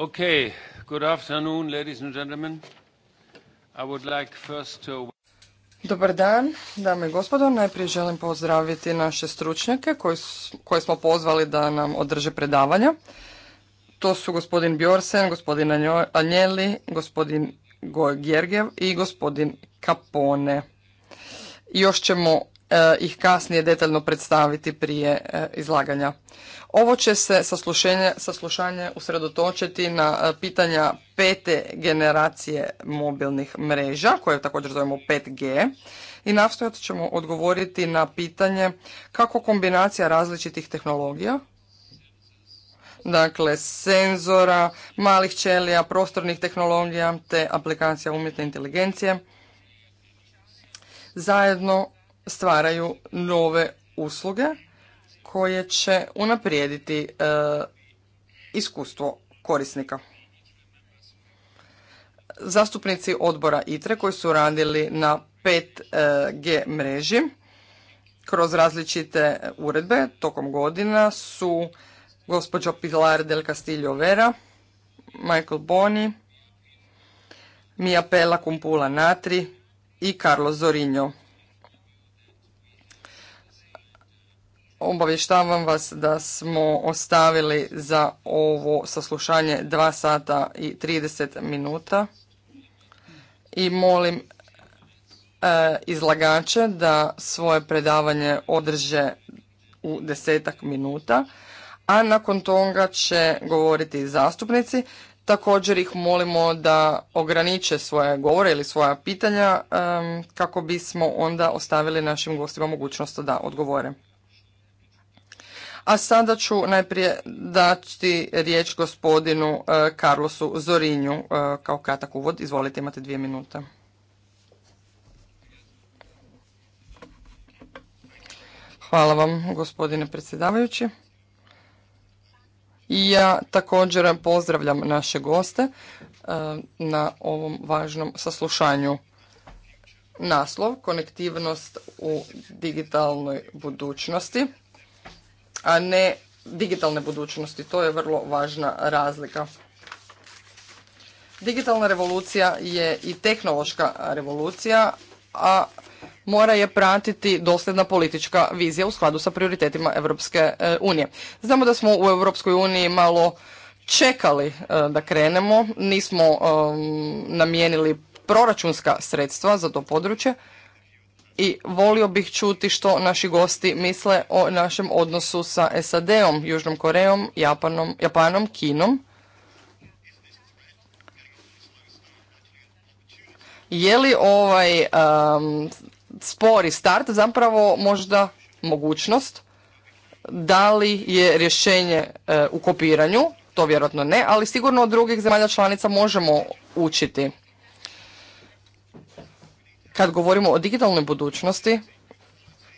Okay, good afternoon, ladies and gentlemen. I would like first to... Dobar dan, dame i gospodo. Najprije želim pozdraviti naše stručnjake koje smo pozvali da nam održe predavanja. To su gospodin Bjorsen, gospodin Anjeli, gospodin Gjergev i gospodin Kapone. Još ćemo Eh, ih kasnije detaljno predstaviti prije eh, izlaganja. Ovo će se saslušanje usredotočiti na eh, pitanja pete generacije mobilnih mreža, koje također zovemo 5G, i nastojat ćemo odgovoriti na pitanje kako kombinacija različitih tehnologija, dakle senzora, malih ćelija, prostornih tehnologija te aplikacija umjetne inteligencije, zajedno stvaraju nove usluge koje će unaprijediti e, iskustvo korisnika. Zastupnici odbora ITRE koji su radili na 5G mreži kroz različite uredbe tokom godina su gospođo Pilar del Castillo Vera, Michael Boni, Mia Pella Kumpula Natri i Carlo Zorinjo. Obavještavam vas da smo ostavili za ovo saslušanje 2 sata i 30 minuta i molim e, izlagače da svoje predavanje održe u desetak minuta, a nakon toga će govoriti zastupnici. Također ih molimo da ograniče svoje govore ili svoja pitanja kako bismo onda ostavili našim gostima mogućnost da odgovore. A sada ću najprije dati riječ gospodinu e, Carlosu Zorinju e, kao kratak uvod. Izvolite, imate dvije minute. Hvala vam, gospodine predsjedavajući. I ja također pozdravljam naše goste e, na ovom važnom saslušanju. Naslov, konektivnost u digitalnoj budućnosti a ne digitalne budućnosti. To je vrlo važna razlika. Digitalna revolucija je i tehnološka revolucija, a mora je pratiti dosljedna politička vizija u skladu sa prioritetima Europske eh, unije. Znamo da smo u Europskoj uniji malo čekali eh, da krenemo, nismo ehm, namijenili proračunska sredstva za to područje, i volio bih čuti što naši gosti misle o našem odnosu sa SAD-om, Južnom Korejom, Japanom, Japanom Kinom. Je li ovaj spori start zapravo možda mogućnost? Da li je rješenje e, u kopiranju? To vjerojatno ne, ali sigurno od drugih zemalja članica možemo učiti kad govorimo o digitalnoj budućnosti,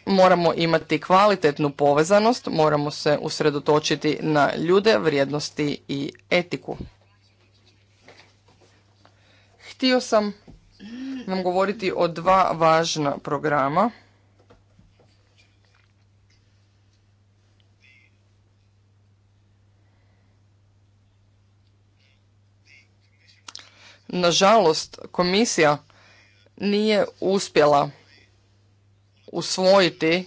moramo imati kvalitetnu povezanost, moramo se usredotočiti na ljude, vrijednosti i etiku. Htio sam vam govoriti o dva važna programa. Nažalost, komisija nije uspjela usvojiti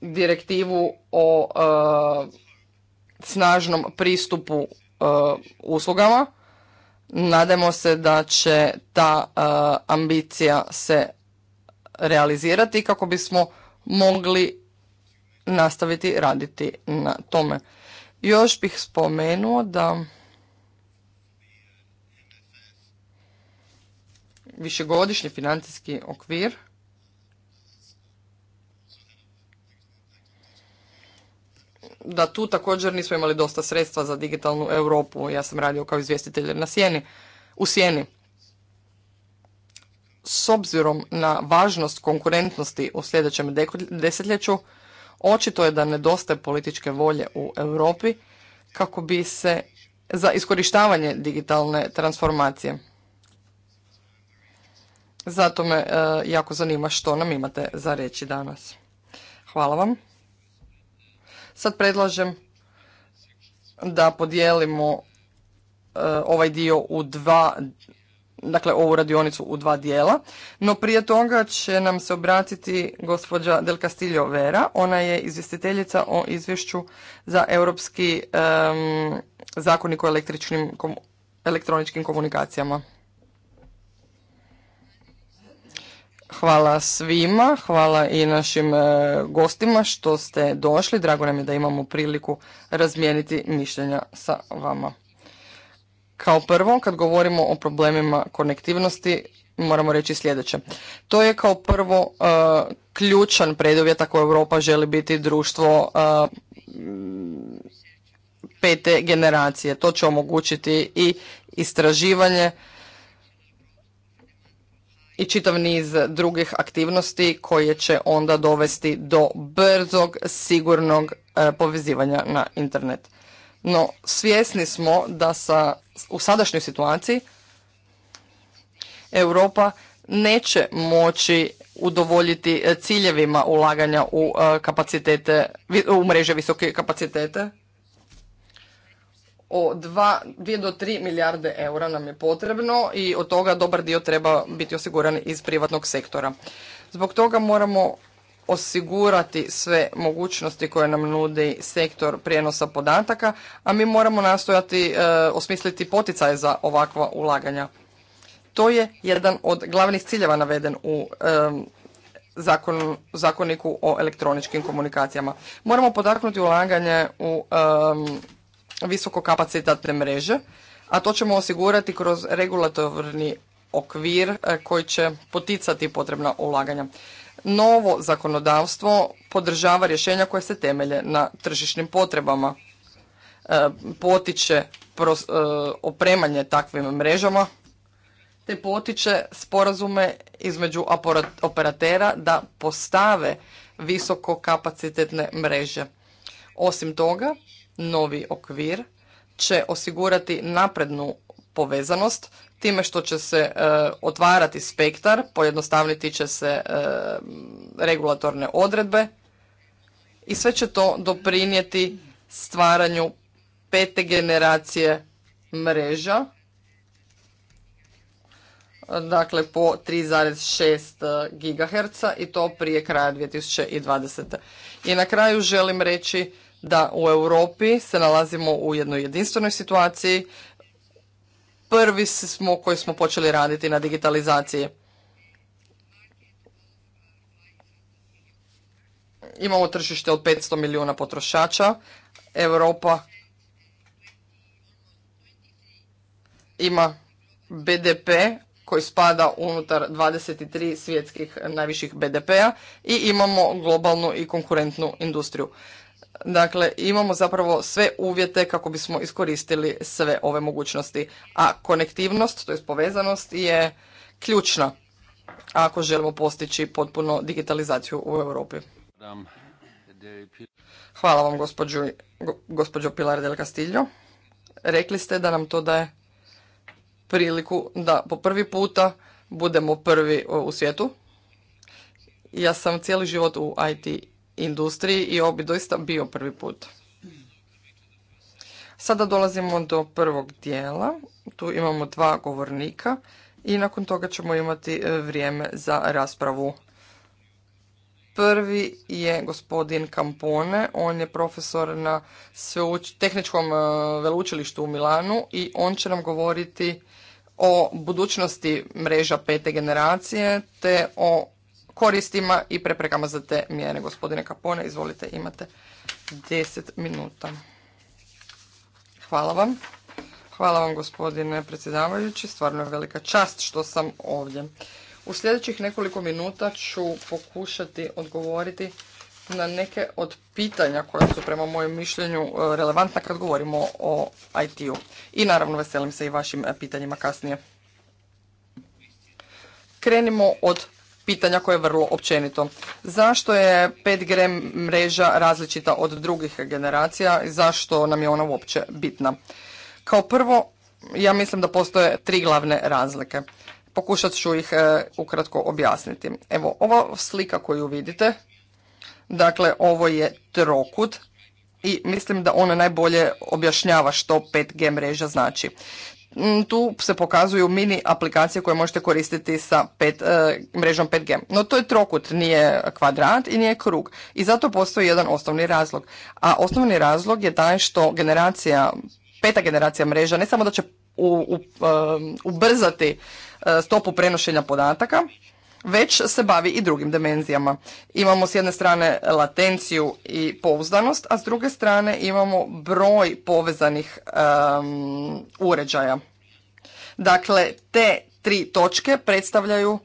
direktivu o e, snažnom pristupu e, uslugama. Nadamo se da će ta e, ambicija se realizirati kako bismo mogli nastaviti raditi na tome. Još bih spomenuo da višegodišnji financijski okvir da tu također nismo imali dosta sredstva za digitalnu Europu. Ja sam radio kao izvjestitelj na sjeni, u sjeni. S obzirom na važnost konkurentnosti u sljedećem desetljeću, očito je da nedostaje političke volje u Europi kako bi se za iskorištavanje digitalne transformacije. Zato me e, jako zanima što nam imate za reći danas. Hvala vam. Sad predlažem da podijelimo e, ovaj dio u dva, dakle ovu radionicu u dva dijela. No prije toga će nam se obratiti gospođa Del Castillo Vera. Ona je izvjestiteljica o izvješću za europski zakon zakonik o električnim, elektroničkim komunikacijama. Hvala svima, hvala i našim e, gostima što ste došli. Drago nam je da imamo priliku razmijeniti mišljenja sa vama. Kao prvo, kad govorimo o problemima konektivnosti, moramo reći sljedeće. To je kao prvo e, ključan preduvjet ako Europa želi biti društvo e, pete generacije. To će omogućiti i istraživanje, i čitav niz drugih aktivnosti koje će onda dovesti do brzog, sigurnog e, povezivanja na internet. No, svjesni smo da sa, u sadašnjoj situaciji Europa neće moći udovoljiti ciljevima ulaganja u e, kapacitete, u mreže visoke kapacitete o 2 do tri milijarde eura nam je potrebno i od toga dobar dio treba biti osiguran iz privatnog sektora. Zbog toga moramo osigurati sve mogućnosti koje nam nudi sektor prijenosa podataka, a mi moramo nastojati e, osmisliti poticaje za ovakva ulaganja. To je jedan od glavnih ciljeva naveden u e, zakoniku o elektroničkim komunikacijama. Moramo podaknuti ulaganje u e, visokokapacitatne mreže, a to ćemo osigurati kroz regulatorni okvir e, koji će poticati potrebna ulaganja. Novo zakonodavstvo podržava rješenja koje se temelje na tržišnim potrebama, e, potiče e, opremanje takvim mrežama, te potiče sporazume između operatera da postave visokokapacitetne mreže. Osim toga, Novi okvir će osigurati naprednu povezanost time što će se e, otvarati spektar, pojednostaviti će se e, regulatorne odredbe i sve će to doprinijeti stvaranju pete generacije mreža, dakle po 3,6 e, GHz i to prije kraja 2020. I na kraju želim reći da u Europi se nalazimo u jednoj jedinstvenoj situaciji. Prvi smo koji smo počeli raditi na digitalizaciji. Imamo tržište od 500 milijuna potrošača. Europa ima BDP koji spada unutar 23 svjetskih najviših BDP-a i imamo globalnu i konkurentnu industriju. Dakle, imamo zapravo sve uvjete kako bismo iskoristili sve ove mogućnosti. A konektivnost, to je povezanost, je ključna ako želimo postići potpuno digitalizaciju u Europi. Hvala vam, gospođo Pilar del Castillo. Rekli ste da nam to daje priliku da po prvi puta budemo prvi u svijetu. Ja sam cijeli život u IT industriji i ovo bi doista bio prvi put. Sada dolazimo do prvog dijela. Tu imamo dva govornika i nakon toga ćemo imati e, vrijeme za raspravu. Prvi je gospodin Kampone, on je profesor na tehničkom e, veleučilištu u Milanu i on će nam govoriti o budućnosti mreža pete generacije te o koristima i preprekama za te mjere. Gospodine Kapone, izvolite, imate 10 minuta. Hvala vam. Hvala vam gospodine predsjedavajući, stvarno je velika čast što sam ovdje. U sljedećih nekoliko minuta ću pokušati odgovoriti na neke od pitanja koja su prema mojem mišljenju e, relevantna kad govorimo o IT-u. I naravno veselim se i vašim e, pitanjima kasnije. Krenimo od pitanja koje je vrlo općenito. Zašto je 5G mreža različita od drugih generacija i zašto nam je ona uopće bitna? Kao prvo, ja mislim da postoje tri glavne razlike. Pokušat ću ih e, ukratko objasniti. Evo, ova slika koju vidite, dakle, ovo je trokut i mislim da ona najbolje objašnjava što 5G mreža znači. Mm, tu se pokazuju mini aplikacije koje možete koristiti sa pet, e, mrežom 5G. No to je trokut, nije kvadrat i nije krug. I zato postoji jedan osnovni razlog. A osnovni razlog je taj što generacija, peta generacija mreža ne samo da će e, ubrzati e, stopu prenošenja podataka, već se bavi i drugim dimenzijama. Imamo s jedne strane latenciju i pouzdanost, a s druge strane imamo broj povezanih uređaja. Dakle, te tri točke predstavljaju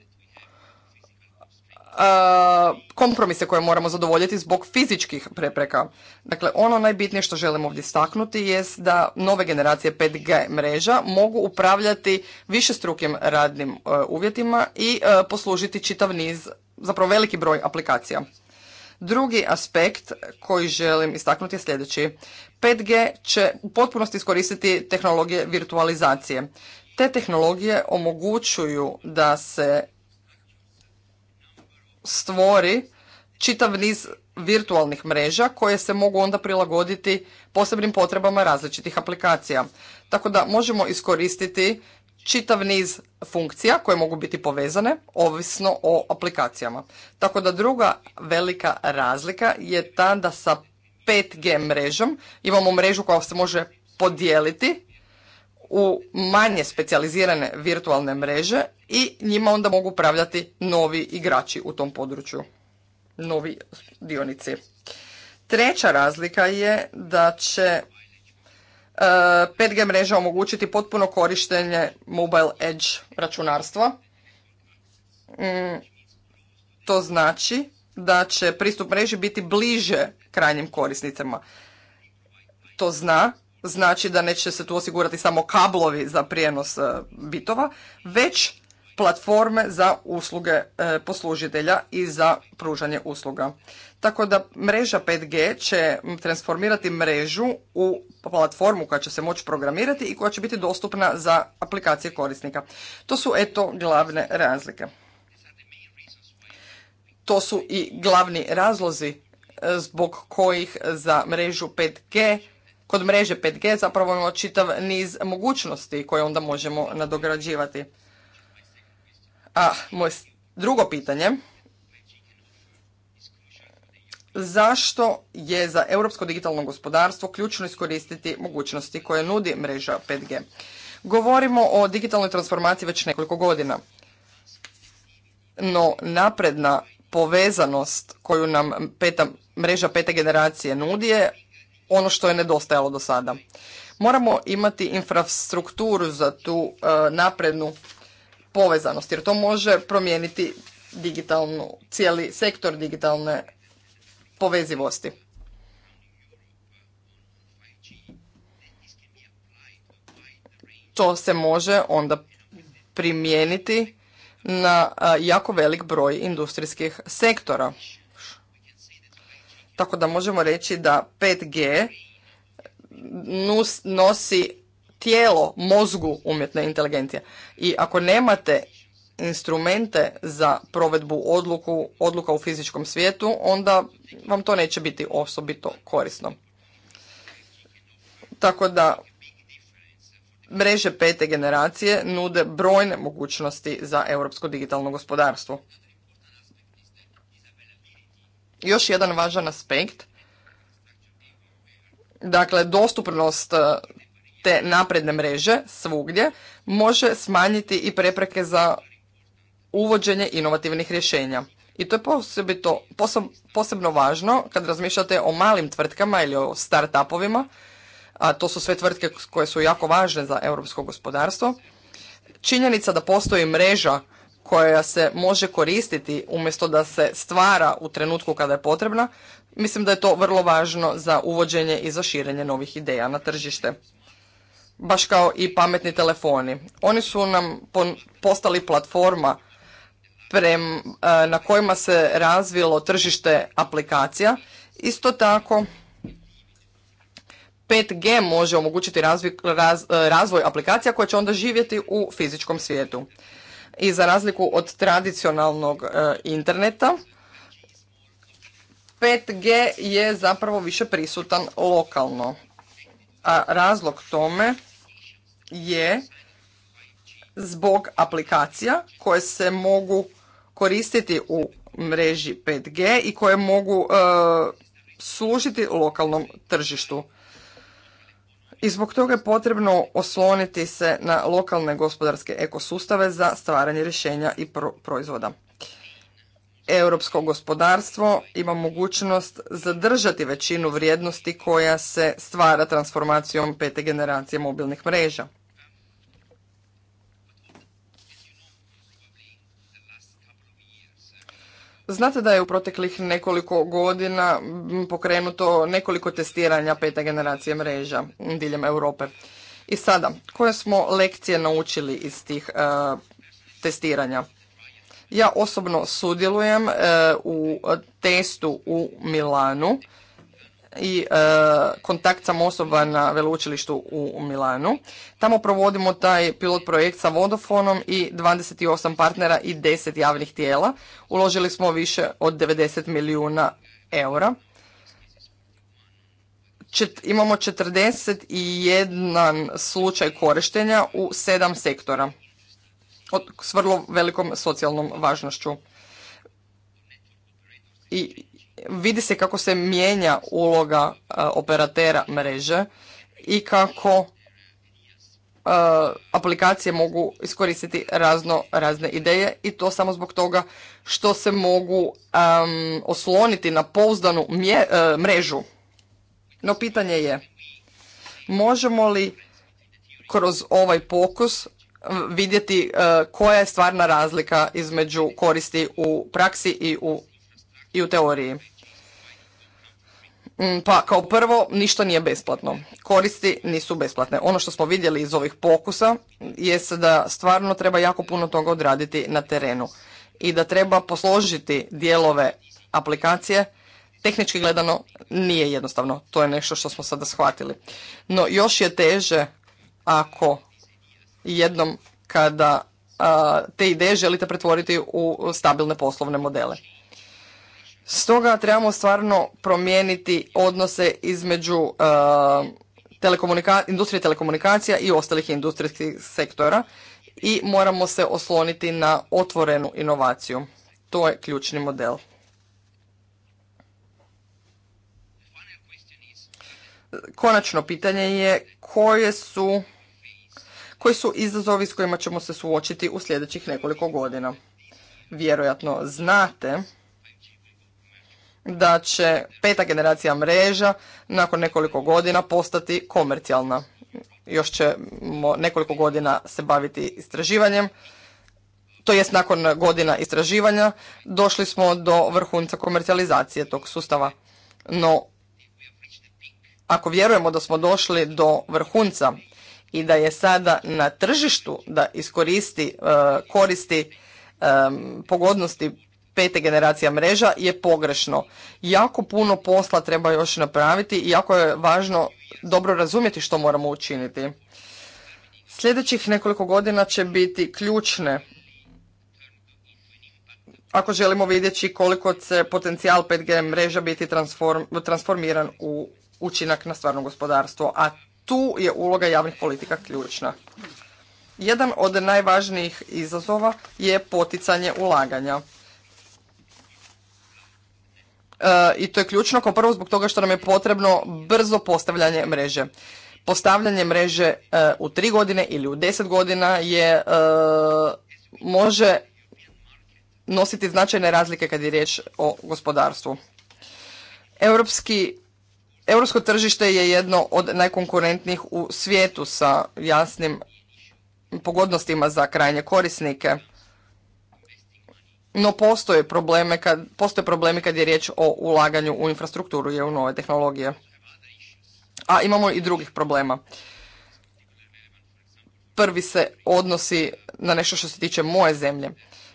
E, kompromise koje moramo zadovoljiti zbog fizičkih prepreka. Dakle, ono najbitnije što želim ovdje staknuti jest da nove generacije 5G mreža mogu upravljati višestrukim radnim e, uvjetima i e, poslužiti čitav niz, zapravo veliki broj aplikacija. Drugi aspekt koji želim istaknuti je sljedeći. 5G će u potpunosti iskoristiti tehnologije virtualizacije. Te tehnologije omogućuju da se stvori čitav niz virtualnih mreža koje se mogu onda prilagoditi posebnim potrebama različitih aplikacija. Tako da možemo iskoristiti čitav niz funkcija koje mogu biti povezane ovisno o aplikacijama. Tako da druga velika razlika je ta da sa 5G mrežom imamo mrežu koja se može podijeliti u manje specijalizirane virtualne mreže i njima onda mogu upravljati novi igrači u tom području, novi dionici. Treća razlika je da će 5G e, mreža omogućiti potpuno korištenje mobile edge računarstva. Mm, to znači da će pristup mreži biti bliže krajnjim korisnicama. To zna znači da neće se tu osigurati samo kablovi za prijenos e, bitova, već platforme za usluge e, poslužitelja i za pružanje usluga. Tako da mreža 5G će transformirati mrežu u platformu koja će se moći programirati i koja će biti dostupna za aplikacije korisnika. To su eto glavne razlike. To su i glavni razlozi e, zbog kojih za mrežu 5G kod mreže 5G zapravo imamo čitav niz mogućnosti koje onda možemo nadograđivati. A moje drugo pitanje, zašto je za europsko digitalno gospodarstvo ključno iskoristiti mogućnosti koje nudi mreža 5G? Govorimo o digitalnoj transformaciji već nekoliko godina, no napredna povezanost koju nam mreža pete generacije nudi je ono što je nedostajalo do sada. Moramo imati infrastrukturu za tu e, naprednu povezanost jer to može promijeniti digitalnu, cijeli sektor digitalne povezivosti. To se može onda primijeniti na e, jako velik broj industrijskih sektora. Tako da možemo reći da 5G nosi tijelo mozgu umjetne inteligencije. I ako nemate instrumente za provedbu odluku, odluka u fizičkom svijetu, onda vam to neće biti osobito korisno. Tako da mreže pete generacije nude brojne mogućnosti za europsko digitalno gospodarstvo. Još jedan važan aspekt, dakle dostupnost e, te napredne mreže svugdje može smanjiti i prepreke za uvođenje inovativnih rješenja. I to je posebno važno kad razmišljate o malim tvrtkama ili o start-upovima, a to su sve tvrtke koje su jako važne za europsko gospodarstvo. Činjenica da postoji mreža koja se može koristiti umjesto da se stvara u trenutku kada je potrebna, mislim da je to vrlo važno za uvođenje i za širenje novih ideja na tržište. Baš kao i pametni telefoni. Oni su nam postali platforma prem, e, na kojima se razvilo tržište aplikacija. Isto tako, 5G može omogućiti razvoj, e, razvoj aplikacija koje će onda živjeti u fizičkom svijetu i za razliku od tradicionalnog e, interneta, 5G je zapravo više prisutan lokalno. A razlog tome je zbog aplikacija koje se mogu koristiti u mreži 5G i koje mogu e, služiti lokalnom tržištu i zbog toga je potrebno osloniti se na lokalne gospodarske ekosustave za stvaranje rješenja i proizvoda. Europsko gospodarstvo ima mogućnost zadržati većinu vrijednosti koja se stvara transformacijom pete generacije mobilnih mreža. Znate da je u proteklih nekoliko godina pokrenuto nekoliko testiranja peta generacije mreža diljem Europe. I sada, koje smo lekcije naučili iz tih e, testiranja? Ja osobno sudjelujem e, u testu u Milanu i e, kontakt sam osoba na veleučilištu u Milanu. Tamo provodimo taj pilot projekt sa Vodofonom i 28 partnera i 10 javnih tijela. Uložili smo više od 90 milijuna eura. Čet, imamo 41 slučaj korištenja u sedam sektora od, s vrlo velikom socijalnom važnošću. I vidi se kako se mijenja uloga e, operatera mreže i kako e, aplikacije mogu iskoristiti razno razne ideje i to samo zbog toga što se mogu osloniti na pouzdanu e, mrežu. No pitanje je, možemo li kroz ovaj pokus vidjeti koja je stvarna razlika između koristi u praksi i u i u teoriji. Mm, pa kao prvo, ništa nije besplatno. Koristi nisu besplatne. Ono što smo vidjeli iz ovih pokusa je da stvarno treba jako puno toga odraditi na terenu i da treba posložiti dijelove aplikacije tehnički gledano nije jednostavno. To je nešto što smo sada shvatili. No još je teže ako jednom kada te ideje želite pretvoriti u stabilne poslovne modele. Stoga trebamo stvarno promijeniti odnose između uh, industrije telekomunikacija i ostalih industrijskih sektora i moramo se osloniti na otvorenu inovaciju. To je ključni model. Konačno pitanje je koje su, koji su izazovi s kojima ćemo se suočiti u sljedećih nekoliko godina. Vjerojatno znate da će peta generacija mreža nakon nekoliko godina postati komercijalna. Još ćemo nekoliko godina se baviti istraživanjem. To jest nakon godina istraživanja došli smo do vrhunca komercijalizacije tog sustava. No, ako vjerujemo da smo došli do vrhunca i da je sada na tržištu da iskoristi, e, koristi e, pogodnosti pete generacija mreža je pogrešno. Jako puno posla treba još napraviti i jako je važno dobro razumjeti što moramo učiniti. Sljedećih nekoliko godina će biti ključne ako želimo vidjeti koliko će potencijal 5G mreža biti transformiran u učinak na stvarno gospodarstvo, a tu je uloga javnih politika ključna. Jedan od najvažnijih izazova je poticanje ulaganja i to je ključno kao prvo zbog toga što nam je potrebno brzo postavljanje mreže. Postavljanje mreže eh, u tri godine ili u deset godina je eh, može nositi značajne razlike kad je riječ o gospodarstvu. Europski Europsko tržište je jedno od najkonkurentnijih u svijetu sa jasnim pogodnostima za krajnje korisnike no postoje, probleme kad, postoje problemi kad je riječ o ulaganju u infrastrukturu i u nove tehnologije. A imamo i drugih problema. Prvi se odnosi na nešto što se tiče moje zemlje.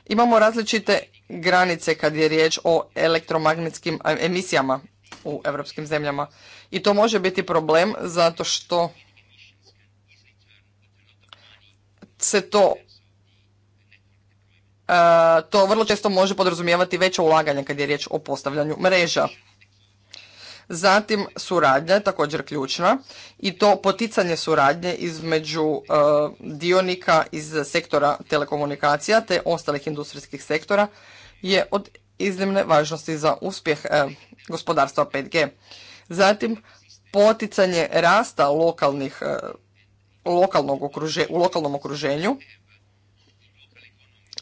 Imamo različite granice kad je riječ o elektromagnetskim emisijama u europskim zemljama. I to može biti problem zato što se to E, to vrlo često može podrazumijevati veće ulaganje kad je riječ o postavljanju mreža. Zatim suradnja je također ključna i to poticanje suradnje između e, dionika iz sektora telekomunikacija te ostalih industrijskih sektora je od iznimne važnosti za uspjeh e, gospodarstva 5G. Zatim poticanje rasta lokalnih, lokalnog u lokalnom okruženju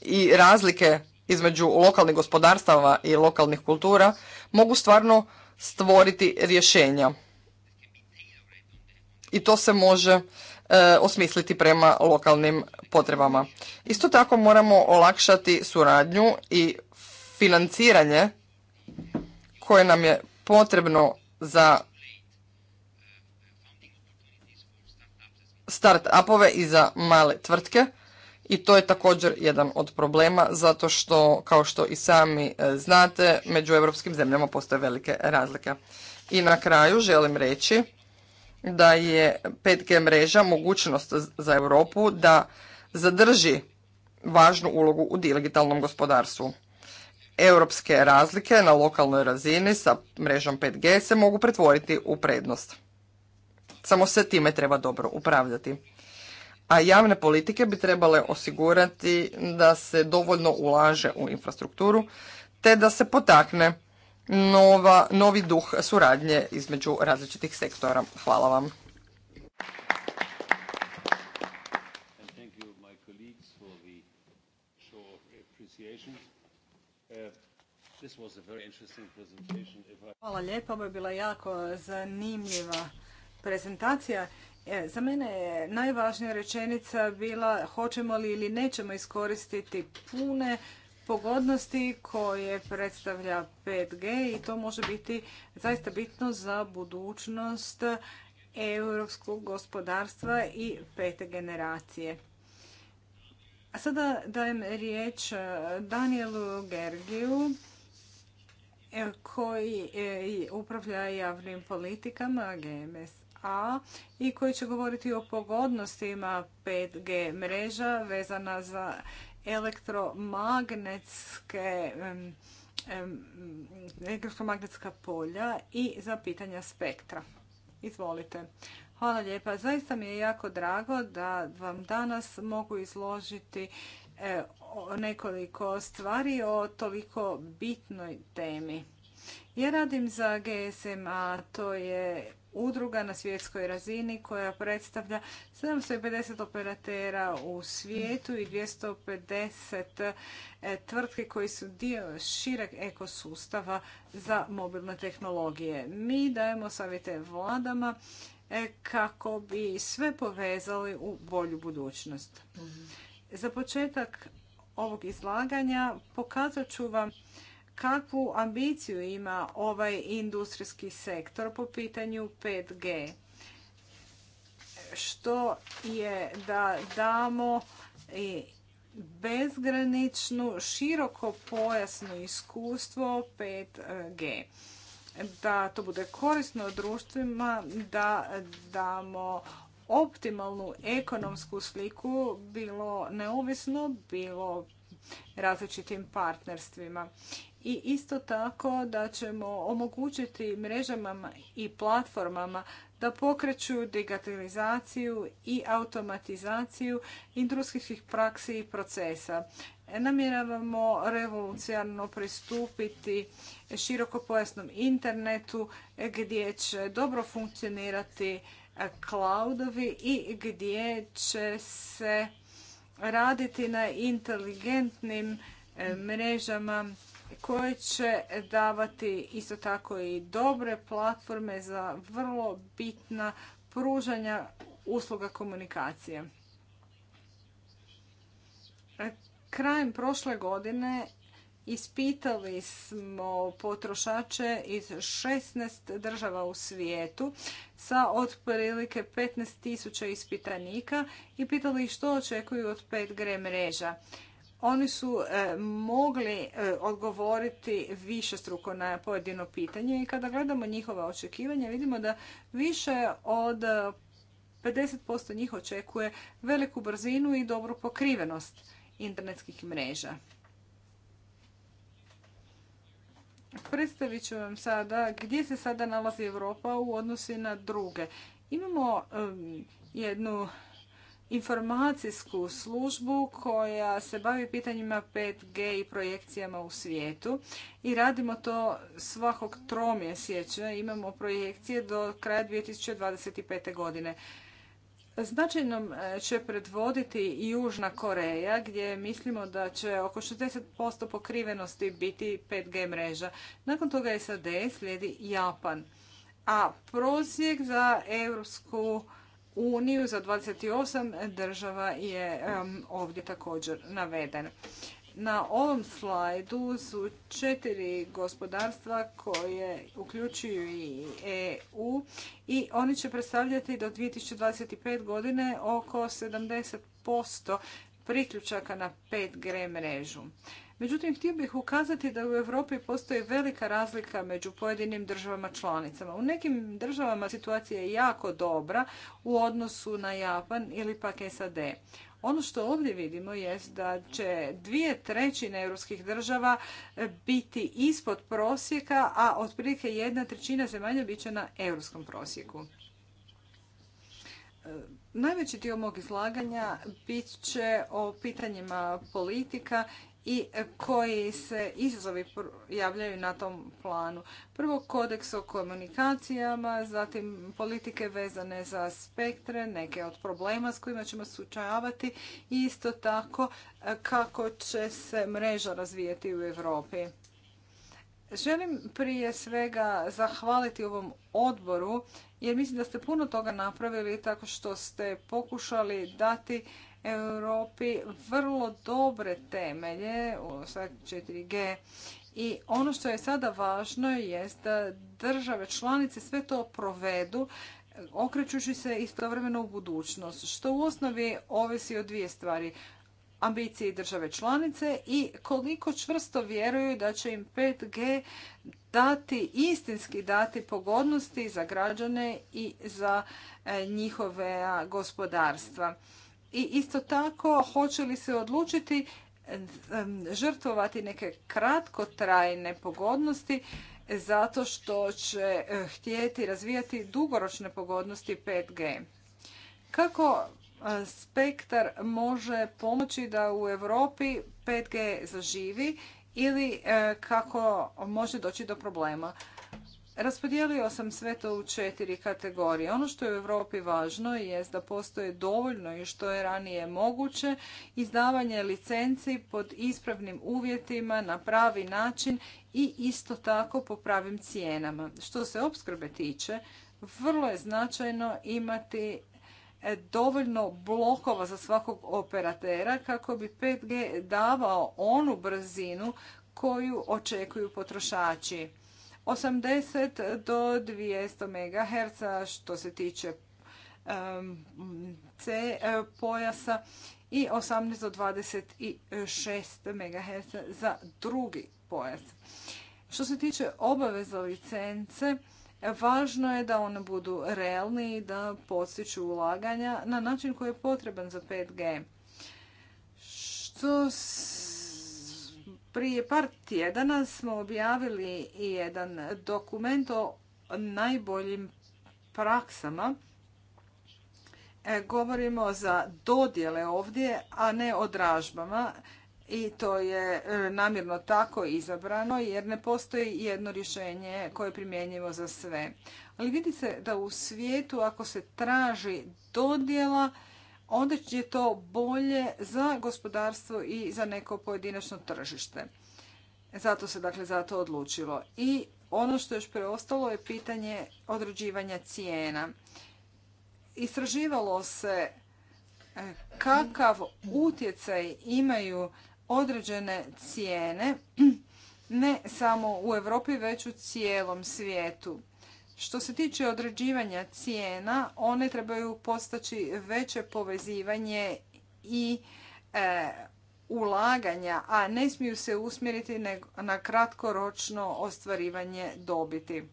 i razlike između lokalnih gospodarstava i lokalnih kultura mogu stvarno stvoriti rješenja. I to se može e, osmisliti prema lokalnim potrebama. Isto tako moramo olakšati suradnju i financiranje koje nam je potrebno za start-upove i za male tvrtke i to je također jedan od problema zato što, kao što i sami e, znate, među evropskim zemljama postoje velike razlike. I na kraju želim reći da je 5G mreža mogućnost za Europu da zadrži važnu ulogu u digitalnom gospodarstvu. Europske razlike na lokalnoj razini sa mrežom 5G se mogu pretvoriti u prednost. Samo se time treba dobro upravljati a javne politike bi trebale osigurati da se dovoljno ulaže u infrastrukturu te da se potakne nova, novi duh suradnje između različitih sektora. Hvala vam. Hvala lijepo, ovo je bila jako zanimljiva prezentacija E, za mene je najvažnija rečenica bila hoćemo li ili nećemo iskoristiti pune pogodnosti koje predstavlja 5G i to može biti zaista bitno za budućnost europskog gospodarstva i pete generacije. A sada dajem riječ e, Danielu Gergiju e, koji upravlja javnim politikama GMS a i koji će govoriti o pogodnostima 5G mreža vezana za elektromagnetske elektromagnetska polja i za pitanja spektra. Izvolite. Hvala lijepa. Zaista mi je jako drago da vam danas mogu izložiti e, nekoliko stvari o toliko bitnoj temi. Ja radim za GSM, a to je udruga na svjetskoj razini koja predstavlja 750 operatera u svijetu i 250 e, tvrtke koji su dio šireg ekosustava za mobilne tehnologije. Mi dajemo savjete vladama e, kako bi sve povezali u bolju budućnost. Mhm. Za početak ovog izlaganja pokazat ću vam kakvu ambiciju ima ovaj industrijski sektor po pitanju 5G. Što je da damo bezgraničnu, široko pojasno iskustvo 5G. Da to bude korisno društvima, da damo optimalnu ekonomsku sliku, bilo neovisno, bilo različitim partnerstvima i isto tako da ćemo omogućiti mrežama i platformama da pokreću digitalizaciju i automatizaciju industrijskih praksi i procesa. Namjeravamo revolucionarno pristupiti širokopojasnom internetu gdje će dobro funkcionirati cloudovi i gdje će se raditi na inteligentnim e, mrežama koje će davati isto tako i dobre platforme za vrlo bitna pružanja usluga komunikacije. Krajem prošle godine ispitali smo potrošače iz 16 država u svijetu sa otprilike 15.000 ispitanika i pitali što očekuju od 5G mreža oni su e, mogli e, odgovoriti više struko na pojedino pitanje i kada gledamo njihova očekivanja vidimo da više od 50% e, njih očekuje veliku brzinu i dobru pokrivenost internetskih mreža. Predstavit ću vam sada gdje se sada nalazi Europa u odnosi na druge. Imamo jednu informacijsku službu koja se bavi pitanjima 5G i projekcijama u svijetu i radimo to svakog tromjesečja Imamo projekcije do kraja 2025. godine. Značajnom e, će predvoditi i Južna Koreja gdje mislimo da će oko 60% pokrivenosti biti 5G mreža. Nakon toga SAD slijedi Japan. A prosjek za Europsku uniju za 28 država je ovdje također naveden. Na ovom slajdu su četiri gospodarstva koje uključuju i EU i oni će predstavljati do 2025 godine oko 70% priključaka na 5G mrežu. Međutim, htio bih ukazati da u Europi postoji velika razlika među pojedinim državama članicama. U nekim državama situacija je jako dobra u odnosu na Japan ili pak SAD. Ono što ovdje vidimo je da će dvije trećine europskih država biti ispod prosjeka, a otprilike jedna trećina zemalja bit će na europskom prosjeku. Najveći dio mog izlaganja bit će o pitanjima politika i koji se izazovi javljaju na tom planu. Prvo kodeks o komunikacijama, zatim politike vezane za spektre, neke od problema s kojima ćemo sučajavati i isto tako e, kako će se mreža razvijeti u Europi. Želim prije svega zahvaliti ovom odboru jer mislim da ste puno toga napravili tako što ste pokušali dati Europi vrlo dobre temelje, u 4G, i ono što je sada važno je da države članice sve to provedu, okrećući se istovremeno u budućnost, što u osnovi ovisi o dvije stvari ambiciji države članice i koliko čvrsto vjeruju da će im 5G dati, istinski dati pogodnosti za građane i za e, njihove gospodarstva. I isto tako, hoće li se odlučiti žrtvovati neke kratkotrajne pogodnosti zato što će eh, htjeti razvijati dugoročne pogodnosti 5G. Kako eh, spektar može pomoći da u Europi 5G zaživi ili eh, kako može doći do problema? Raspodijelio sam sve to u četiri kategorije. Ono što je u Europi važno je da postoje dovoljno i što je ranije moguće izdavanje licenci pod ispravnim uvjetima na pravi način i isto tako po pravim cijenama. Što se opskrbe tiče, vrlo je značajno imati e, dovoljno blokova za svakog operatera kako bi 5G davao onu brzinu koju očekuju potrošači 80 do 200 MHz što se tiče C e, pojasa i 18 do 26 MHz za drugi pojas. Što se tiče obaveza licence, važno je da one budu realni i da postiču ulaganja na način koji je potreban za 5G. Što prije par tjedana smo objavili jedan dokument o najboljim praksama. E, govorimo za dodjele ovdje, a ne o dražbama. I to je e, namjerno tako izabrano jer ne postoji jedno rješenje koje primjenjivo za sve. Ali vidite da u svijetu ako se traži dodjela, onda je to bolje za gospodarstvo i za neko pojedinačno tržište. Zato se dakle za to odlučilo. I ono što još preostalo je pitanje određivanja cijena. Istraživalo se e, kakav utjecaj imaju određene cijene ne samo u Europi već u cijelom svijetu. Što se tiče određivanja cijena, one trebaju postaći veće povezivanje i e, ulaganja, a ne smiju se usmjeriti na kratkoročno ostvarivanje dobiti.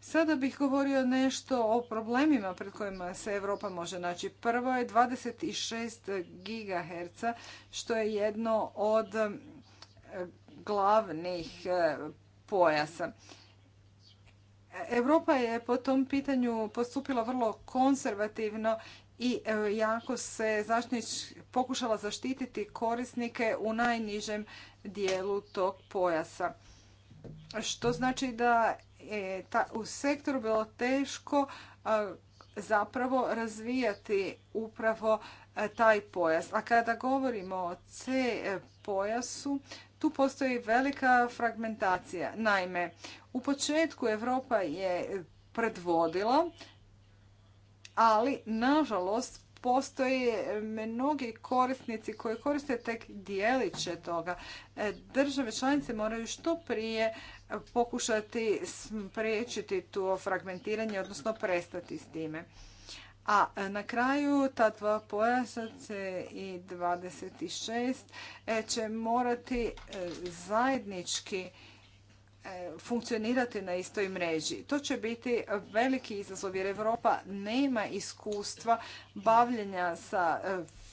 Sada bih govorio nešto o problemima pred kojima se Europa može naći. Prvo je 26 GHz, što je jedno od e, glavnih e, pojasa. Europa je po tom pitanju postupila vrlo konzervativno i e, jako se pokušala zaštititi korisnike u najnižem dijelu tog pojasa. Što znači da je u sektoru bilo teško e, zapravo razvijati upravo e, taj pojas. A kada govorimo o C pojasu, tu postoji velika fragmentacija. Naime, u početku Europa je predvodila, ali nažalost postoje mnogi korisnici koji koriste tek dijeliće toga. E, države članice moraju što prije pokušati spriječiti to fragmentiranje, odnosno prestati s time. A e, na kraju ta dva pojasa i 26 e, će morati e, zajednički funkcionirati na istoj mreži. To će biti veliki izazov jer Europa nema iskustva bavljenja sa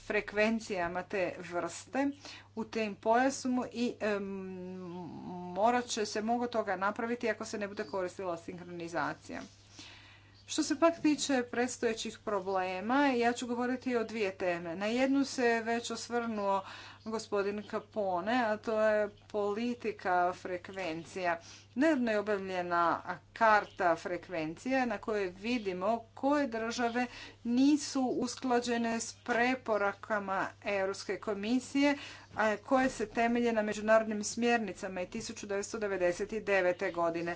frekvencijama te vrste u tem pojasumu i morat će se mnogo toga napraviti ako se ne bude koristila sinhronizacija. Što se pak tiče predstojećih problema, ja ću govoriti o dvije teme. Na jednu se već osvrnuo gospodin Kapone, a to je politika frekvencija. Nedavno je obavljena karta frekvencija na kojoj vidimo koje države nisu usklađene s preporakama Europske komisije koje se temelje na međunarodnim smjernicama i 1999. godine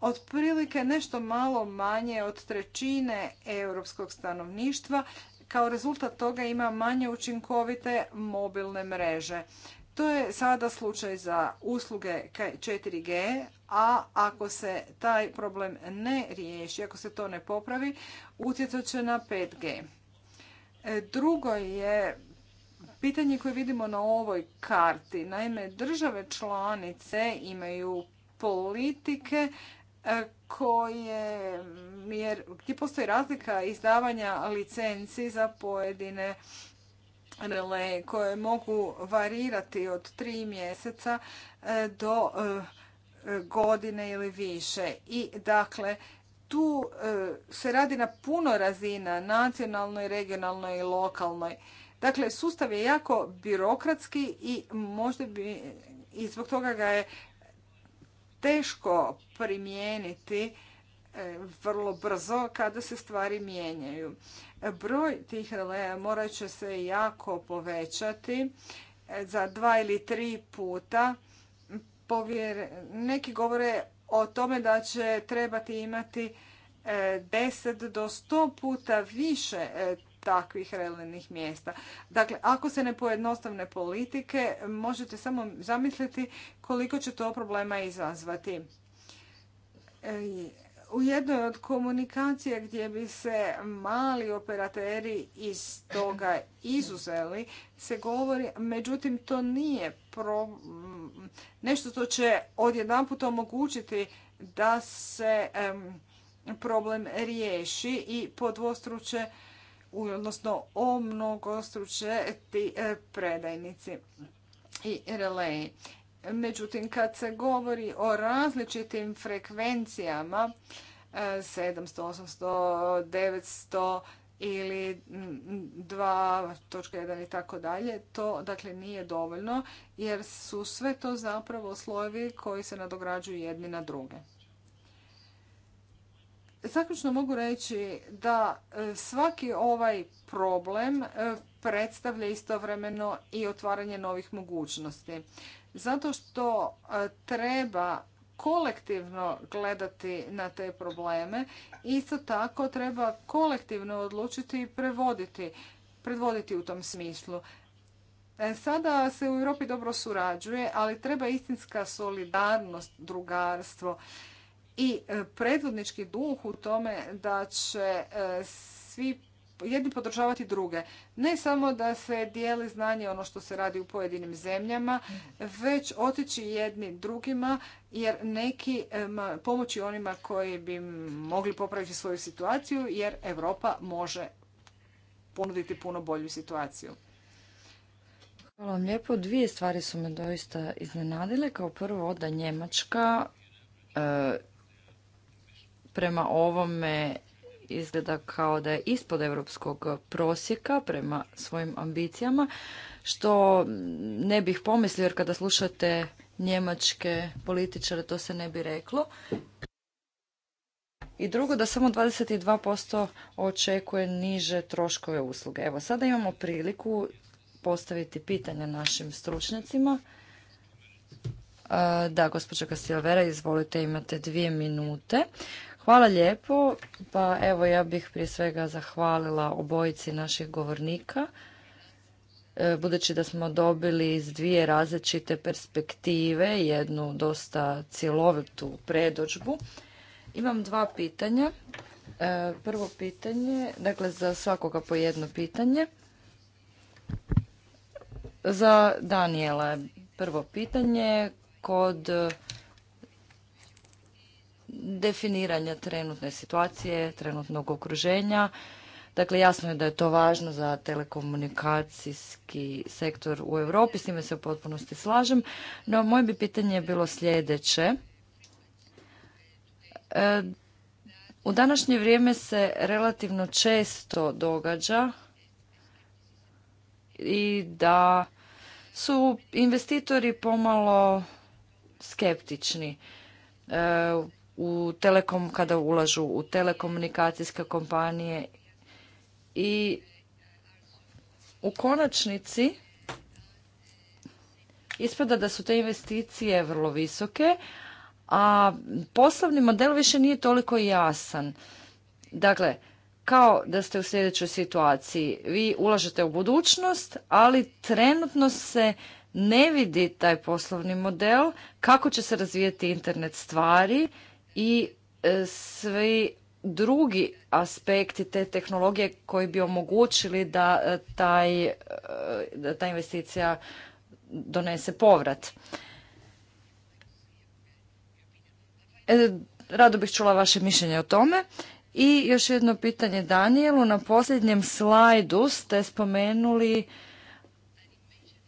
otprilike nešto malo manje od trećine europskog stanovništva. Kao rezultat toga ima manje učinkovite mobilne mreže. To je sada slučaj za usluge 4G, a ako se taj problem ne riješi, ako se to ne popravi, utjecat će na 5G. E, drugo je pitanje koje vidimo na ovoj karti. Naime, države članice imaju politike koje, jer gdje postoji razlika izdavanja licenci za pojedine rele koje mogu varirati od tri mjeseca e, do e, godine ili više. I dakle, tu e, se radi na puno razina, nacionalnoj, regionalnoj i lokalnoj. Dakle, sustav je jako birokratski i možda bi i zbog toga ga je teško primijeniti e, vrlo brzo kada se stvari mijenjaju. Broj tih releja morat će se jako povećati e, za dva ili tri puta. Neki govore o tome da će trebati imati 10 e, do 100 puta više takvih relevnih mjesta. Dakle, ako se ne pojednostavne politike, možete samo zamisliti koliko će to problema izazvati. E, u jednoj od komunikacija gdje bi se mali operateri iz toga izuzeli se govori, međutim to nije pro... nešto što će odjedanput omogućiti da se problem riješi i podvostruče odnosno o mnogostručeti e, predajnici i releji. Međutim, kad se govori o različitim frekvencijama, 700, 800, 900 ili 2.1 i tako dalje, to dakle nije dovoljno jer su sve to zapravo slojevi koji se nadograđuju jedni na druge. Zaključno mogu reći da e, svaki ovaj problem e, predstavlja istovremeno i otvaranje novih mogućnosti. Zato što e, treba kolektivno gledati na te probleme, isto tako treba kolektivno odlučiti i prevoditi, predvoditi u tom smislu. Sada se u Europi dobro surađuje, ali treba istinska solidarnost, drugarstvo i e, predvodnički duh u tome da će e, svi jedni podržavati druge. Ne samo da se dijeli znanje ono što se radi u pojedinim zemljama, već otići jedni drugima jer neki pomoći onima koji bi mogli popraviti svoju situaciju jer Europa može ponuditi puno bolju situaciju. Hvala vam lijepo. Dvije stvari su me doista iznenadile. Kao prvo da Njemačka e, prema ovome izgleda kao da je ispod europskog prosjeka prema svojim ambicijama, što ne bih pomislio jer kada slušate njemačke političare to se ne bi reklo. I drugo, da samo 22% očekuje niže troškove usluge. Evo, sada imamo priliku postaviti pitanje našim stručnjacima. E, da, gospođa Kastilvera, izvolite, imate dvije minute. Hvala lijepo. Pa evo ja bih prije svega zahvalila obojici naših govornika. E, budući da smo dobili iz dvije različite perspektive jednu dosta cjelovitu predođbu, imam dva pitanja. E, prvo pitanje, dakle za svakoga po jedno pitanje. Za Daniela prvo pitanje kod definiranja trenutne situacije, trenutnog okruženja. Dakle, jasno je da je to važno za telekomunikacijski sektor u Europi, s time se u potpunosti slažem. No, moje bi pitanje bilo sljedeće. E, u današnje vrijeme se relativno često događa i da su investitori pomalo skeptični. E, u telekom, kada ulažu u telekomunikacijske kompanije i u konačnici ispada da su te investicije vrlo visoke, a poslovni model više nije toliko jasan. Dakle, kao da ste u sljedećoj situaciji. Vi ulažete u budućnost, ali trenutno se ne vidi taj poslovni model, kako će se razvijeti internet stvari i e, svi drugi aspekti te tehnologije koji bi omogućili da, e, taj, e, da ta investicija donese povrat. Rado bih čula vaše mišljenje o tome. I još jedno pitanje Danielu. Na posljednjem slajdu ste spomenuli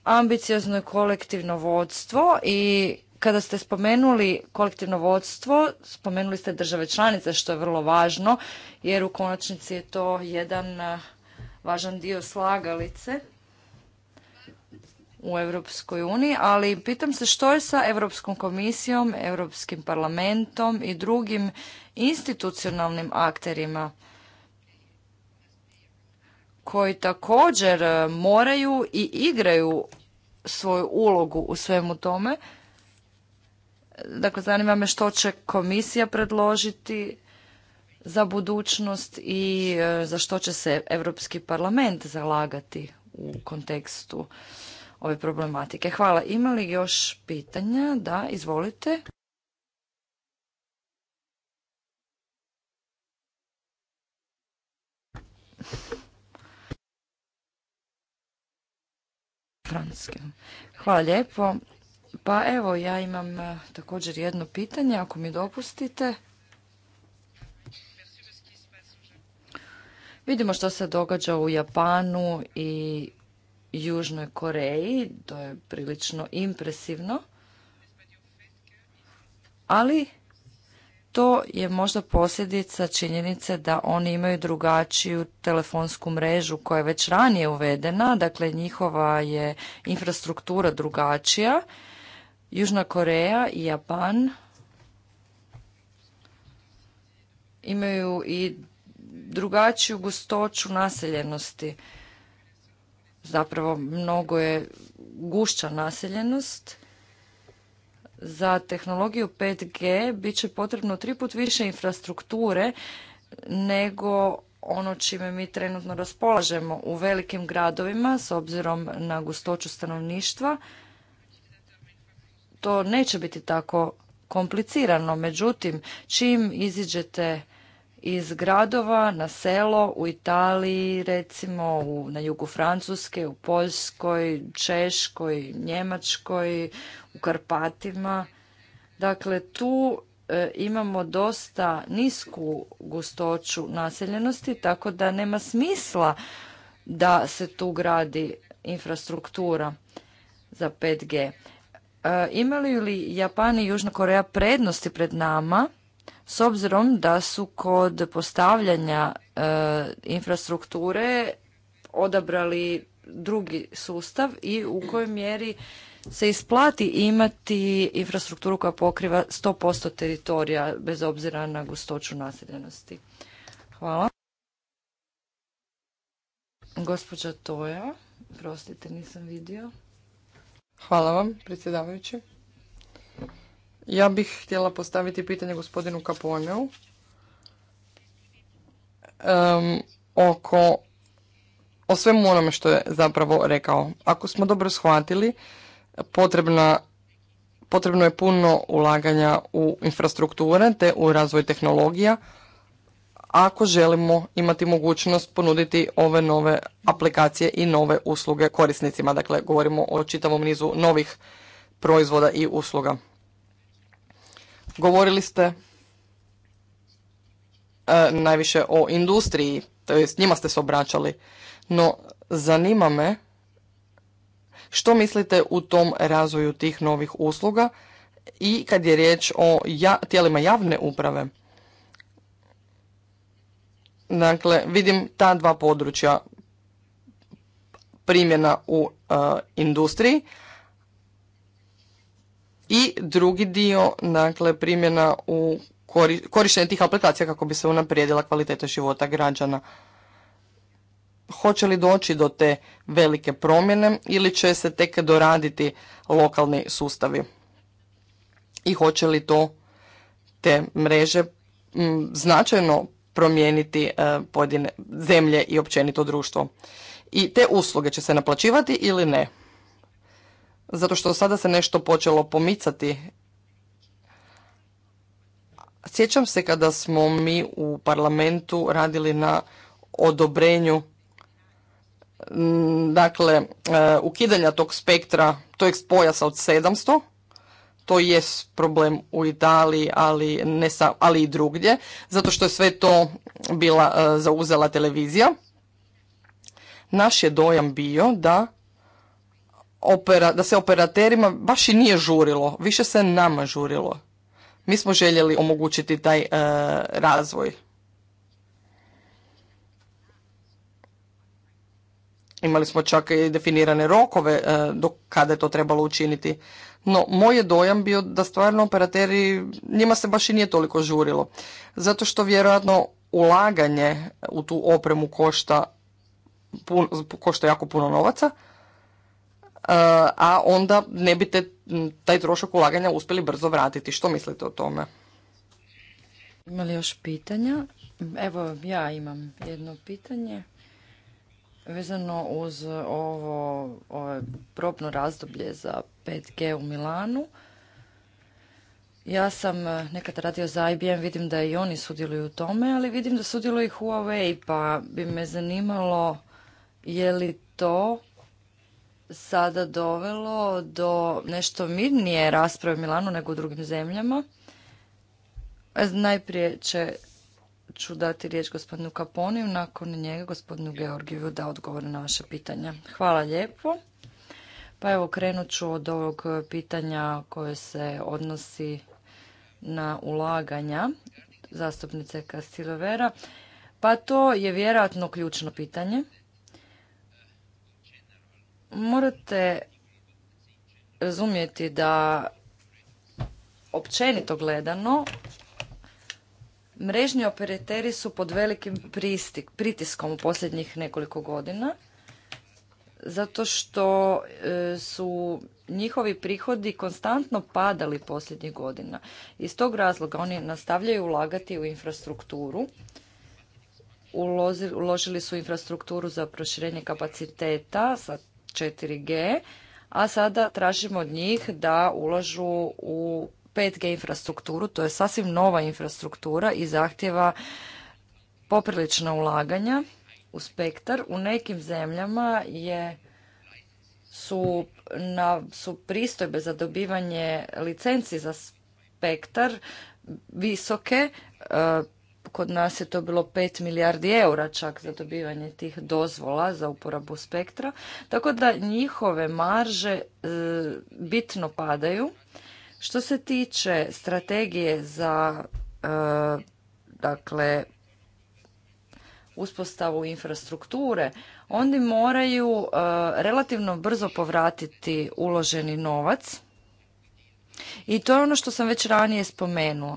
ambiciozno kolektivno vodstvo i kada ste spomenuli kolektivno vodstvo, spomenuli ste države članice, što je vrlo važno, jer u konačnici je to jedan važan dio slagalice u Europskoj uniji, ali pitam se što je sa Europskom komisijom, Europskim parlamentom i drugim institucionalnim akterima koji također moraju i igraju svoju ulogu u svemu tome Dakle, zanima me što će komisija predložiti za budućnost i e, za što će se Europski parlament zalagati u kontekstu ove problematike. Hvala. Ima li još pitanja? Da, izvolite. Hvala lijepo. Pa evo, ja imam e, također jedno pitanje, ako mi dopustite. Vidimo što se događa u Japanu i Južnoj Koreji, to je prilično impresivno. Ali to je možda posljedica činjenice da oni imaju drugačiju telefonsku mrežu koja je već ranije uvedena, dakle njihova je infrastruktura drugačija Južna Koreja i Japan imaju i drugačiju gustoću naseljenosti. Zapravo mnogo je gušća naseljenost. Za tehnologiju 5G bit će potrebno tri put više infrastrukture nego ono čime mi trenutno raspolažemo u velikim gradovima s obzirom na gustoću stanovništva to neće biti tako komplicirano. Međutim, čim iziđete iz gradova na selo u Italiji, recimo u, na jugu Francuske, u Poljskoj, Češkoj, Njemačkoj, u Karpatima. Dakle, tu e, imamo dosta nisku gustoću naseljenosti, tako da nema smisla da se tu gradi infrastruktura za 5G. E, Imali li Japan i Južna Koreja prednosti pred nama s obzirom da su kod postavljanja e, infrastrukture odabrali drugi sustav i u kojoj mjeri se isplati imati infrastrukturu koja pokriva 100% teritorija bez obzira na gustoću naseljenosti. Hvala. Gospođa Toja, prostite nisam vidio. Hvala vam, predsjedavajući. Ja bih htjela postaviti pitanje gospodinu Kaponeu oko o svemu onome što je zapravo rekao. Ako smo dobro shvatili, potrebno je puno ulaganja u infrastrukture te u razvoj tehnologija ako želimo imati mogućnost ponuditi ove nove aplikacije i nove usluge korisnicima. Dakle, govorimo o čitavom nizu novih proizvoda i usluga. Govorili ste e, najviše o industriji, to njima ste se obraćali, no zanima me što mislite u tom razvoju tih novih usluga i kad je riječ o ja, tijelima javne uprave Dakle, vidim ta dva područja primjena u e, industriji i drugi dio, dakle, primjena u korištenje tih aplikacija kako bi se unaprijedila kvaliteta života građana. Hoće li doći do te velike promjene ili će se tek doraditi lokalni sustavi? I hoće li to te mreže značajno promijeniti e, pojedine zemlje i općenito društvo. I te usluge će se naplaćivati ili ne? Zato što sada se nešto počelo pomicati. Sjećam se kada smo mi u parlamentu radili na odobrenju dakle e, ukidanja tog spektra, tog pojasa od 700 to jest problem u Italiji, ali, ne sa, ali i drugdje, zato što je sve to bila e, zauzela televizija. Naš je dojam bio da, opera, da se operaterima baš i nije žurilo, više se nama žurilo. Mi smo željeli omogućiti taj e, razvoj. Imali smo čak i definirane rokove e, do kada je to trebalo učiniti. No, moj je dojam bio da stvarno operateri, njima se baš i nije toliko žurilo. Zato što vjerojatno ulaganje u tu opremu košta, košta jako puno novaca, eh, a onda ne bi te, taj trošak ulaganja uspjeli brzo vratiti. Što mislite o tome? Ima li još pitanja? Evo, ja imam jedno pitanje. Vezano uz ovo, ovo probno razdoblje za 5G u Milanu. Ja sam e, nekad radio za IBM, vidim da i oni sudjeluju u tome, ali vidim da sudjeluje i Huawei, pa bi me zanimalo je li to sada dovelo do nešto mirnije rasprave u Milanu nego u drugim zemljama. E, najprije će ću dati riječ gospodinu Kaponiju, nakon njega gospodinu Georgiju da odgovore na vaše pitanja. Hvala lijepo. Pa evo krenut ću od ovog pitanja koje se odnosi na ulaganja zastupnice Kastilovera, Pa to je vjerojatno ključno pitanje. Morate razumjeti da općenito gledano mrežni operateri su pod velikim pritiskom u posljednjih nekoliko godina zato što e, su njihovi prihodi konstantno padali posljednjih godina. Iz tog razloga oni nastavljaju ulagati u infrastrukturu. Uložili su infrastrukturu za proširenje kapaciteta sa 4G, a sada tražimo od njih da ulažu u 5G infrastrukturu, to je sasvim nova infrastruktura i zahtjeva poprilična ulaganja u spektar. U nekim zemljama je su, na, su pristojbe za dobivanje licenci za spektar visoke. E, kod nas je to bilo 5 milijardi eura čak za dobivanje tih dozvola za uporabu spektra. Tako da njihove marže e, bitno padaju. Što se tiče strategije za e, dakle uspostavu infrastrukture, oni moraju e, relativno brzo povratiti uloženi novac. I to je ono što sam već ranije spomenuo.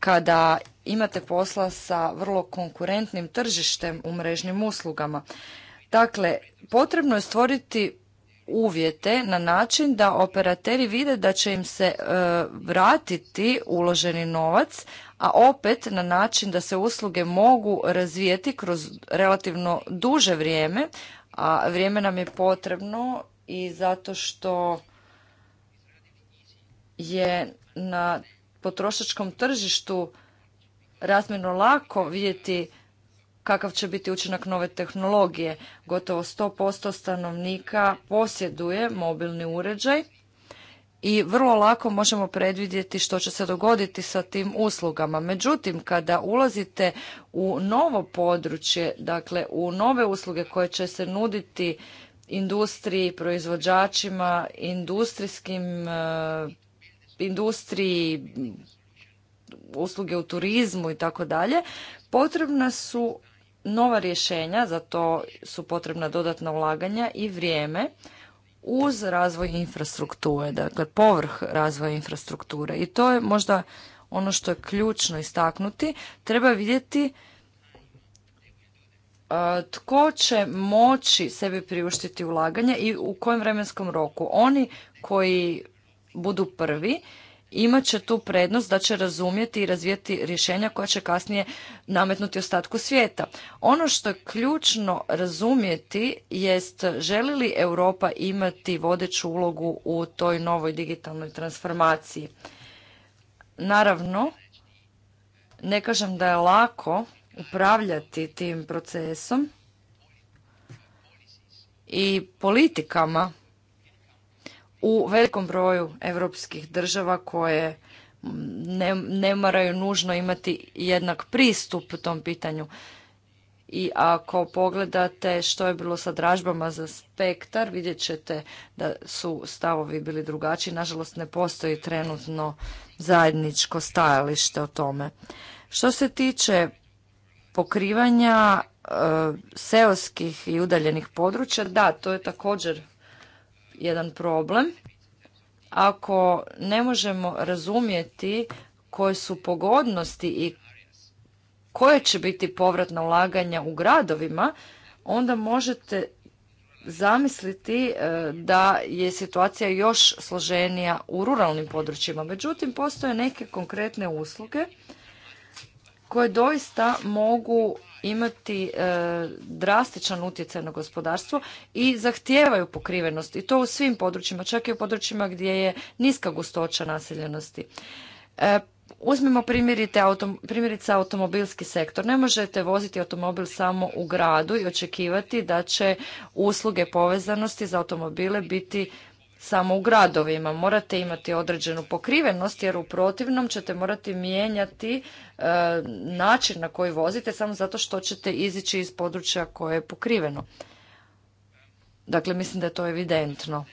Kada imate posla sa vrlo konkurentnim tržištem u mrežnim uslugama. Dakle, potrebno je stvoriti uvjete na način da operateri vide da će im se e, vratiti uloženi novac a opet na način da se usluge mogu razvijeti kroz relativno duže vrijeme, a vrijeme nam je potrebno i zato što je na potrošačkom tržištu razmjerno lako vidjeti kakav će biti učinak nove tehnologije. Gotovo 100% stanovnika posjeduje mobilni uređaj i vrlo lako možemo predvidjeti što će se dogoditi sa tim uslugama. Međutim, kada ulazite u novo područje, dakle u nove usluge koje će se nuditi industriji, proizvođačima, industrijskim, e, industriji, usluge u turizmu i tako dalje, potrebna su nova rješenja, za to su potrebna dodatna ulaganja i vrijeme uz razvoj infrastrukture, dakle povrh razvoja infrastrukture. I to je možda ono što je ključno istaknuti. Treba vidjeti e, tko će moći sebi priuštiti ulaganje i u kojem vremenskom roku. Oni koji budu prvi imat će tu prednost da će razumjeti i razvijeti rješenja koja će kasnije nametnuti ostatku svijeta. Ono što je ključno razumjeti jest želi li Europa imati vodeću ulogu u toj novoj digitalnoj transformaciji. Naravno, ne kažem da je lako upravljati tim procesom i politikama u velikom broju europskih država koje ne, ne moraju nužno imati jednak pristup tom pitanju. I ako pogledate što je bilo sa dražbama za spektar, vidjet ćete da su stavovi bili drugačiji. Nažalost, ne postoji trenutno zajedničko stajalište o tome. Što se tiče pokrivanja e, seoskih i udaljenih područja, da, to je također jedan problem. Ako ne možemo razumjeti koje su pogodnosti i koje će biti povratna ulaganja u gradovima, onda možete zamisliti e, da je situacija još složenija u ruralnim područjima. Međutim, postoje neke konkretne usluge koje doista mogu imati e, drastičan utjecaj na gospodarstvo i zahtijevaju pokrivenost i to u svim područjima, čak i u područjima gdje je niska gustoća naseljenosti. E, uzmimo autom, primjerice automobilski sektor. Ne možete voziti automobil samo u gradu i očekivati da će usluge povezanosti za automobile biti samo u gradovima. Morate imati određenu pokrivenost jer u protivnom ćete morati mijenjati e, način na koji vozite samo zato što ćete izići iz područja koje je pokriveno. Dakle, mislim da je to evidentno.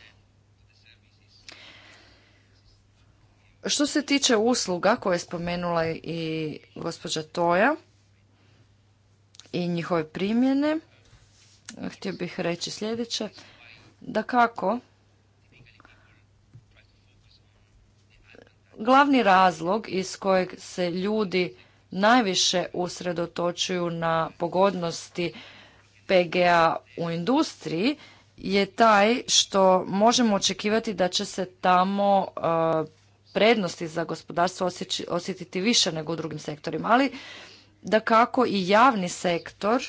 Što se tiče usluga koje je spomenula i gospođa Toja i njihove primjene, htio bih reći sljedeće. Da kako, Glavni razlog iz kojeg se ljudi najviše usredotočuju na pogodnosti PGA u industriji je taj što možemo očekivati da će se tamo e, prednosti za gospodarstvo osjetiti više nego u drugim sektorima. Ali da kako i javni sektor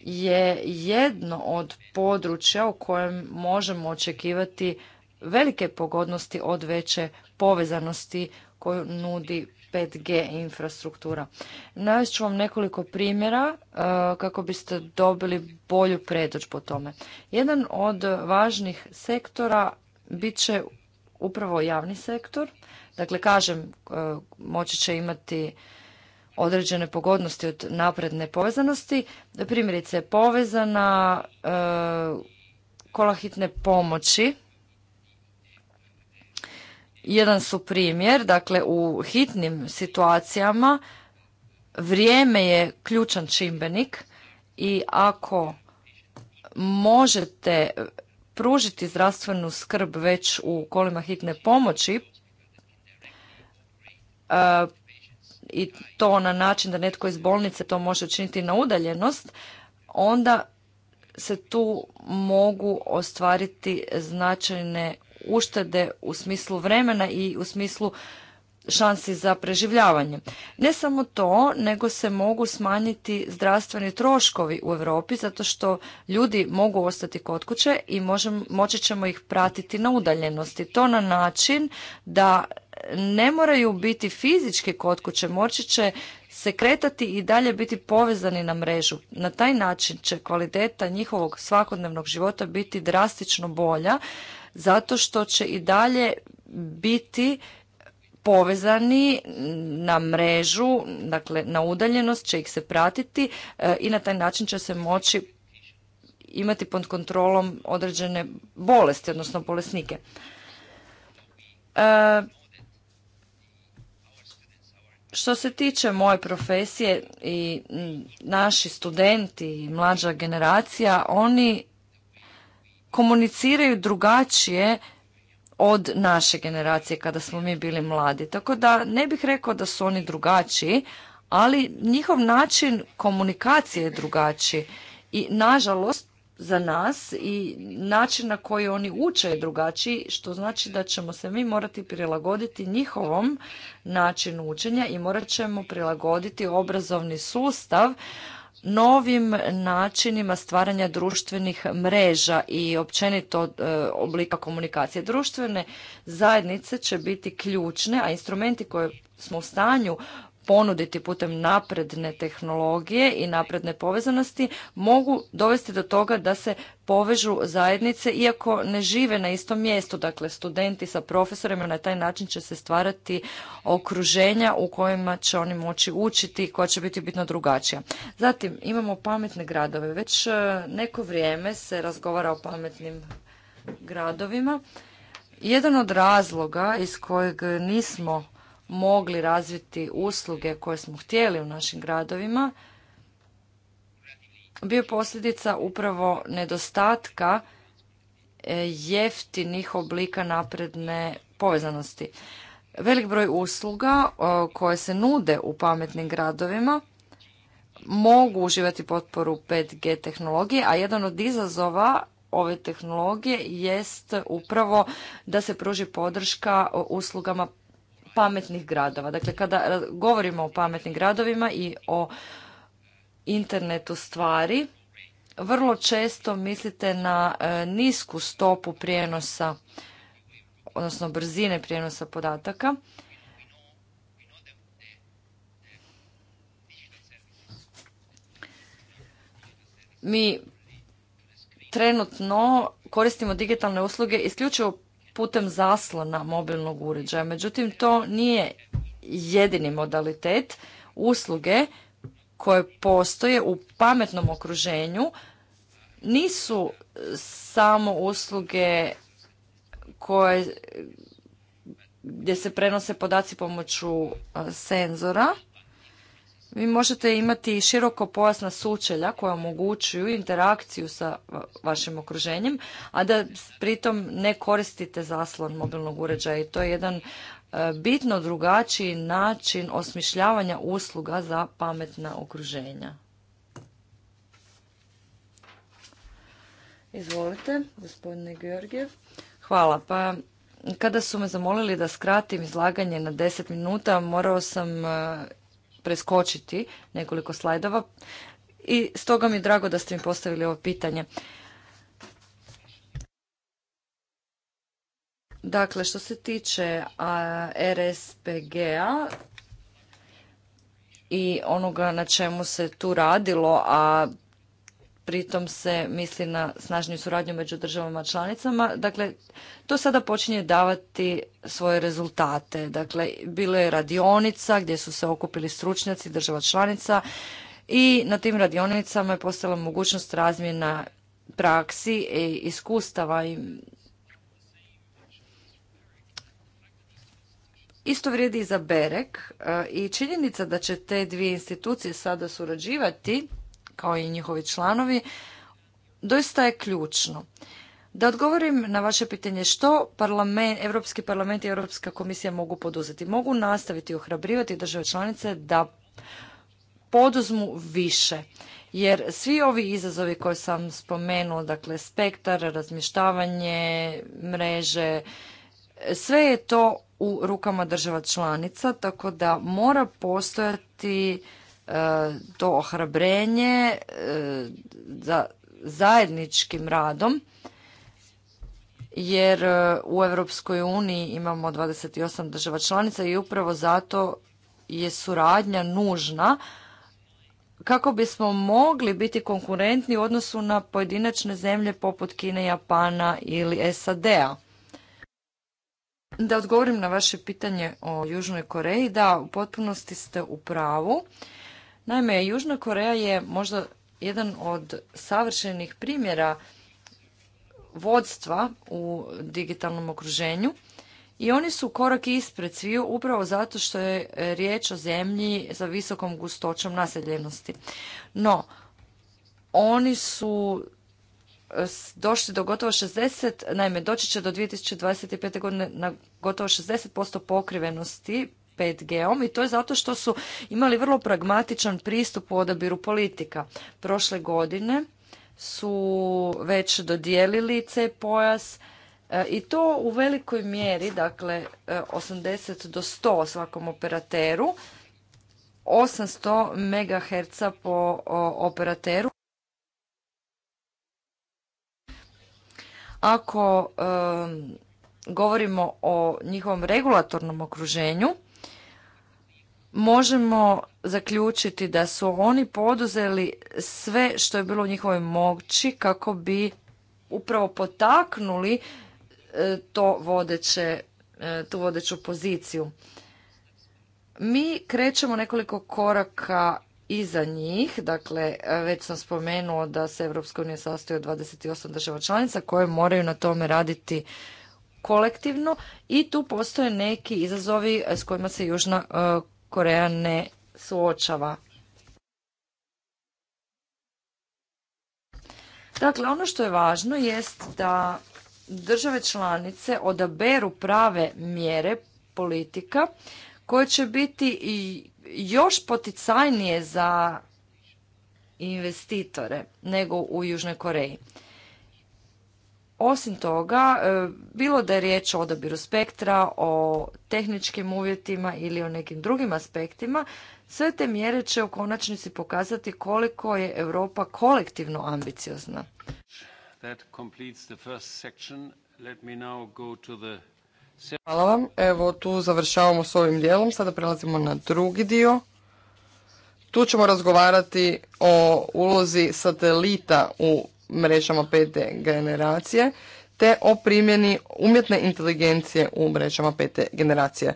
je jedno od područja u kojem možemo očekivati velike pogodnosti od veće povezanosti koju nudi 5G infrastruktura. Navest ću vam nekoliko primjera e, kako biste dobili bolju predoć po tome. Jedan od važnih sektora bit će upravo javni sektor. Dakle, kažem, e, moći će imati određene pogodnosti od napredne povezanosti. Primjerice, povezana e, kolahitne pomoći jedan su primjer, dakle u hitnim situacijama vrijeme je ključan čimbenik i ako možete pružiti zdravstvenu skrb već u kolima hitne pomoći e, i to na način da netko iz bolnice to može učiniti na udaljenost, onda se tu mogu ostvariti značajne uštede u smislu vremena i u smislu šansi za preživljavanje. Ne samo to, nego se mogu smanjiti zdravstveni troškovi u Europi zato što ljudi mogu ostati kod kuće i moći ćemo ih pratiti na udaljenosti. To na način da ne moraju biti fizički kod kuće, moći će se kretati i dalje biti povezani na mrežu. Na taj način će kvaliteta njihovog svakodnevnog života biti drastično bolja zato što će i dalje biti povezani na mrežu, dakle na udaljenost će ih se pratiti e, i na taj način će se moći imati pod kontrolom određene bolesti, odnosno bolesnike. E, što se tiče moje profesije i naši studenti i mlađa generacija, oni komuniciraju drugačije od naše generacije kada smo mi bili mladi. Tako da ne bih rekao da su oni drugačiji, ali njihov način komunikacije je drugačiji. I nažalost za nas i način na koji oni uče je drugačiji, što znači da ćemo se mi morati prilagoditi njihovom načinu učenja i morat ćemo prilagoditi obrazovni sustav novim načinima stvaranja društvenih mreža i općenito e, oblika komunikacije. Društvene zajednice će biti ključne, a instrumenti koje smo u stanju ponuditi putem napredne tehnologije i napredne povezanosti mogu dovesti do toga da se povežu zajednice iako ne žive na istom mjestu, dakle studenti sa profesorima, na taj način će se stvarati okruženja u kojima će oni moći učiti i koja će biti bitno drugačija. Zatim imamo pametne gradove. Već e, neko vrijeme se razgovara o pametnim gradovima. Jedan od razloga iz kojeg nismo mogli razviti usluge koje smo htjeli u našim gradovima bio posljedica upravo nedostatka e, jeftinih oblika napredne povezanosti. Velik broj usluga e, koje se nude u pametnim gradovima mogu uživati potporu 5G tehnologije, a jedan od izazova ove tehnologije jest upravo da se pruži podrška e, uslugama pametnih gradova. Dakle, kada govorimo o pametnim gradovima i o internetu stvari, vrlo često mislite na e, nisku stopu prijenosa, odnosno brzine prijenosa podataka. Mi trenutno koristimo digitalne usluge isključivo putem zaslona mobilnog uređaja. Međutim, to nije jedini modalitet. Usluge koje postoje u pametnom okruženju nisu samo usluge koje gdje se prenose podaci pomoću senzora vi možete imati široko pojasna sučelja koja omogućuju interakciju sa vašim okruženjem, a da pritom ne koristite zaslon mobilnog uređaja i to je jedan e, bitno drugačiji način osmišljavanja usluga za pametna okruženja. Izvolite, gospodine Georgijev. Hvala. Pa kada su me zamolili da skratim izlaganje na 10 minuta, morao sam e, preskočiti nekoliko slajdova i stoga mi je drago da ste mi postavili ovo pitanje. Dakle, što se tiče RSPG-a i onoga na čemu se tu radilo, a pritom se misli na snažniju suradnju među državama članicama. Dakle, to sada počinje davati svoje rezultate. Dakle, bilo je radionica gdje su se okupili stručnjaci država članica i na tim radionicama je postala mogućnost razmjena praksi i iskustava i Isto vrijedi i za Berek e, i činjenica da će te dvije institucije sada surađivati kao i njihovi članovi, doista je ključno. Da odgovorim na vaše pitanje što parlament, Europski parlament i Europska komisija mogu poduzeti. Mogu nastaviti ohrabrivati države članice da poduzmu više. Jer svi ovi izazovi koje sam spomenuo, dakle spektar, razmještavanje, mreže, sve je to u rukama država članica, tako da mora postojati to ohrabrenje e, za zajedničkim radom jer e, u Europskoj uniji imamo 28 država članica i upravo zato je suradnja nužna kako bismo mogli biti konkurentni u odnosu na pojedinačne zemlje poput Kine, Japana ili SAD-a. Da odgovorim na vaše pitanje o Južnoj Koreji, da u potpunosti ste u pravu. Naime, Južna Koreja je možda jedan od savršenih primjera vodstva u digitalnom okruženju i oni su korak ispred sviju upravo zato što je riječ o zemlji sa visokom gustoćom naseljenosti. No, oni su e, došli do gotovo 60, naime doći će do 2025. godine na gotovo 60% pokrivenosti 5 g i to je zato što su imali vrlo pragmatičan pristup u odabiru politika. Prošle godine su već dodijelili C pojas e, i to u velikoj mjeri, dakle 80 e, do 100 svakom operateru, 800 MHz po operateru. Ako e, govorimo o njihovom regulatornom okruženju, možemo zaključiti da su oni poduzeli sve što je bilo u njihovoj moći kako bi upravo potaknuli e, to vodeće, e, tu vodeću poziciju. Mi krećemo nekoliko koraka iza njih, dakle već sam spomenuo da se Europska unija sastoji od 28 država članica koje moraju na tome raditi kolektivno i tu postoje neki izazovi s kojima se Južna e, Koreja ne suočava. Dakle, ono što je važno jest da države članice odaberu prave mjere politika koje će biti i još poticajnije za investitore nego u Južnoj Koreji. Osim toga, e, bilo da je riječ o odabiru spektra, o tehničkim uvjetima ili o nekim drugim aspektima, sve te mjere će u konačnici pokazati koliko je Europa kolektivno ambiciozna. Hvala vam. Evo tu završavamo s ovim dijelom. Sada prelazimo na drugi dio. Tu ćemo razgovarati o ulozi satelita u mrežama pete generacije te o primjeni umjetne inteligencije u mrežama pete generacije.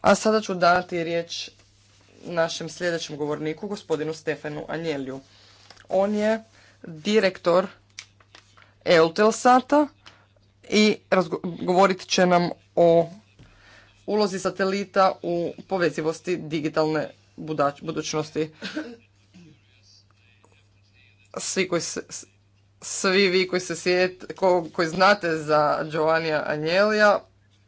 A sada ću dati riječ našem sljedećem govorniku, gospodinu Stefanu Anjelju. On je direktor Eutelsata i govorit će nam o ulozi satelita u povezivosti digitalne budućnosti. Svi koji se, svi vi koji se sjet, ko, koji znate za Giovannija Anjelija,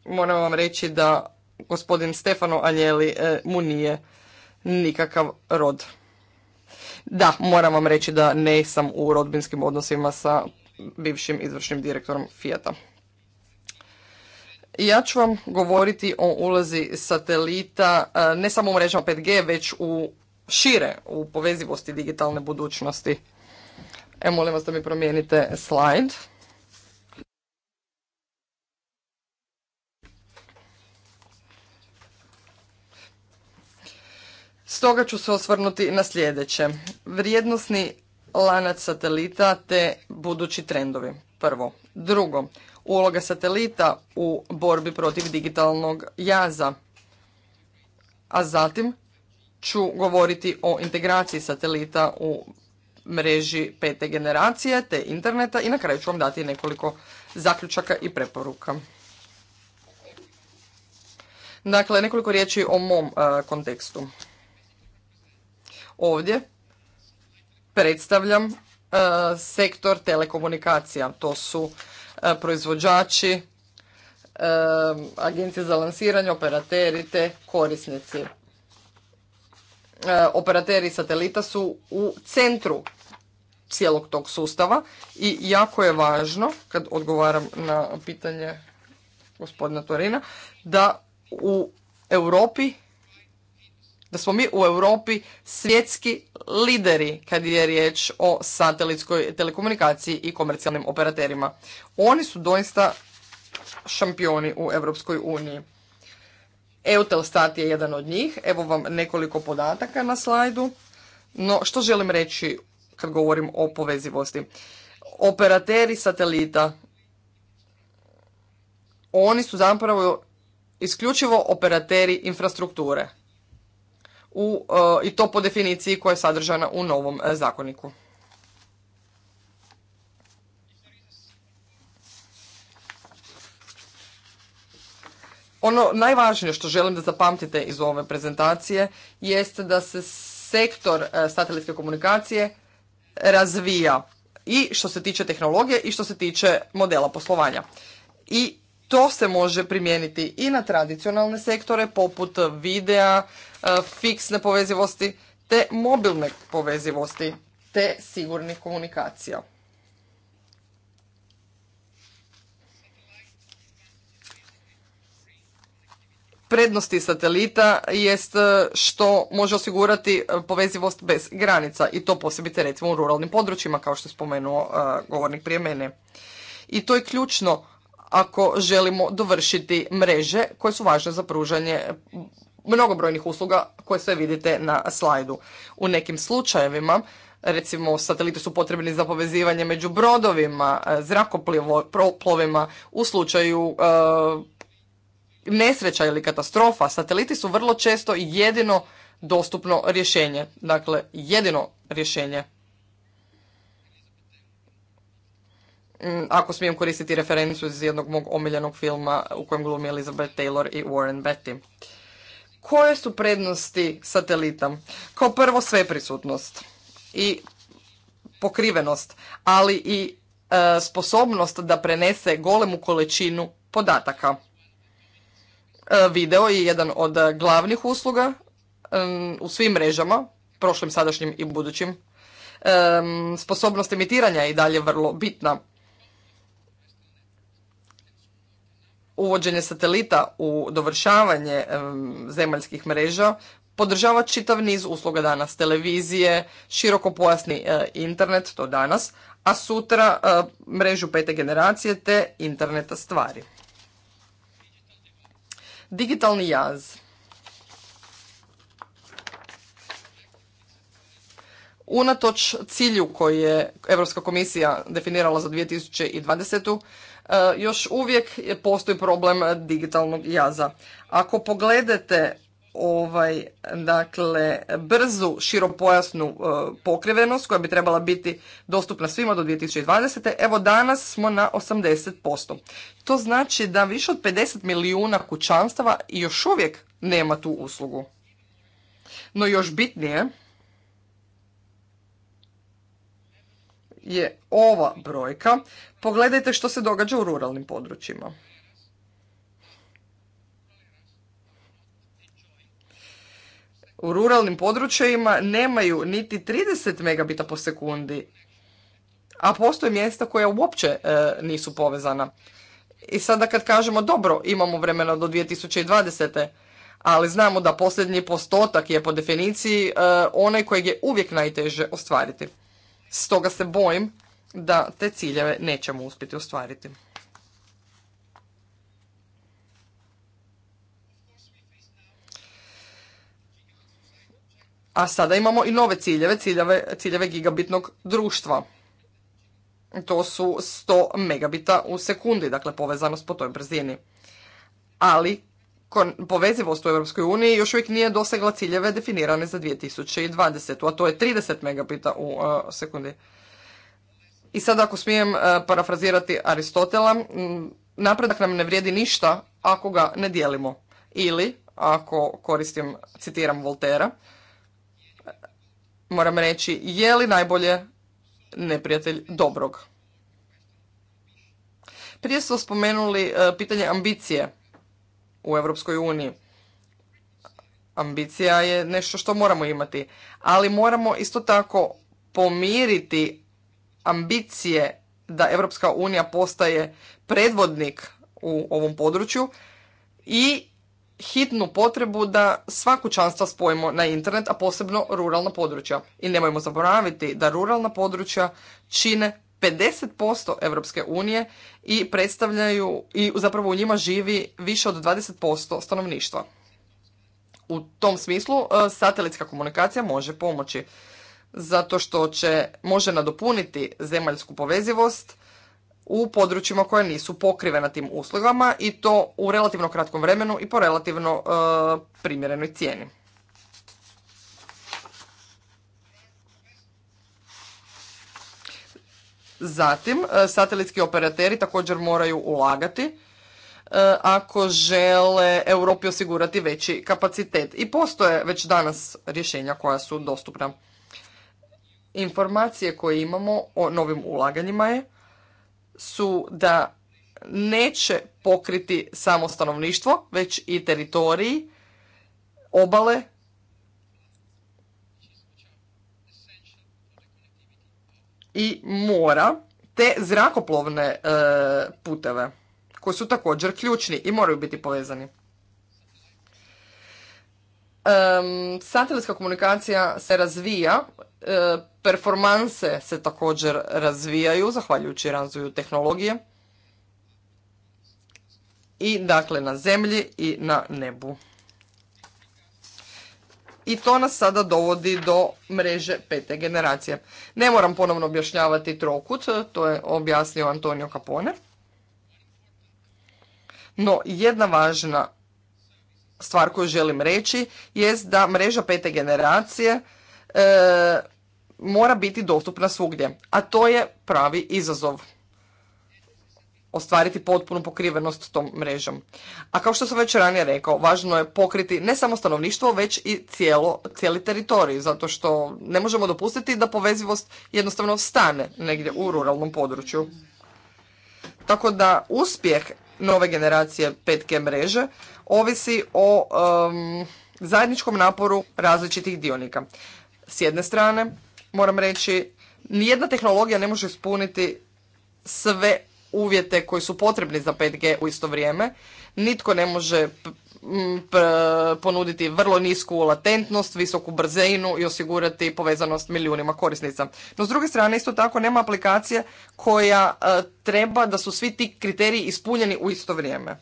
moram vam reći da gospodin Stefano Anjeli e, mu nije nikakav rod. Da, moram vam reći da ne sam u rodbinskim odnosima sa bivšim izvršnim direktorom Fijata. Ja ću vam govoriti o ulazi satelita e, ne samo u mrežama 5G, već u šire, u povezivosti digitalne budućnosti. E, molim vas da mi promijenite slajd. Stoga ću se osvrnuti na sljedeće. Vrijednosni lanac satelita te budući trendovi. Prvo. Drugo. Uloga satelita u borbi protiv digitalnog jaza. A zatim ću govoriti o integraciji satelita u mreži pete generacije te interneta i na kraju ću vam dati nekoliko zaključaka i preporuka. Dakle, nekoliko riječi o mom e, kontekstu. Ovdje predstavljam e, sektor telekomunikacija. To su e, proizvođači, agencije za lansiranje, operateri te korisnici. E, operateri satelita su u centru cijelog tog sustava i jako je važno, kad odgovaram na pitanje gospodina Torina, da u Europi, da smo mi u Europi svjetski lideri kad je riječ o satelitskoj telekomunikaciji i komercijalnim operaterima. Oni su doista šampioni u Europskoj uniji. Eutelstat je jedan od njih. Evo vam nekoliko podataka na slajdu. No, što želim reći kad govorim o povezivosti? Operateri satelita, oni su zapravo isključivo operateri infrastrukture. U, e, I to po definiciji koja je sadržana u novom e, zakoniku. Ono najvažnije što želim da zapamtite iz ove prezentacije jeste da se sektor e, satelitske komunikacije razvija i što se tiče tehnologije i što se tiče modela poslovanja. I to se može primijeniti i na tradicionalne sektore poput videa, e, fiksne povezivosti te mobilne povezivosti te sigurnih komunikacija. prednosti satelita jest e, što može osigurati e, povezivost bez granica i to posebite, recimo u ruralnim područjima kao što je spomenuo e, govornik prije mene. I to je ključno ako želimo dovršiti mreže koje su važne za pružanje mnogobrojnih usluga koje sve vidite na slajdu. U nekim slučajevima recimo sateliti su potrebni za povezivanje među brodovima, zrakoplovima u slučaju nesreća ili katastrofa, sateliti su vrlo često jedino dostupno rješenje. Dakle, jedino rješenje. Mm, ako smijem koristiti referencu iz jednog mog omiljenog filma u kojem glumi Elizabeth Taylor i Warren Betty. Koje su prednosti satelita? Kao prvo sveprisutnost i pokrivenost, ali i e, sposobnost da prenese golemu količinu podataka. E, video je jedan od e, glavnih usluga u svim mrežama, prošlim, sadašnjim i budućim. Sposobnost emitiranja je i dalje vrlo bitna. Uvođenje satelita u dovršavanje zemaljskih mreža podržava čitav niz usluga danas, televizije, pojasni e, internet, to danas, a sutra mrežu pete generacije te interneta stvari. Digitalni jaz. Unatoč cilju koji je Europska komisija definirala za 2020. Eh, još uvijek postoji problem digitalnog jaza. Ako pogledate ovaj dakle brzu širopojasnu e, pokrivenost koja bi trebala biti dostupna svima do 2020. Evo danas smo na 80%. To znači da više od 50 milijuna kućanstava još uvijek nema tu uslugu. No još bitnije je ova brojka. Pogledajte što se događa u ruralnim područjima. u ruralnim područjima nemaju niti 30 megabita po sekundi, a postoje mjesta koja uopće e, nisu povezana. I sada kad kažemo dobro, imamo vremena do 2020. Ali znamo da posljednji postotak je po definiciji e, onaj kojeg je uvijek najteže ostvariti. Stoga se bojim da te ciljeve nećemo uspjeti ostvariti. A sada imamo i nove ciljeve, ciljeve, ciljeve gigabitnog društva. To su 100 megabita u sekundi, dakle povezanost po toj brzini. Ali povezivost u EU još uvijek nije dosegla ciljeve definirane za 2020. A to je 30 megabita u e, sekundi. I sad ako smijem e, parafrazirati Aristotela, napredak nam ne vrijedi ništa ako ga ne dijelimo. Ili, ako koristim, citiram Voltera, moram reći je li najbolje neprijatelj dobrog. Prije smo spomenuli e, pitanje ambicije u Europskoj uniji. Ambicija je nešto što moramo imati, ali moramo isto tako pomiriti ambicije da Europska unija postaje predvodnik u ovom području i hitnu potrebu da sva kućanstva spojimo na internet, a posebno ruralna područja. I nemojmo zaboraviti da ruralna područja čine 50% Europske unije i predstavljaju i zapravo u njima živi više od 20% stanovništva. U tom smislu e, satelitska komunikacija može pomoći zato što će može nadopuniti zemaljsku povezivost u područjima koje nisu pokrivena tim uslugama i to u relativno kratkom vremenu i po relativno e, primjerenoj cijeni. Zatim, e, satelitski operateri također moraju ulagati e, ako žele Europi osigurati veći kapacitet. I postoje već danas rješenja koja su dostupna. Informacije koje imamo o novim ulaganjima je su da neće pokriti samo stanovništvo, već i teritoriji, obale, i mora, te zrakoplovne e, puteve, koji su također ključni i moraju biti povezani. E, satelitska komunikacija se razvija E, performanse se također razvijaju zahvaljujući razvoju tehnologije i dakle na zemlji i na nebu. I to nas sada dovodi do mreže pete generacije. Ne moram ponovno objašnjavati trokut, to je objasnio Antonio Capone. No jedna važna stvar koju želim reći jest da mreža pete generacije e, mora biti dostupna svugdje, a to je pravi izazov ostvariti potpunu pokrivenost tom mrežom. A kao što sam već ranije rekao, važno je pokriti ne samo stanovništvo, već i cijelo, cijeli teritorij, zato što ne možemo dopustiti da povezivost jednostavno stane negdje u ruralnom području. Tako da uspjeh nove generacije 5G mreže ovisi o zajedničkom naporu različitih dionika. S jedne strane, moram reći, nijedna tehnologija ne može ispuniti sve uvjete koji su potrebni za 5G u isto vrijeme. Nitko ne može ponuditi vrlo nisku latentnost, visoku brzinu i osigurati povezanost milijunima korisnica. No s druge strane isto tako nema aplikacije koja e, treba da su svi ti kriteriji ispunjeni u isto vrijeme.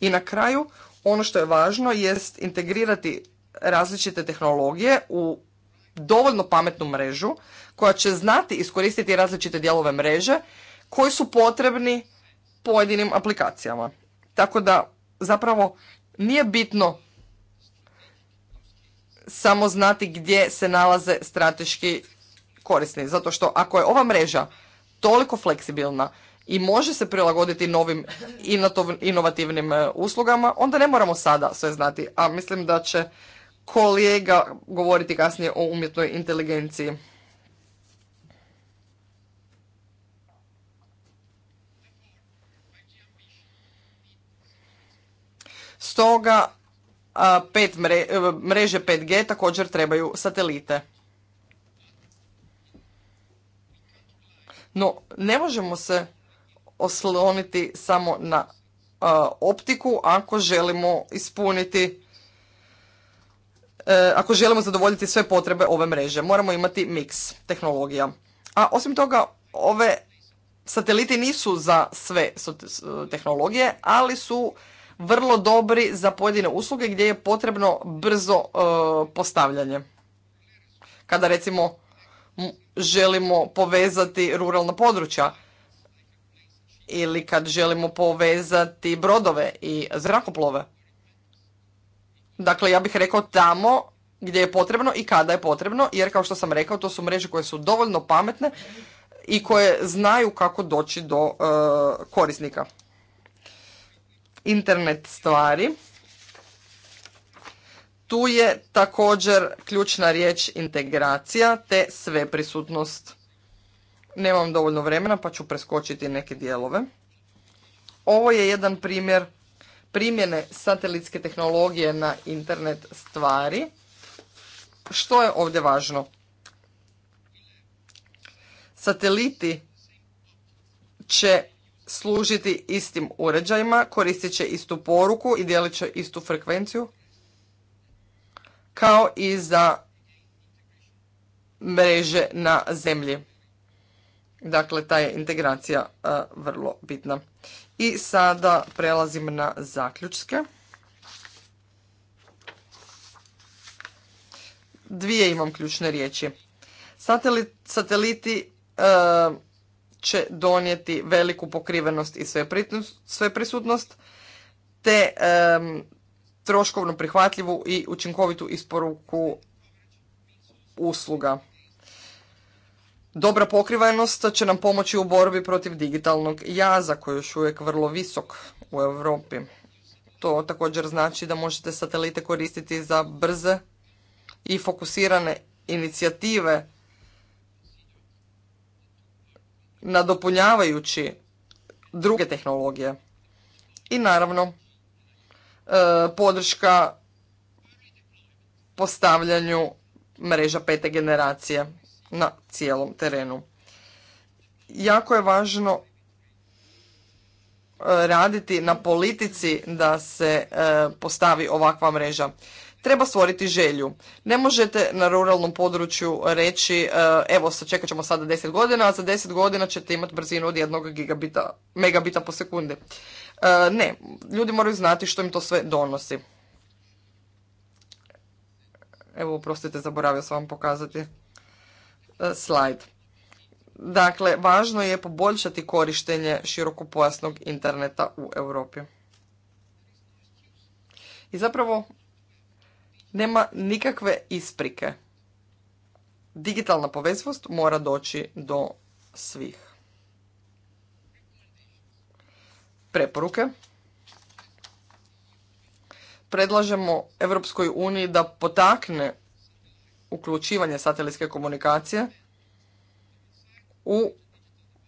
I na kraju ono što je važno jest integrirati različite tehnologije u dovoljno pametnu mrežu koja će znati iskoristiti različite dijelove mreže koji su potrebni pojedinim aplikacijama. Tako da zapravo nije bitno samo znati gdje se nalaze strateški korisni. Zato što ako je ova mreža toliko fleksibilna i može se prilagoditi novim inovativnim e, uslugama, onda ne moramo sada sve znati. A mislim da će kolega govoriti kasnije o umjetnoj inteligenciji. Stoga pet e, mreže 5G također trebaju satelite. No, ne možemo se osloniti samo na optiku ako želimo ispuniti E, ako želimo zadovoljiti sve potrebe ove mreže. Moramo imati miks tehnologija. A osim toga, ove sateliti nisu za sve e, tehnologije, ali su vrlo dobri za pojedine usluge gdje je potrebno brzo e, postavljanje. Kada recimo želimo povezati ruralna područja ili kad želimo povezati brodove i zrakoplove. Dakle, ja bih rekao tamo gdje je potrebno i kada je potrebno, jer kao što sam rekao, to su mreže koje su dovoljno pametne i koje znaju kako doći do e, korisnika. Internet stvari. Tu je također ključna riječ integracija te sveprisutnost. Nemam dovoljno vremena pa ću preskočiti neke dijelove. Ovo je jedan primjer primjene satelitske tehnologije na internet stvari. Što je ovdje važno? Sateliti će služiti istim uređajima, koristit će istu poruku i dijelit će istu frekvenciju, kao i za mreže na zemlji. Dakle, ta je integracija vrlo bitna. I sada prelazim na zaključke. Dvije imam ključne riječi. sateliti e, će donijeti veliku pokrivenost i sveprisutnost, te e, troškovno prihvatljivu i učinkovitu isporuku usluga. Dobra pokrivanost će nam pomoći u borbi protiv digitalnog jaza koji je još uvijek vrlo visok u Europi. To također znači da možete satelite koristiti za brze i fokusirane inicijative nadopunjavajući druge tehnologije. I naravno e, podrška postavljanju mreža pete generacije na cijelom terenu. Jako je važno e, raditi na politici da se e, postavi ovakva mreža. Treba stvoriti želju. Ne možete na ruralnom području reći e, evo čekat ćemo sada 10 godina, a za 10 godina ćete imati brzinu od jednog megabita po sekunde. Ne, ljudi moraju znati što im to sve donosi. Evo, prostite, zaboravio sam vam pokazati. E, slajd. Dakle, važno je poboljšati korištenje širokopojasnog interneta u Europi. I zapravo nema nikakve isprike. Digitalna poveznost mora doći do svih. Preporuke. Predlažemo Europskoj uniji da potakne uključivanje satelitske komunikacije u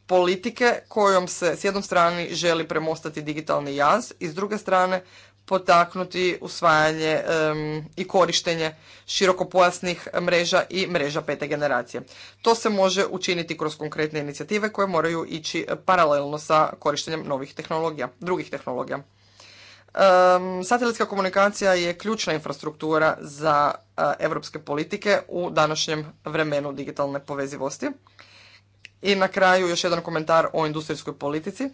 politike kojom se s jednom strane želi premostati digitalni jaz i s druge strane potaknuti usvajanje i korištenje širokopojasnih mreža i mreža pete generacije. To se može učiniti kroz konkretne inicijative koje moraju ići eh, paralelno sa korištenjem novih tehnologija, drugih tehnologija. Satelitska komunikacija je ključna infrastruktura za europske politike u današnjem vremenu digitalne povezivosti. I na kraju još jedan komentar o industrijskoj politici.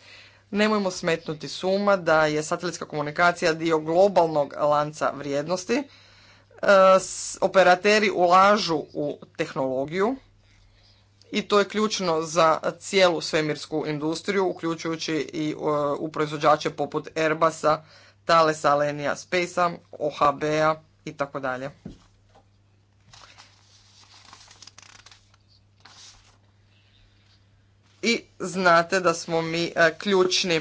Nemojmo smetnuti suma da je satelitska komunikacija dio globalnog lanca vrijednosti. E, operateri ulažu u tehnologiju i to je ključno za cijelu svemirsku industriju, uključujući i e, u proizvođače poput Airbusa, Alenia Space Spacem, OHB-a i tako dalje. I znate da smo mi e, ključni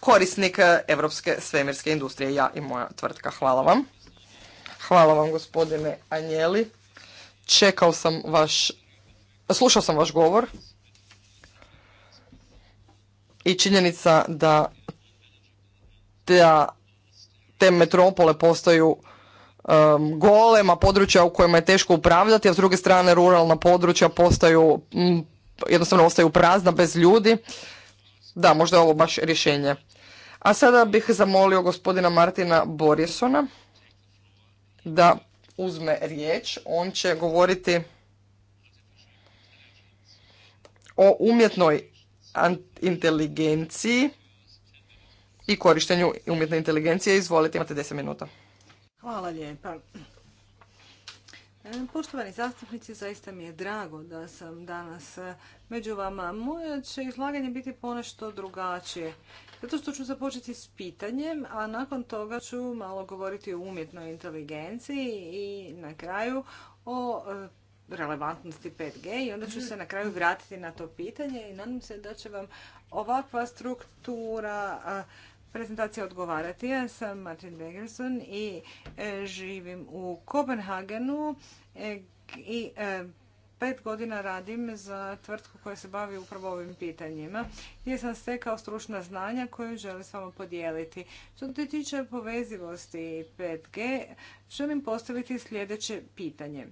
korisnik e, evropske svemirske industrije, ja i moja tvrtka. Hvala vam. Hvala vam gospodine Anjeli. Čekao sam vaš, slušao sam vaš govor i činjenica da da te metropole postaju um, golema područja u kojima je teško upravljati, a s druge strane ruralna područja postaju, jednostavno ostaju prazna bez ljudi. Da, možda je ovo baš rješenje. A sada bih zamolio gospodina Martina Borisona da uzme riječ. On će govoriti o umjetnoj inteligenciji i korištenju umjetne inteligencije. Izvolite, imate 10 minuta. Hvala lijepa. E, poštovani zastupnici, zaista mi je drago da sam danas e, među vama. Moje će izlaganje biti ponešto drugačije. Zato što ću započeti s pitanjem, a nakon toga ću malo govoriti o umjetnoj inteligenciji i na kraju o e, relevantnosti 5G i onda ću se na kraju vratiti na to pitanje i nadam se da će vam ovakva struktura Prezentacija odgovarati. Ja sam Martin Begerson i e, živim u Kopenhagenu e, i e, pet godina radim za tvrtku koja se bavi upravo ovim pitanjima gdje sam stekao stručna znanja koju želim s vama podijeliti. Što se tiče povezivosti 5G, želim postaviti sljedeće pitanje.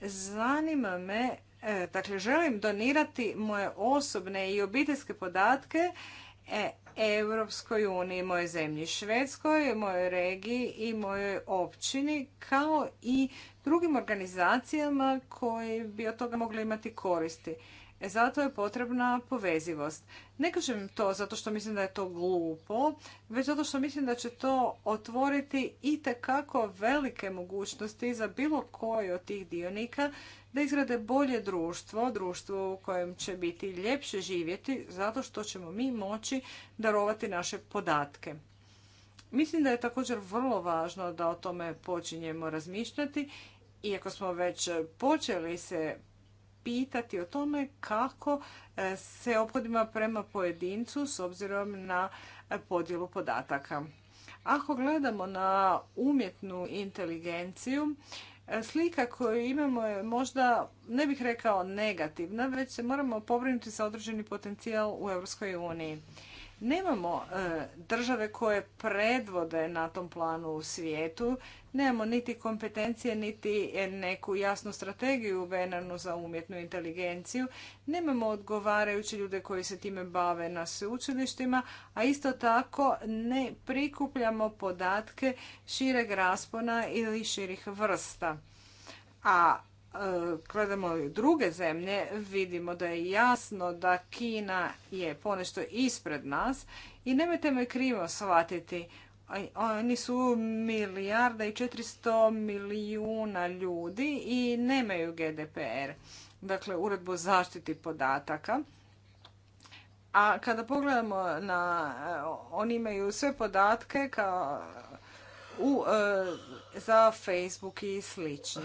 Zanima me, dakle želim donirati moje osobne i obiteljske podatke Europskoj uniji, mojoj zemlji Švedskoj, mojoj regiji i mojoj općini, kao i drugim organizacijama koje bi od toga mogli imati koristi. E, zato je potrebna povezivost. Ne kažem to zato što mislim da je to glupo, već zato što mislim da će to otvoriti i tekako velike mogućnosti za bilo koji od tih dionika da izgrade bolje društvo, društvo u kojem će biti ljepše živjeti zato što ćemo mi moći darovati naše podatke. Mislim da je također vrlo važno da o tome počinjemo razmišljati iako smo već počeli se pitati o tome kako e, se ophodima prema pojedincu s obzirom na e, podjelu podataka. Ako gledamo na umjetnu inteligenciju, e, slika koju imamo je možda, ne bih rekao negativna, već se moramo pobrinuti sa određeni potencijal u Europskoj uniji. Nemamo e, države koje predvode na tom planu u svijetu, nemamo niti kompetencije, niti neku jasnu strategiju venarnu za umjetnu inteligenciju, nemamo odgovarajuće ljude koji se time bave na sveučilištima, a isto tako ne prikupljamo podatke šireg raspona ili širih vrsta. A gledamo druge zemlje, vidimo da je jasno da Kina je ponešto ispred nas i nemojte me krivo shvatiti. Oni su milijarda i 400 milijuna ljudi i nemaju GDPR, dakle uredbu o zaštiti podataka. A kada pogledamo na, oni imaju sve podatke kao u, e, za Facebook i slično.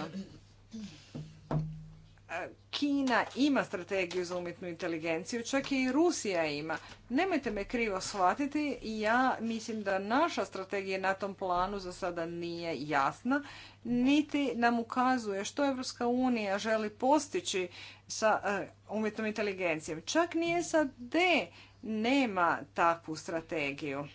Kina ima strategiju za umjetnu inteligenciju, čak i Rusija ima. Nemojte me krivo shvatiti, ja mislim da naša strategija na tom planu za sada nije jasna, niti nam ukazuje što Evropska unija želi postići sa e, umjetnom inteligencijom. Čak nije sad D nema takvu strategiju.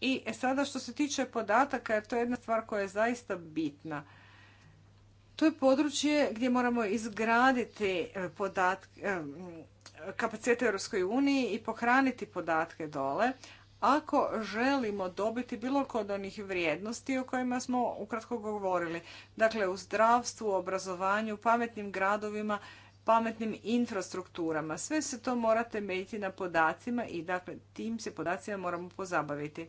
I sada što se tiče podataka, jer to je jedna stvar koja je zaista bitna. To je područje gdje moramo izgraditi e, podatke, kapacitete Europskoj i pohraniti podatke dole. Ako želimo dobiti bilo kod onih vrijednosti o kojima smo ukratko govorili, dakle u zdravstvu, obrazovanju, pametnim gradovima, pametnim infrastrukturama. Sve se to mora temeljiti na podacima i dakle tim se podacima moramo pozabaviti.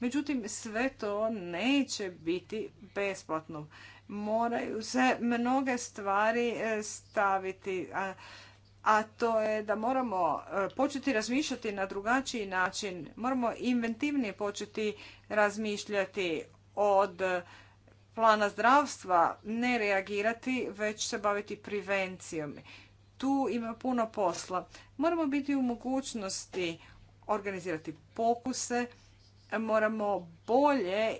Međutim, sve to neće biti besplatno. Moraju se mnoge stvari e, staviti, a, a to je da moramo e, početi razmišljati na drugačiji način. Moramo inventivnije početi razmišljati od plana zdravstva ne reagirati, već se baviti prevencijom. Tu ima puno posla. Moramo biti u mogućnosti organizirati pokuse, moramo bolje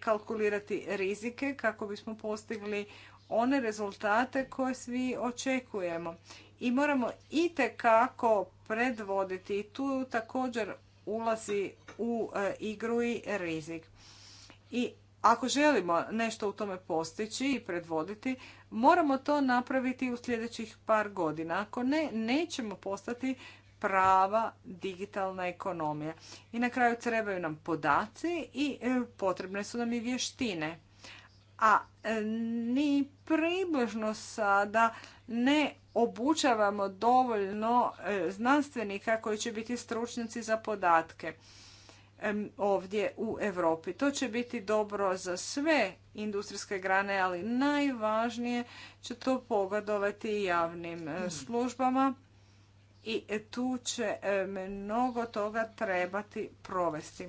kalkulirati rizike kako bismo postigli one rezultate koje svi očekujemo. I moramo i kako predvoditi. Tu također ulazi u e, igru i rizik. I ako želimo nešto u tome postići i predvoditi, moramo to napraviti u sljedećih par godina. Ako ne, nećemo postati prava digitalna ekonomija. I na kraju trebaju nam podaci i e, potrebne su nam i vještine. A e, ni približno sada ne obučavamo dovoljno e, znanstvenika koji će biti stručnjaci za podatke ovdje u Europi. To će biti dobro za sve industrijske grane, ali najvažnije će to pogodovati javnim e, hmm. službama i tu će e, mnogo toga trebati provesti.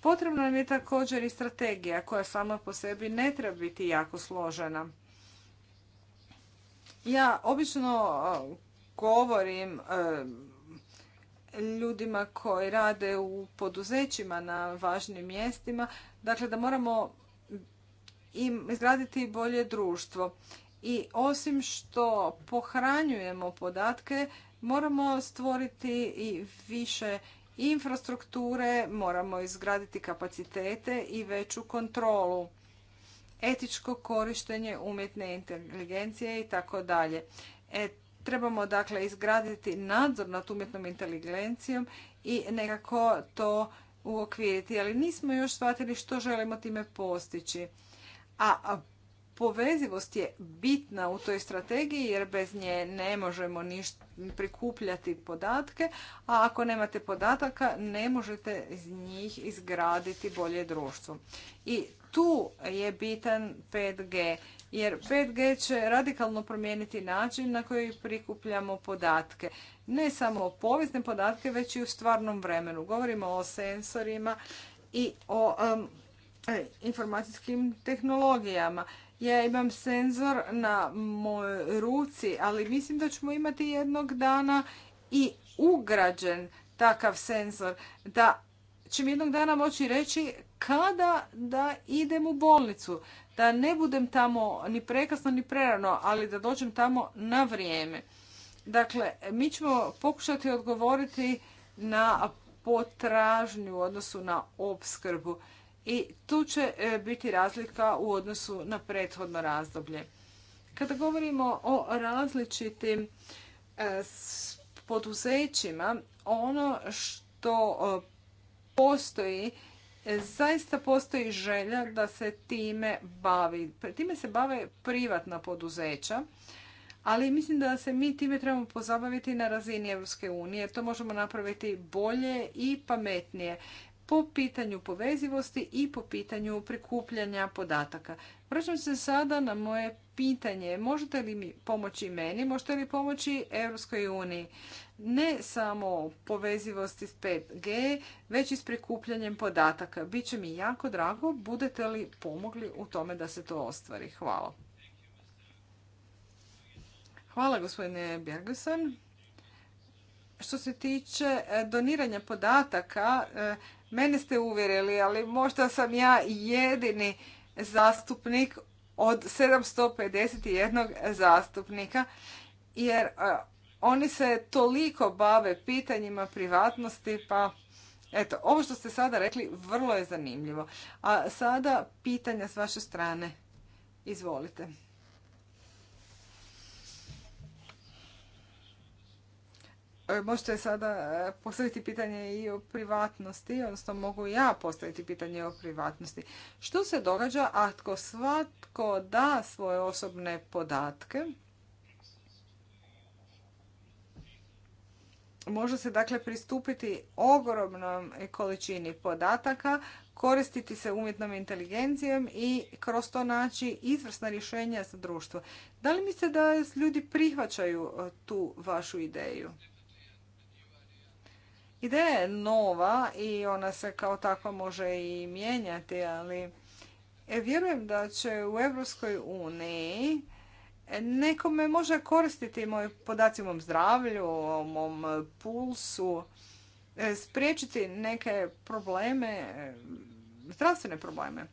Potrebna nam je također i strategija koja sama po sebi ne treba biti jako složena. Ja obično e, govorim ljudima koji rade u poduzećima na važnim mjestima, dakle da moramo im izgraditi bolje društvo. I osim što pohranjujemo podatke, moramo stvoriti i više infrastrukture, moramo izgraditi kapacitete i veću kontrolu, etičko korištenje umjetne inteligencije i tako dalje. E, Trebamo dakle izgraditi nadzor nad umjetnom inteligencijom i nekako to uokviriti, ali nismo još shvatili što želimo time postići. A povezivost je bitna u toj strategiji jer bez nje ne možemo ništa prikupljati podatke, a ako nemate podataka ne možete iz njih izgraditi bolje društvo. I tu je bitan 5G jer 5G će radikalno promijeniti način na koji prikupljamo podatke. Ne samo povijesne podatke, već i u stvarnom vremenu. Govorimo o sensorima i o e, informacijskim tehnologijama. Ja imam senzor na mojoj ruci, ali mislim da ćemo imati jednog dana i ugrađen takav senzor da će jednog dana moći reći kada da idem u bolnicu da ne budem tamo ni prekasno ni prerano, ali da dođem tamo na vrijeme. Dakle, mi ćemo pokušati odgovoriti na potražnju u odnosu na opskrbu i tu će e, biti razlika u odnosu na prethodno razdoblje. Kada govorimo o različitim e, poduzećima, ono što e, postoji zaista postoji želja da se time bavi. Time se bave privatna poduzeća, ali mislim da se mi time trebamo pozabaviti na razini Europske unije. To možemo napraviti bolje i pametnije po pitanju povezivosti i po pitanju prikupljanja podataka. Vraćam se sada na moje pitanje. Možete li mi pomoći meni? Možete li pomoći Europskoj uniji? ne samo povezivosti s 5G, već i s prikupljanjem podataka. Biće mi jako drago, budete li pomogli u tome da se to ostvari. Hvala. Hvala gospodine Bjergesen. Što se tiče e, doniranja podataka, e, mene ste uvjerili, ali možda sam ja jedini zastupnik od 751 zastupnika, jer e, oni se toliko bave pitanjima privatnosti, pa eto, ovo što ste sada rekli vrlo je zanimljivo. A sada pitanja s vaše strane. Izvolite. E, možete sada e, postaviti pitanje i o privatnosti, odnosno mogu ja postaviti pitanje o privatnosti. Što se događa ako svatko da svoje osobne podatke, Može se dakle pristupiti ogromnom količini podataka, koristiti se umjetnom inteligencijom i kroz to naći izvrsna rješenja za društvo. Da li mislite da ljudi prihvaćaju e, tu vašu ideju? Ideja je nova i ona se kao takva može i mijenjati, ali e, vjerujem da će u Europskoj uniji Nekome može koristiti moji podaci o mom zdravlju, o mom pulsu, e, spriječiti neke probleme, e, zdravstvene probleme.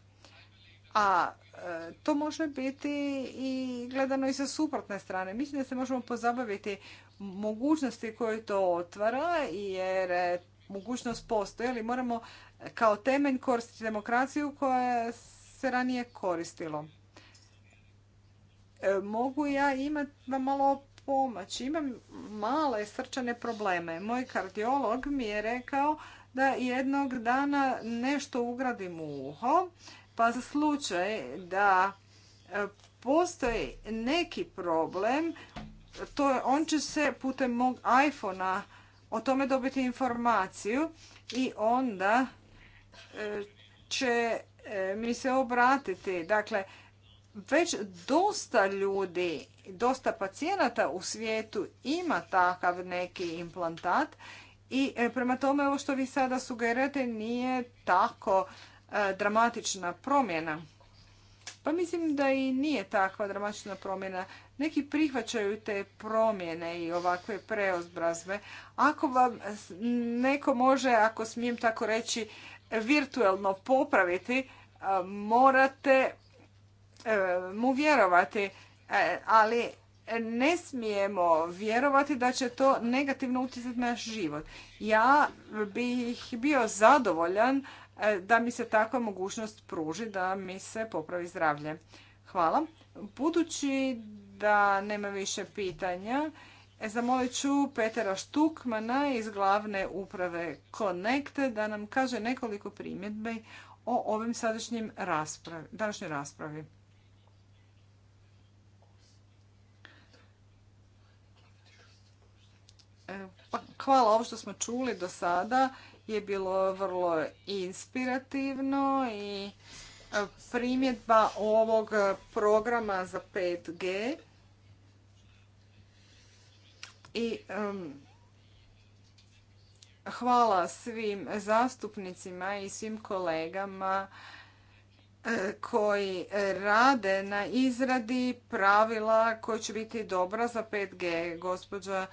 A e, to može biti i gledano i sa suprotne strane. Mislim da se možemo pozabaviti mogućnosti koje to otvara, jer mogućnost postoji, ali moramo kao temelj koristiti demokraciju koja se ranije koristilo. E, mogu ja imati vam malo pomać? imam male srčane probleme. Moj kardiolog mi je rekao da jednog dana nešto ugradim u uho, pa za slučaj da e, postoji neki problem, to je, on će se putem mog iPhona o tome dobiti informaciju i onda e, će mi se obratiti. Dakle, već dosta ljudi, dosta pacijenata u svijetu ima takav neki implantat i e, prema tome ovo što vi sada sugerirate nije tako e, dramatična promjena. Pa mislim da i nije takva dramatična promjena. Neki prihvaćaju te promjene i ovakve preobrazbe. Ako vam neko može, ako smijem tako reći, virtualno popraviti, e, morate E, mu vjerovati, e, ali ne smijemo vjerovati da će to negativno utjecati na naš život. Ja bih bio zadovoljan e, da mi se takva mogućnost pruži, da mi se popravi zdravlje. Hvala. Budući da nema više pitanja, zamolit ću Petera Štukmana iz glavne uprave Connect da nam kaže nekoliko primjedbi o ovim sadašnjim današnjoj raspravi. Pa, hvala, ovo što smo čuli do sada je bilo vrlo inspirativno i e, primjedba ovog programa za 5G i hvala svim zastupnicima i svim kolegama e, koji rade na izradi pravila koja će biti dobra za 5G. Gospođa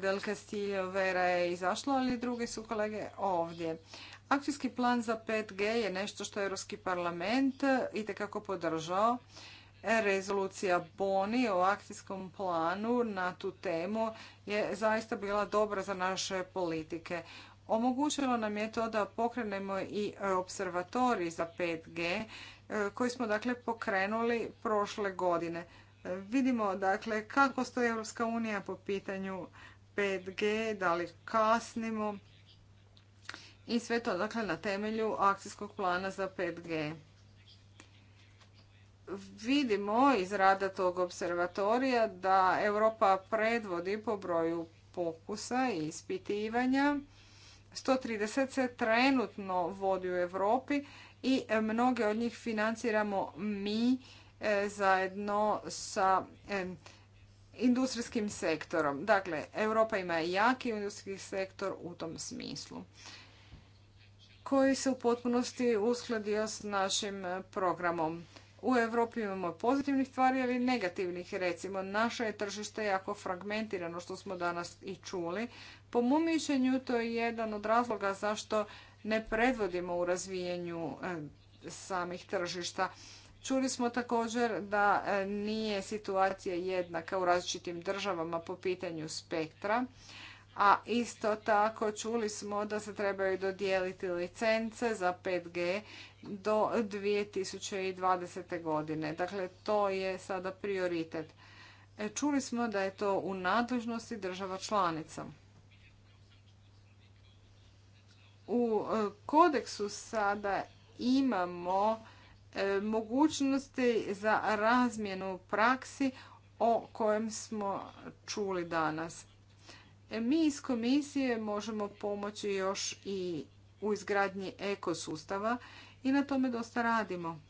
Del Castillo Vera je izašla, ali drugi su kolege ovdje. Akcijski plan za 5G je nešto što je Europski parlament itekako podržao. Rezolucija Boni o akcijskom planu na tu temu je zaista bila dobra za naše politike. Omogućilo nam je to da pokrenemo i observatorij za 5G eh, koji smo dakle pokrenuli prošle godine. Vidimo dakle kako stoji Europska unija po pitanju 5G, da li kasnimo i sve to dakle na temelju akcijskog plana za 5G. Vidimo iz rada tog observatorija da Europa predvodi po broju pokusa i ispitivanja. 130 se trenutno vodi u Europi i mnoge od njih financiramo mi E, zajedno sa e, industrijskim sektorom. Dakle, Europa ima jaki industrijski sektor u tom smislu koji se u potpunosti uskladio s našim programom. U Europi imamo pozitivnih stvari, ali negativnih. Recimo, naše je tržište jako fragmentirano, što smo danas i čuli. Po mom mišljenju, to je jedan od razloga zašto ne predvodimo u razvijenju e, samih tržišta. Čuli smo također da e, nije situacija jednaka u različitim državama po pitanju spektra, a isto tako čuli smo da se trebaju dodijeliti licence za 5G do 2020. godine. Dakle, to je sada prioritet. E, čuli smo da je to u nadležnosti država članica. U e, kodeksu sada imamo E, mogućnosti za razmjenu praksi o kojem smo čuli danas. E, mi iz komisije možemo pomoći još i u izgradnji ekosustava i na tome dosta radimo.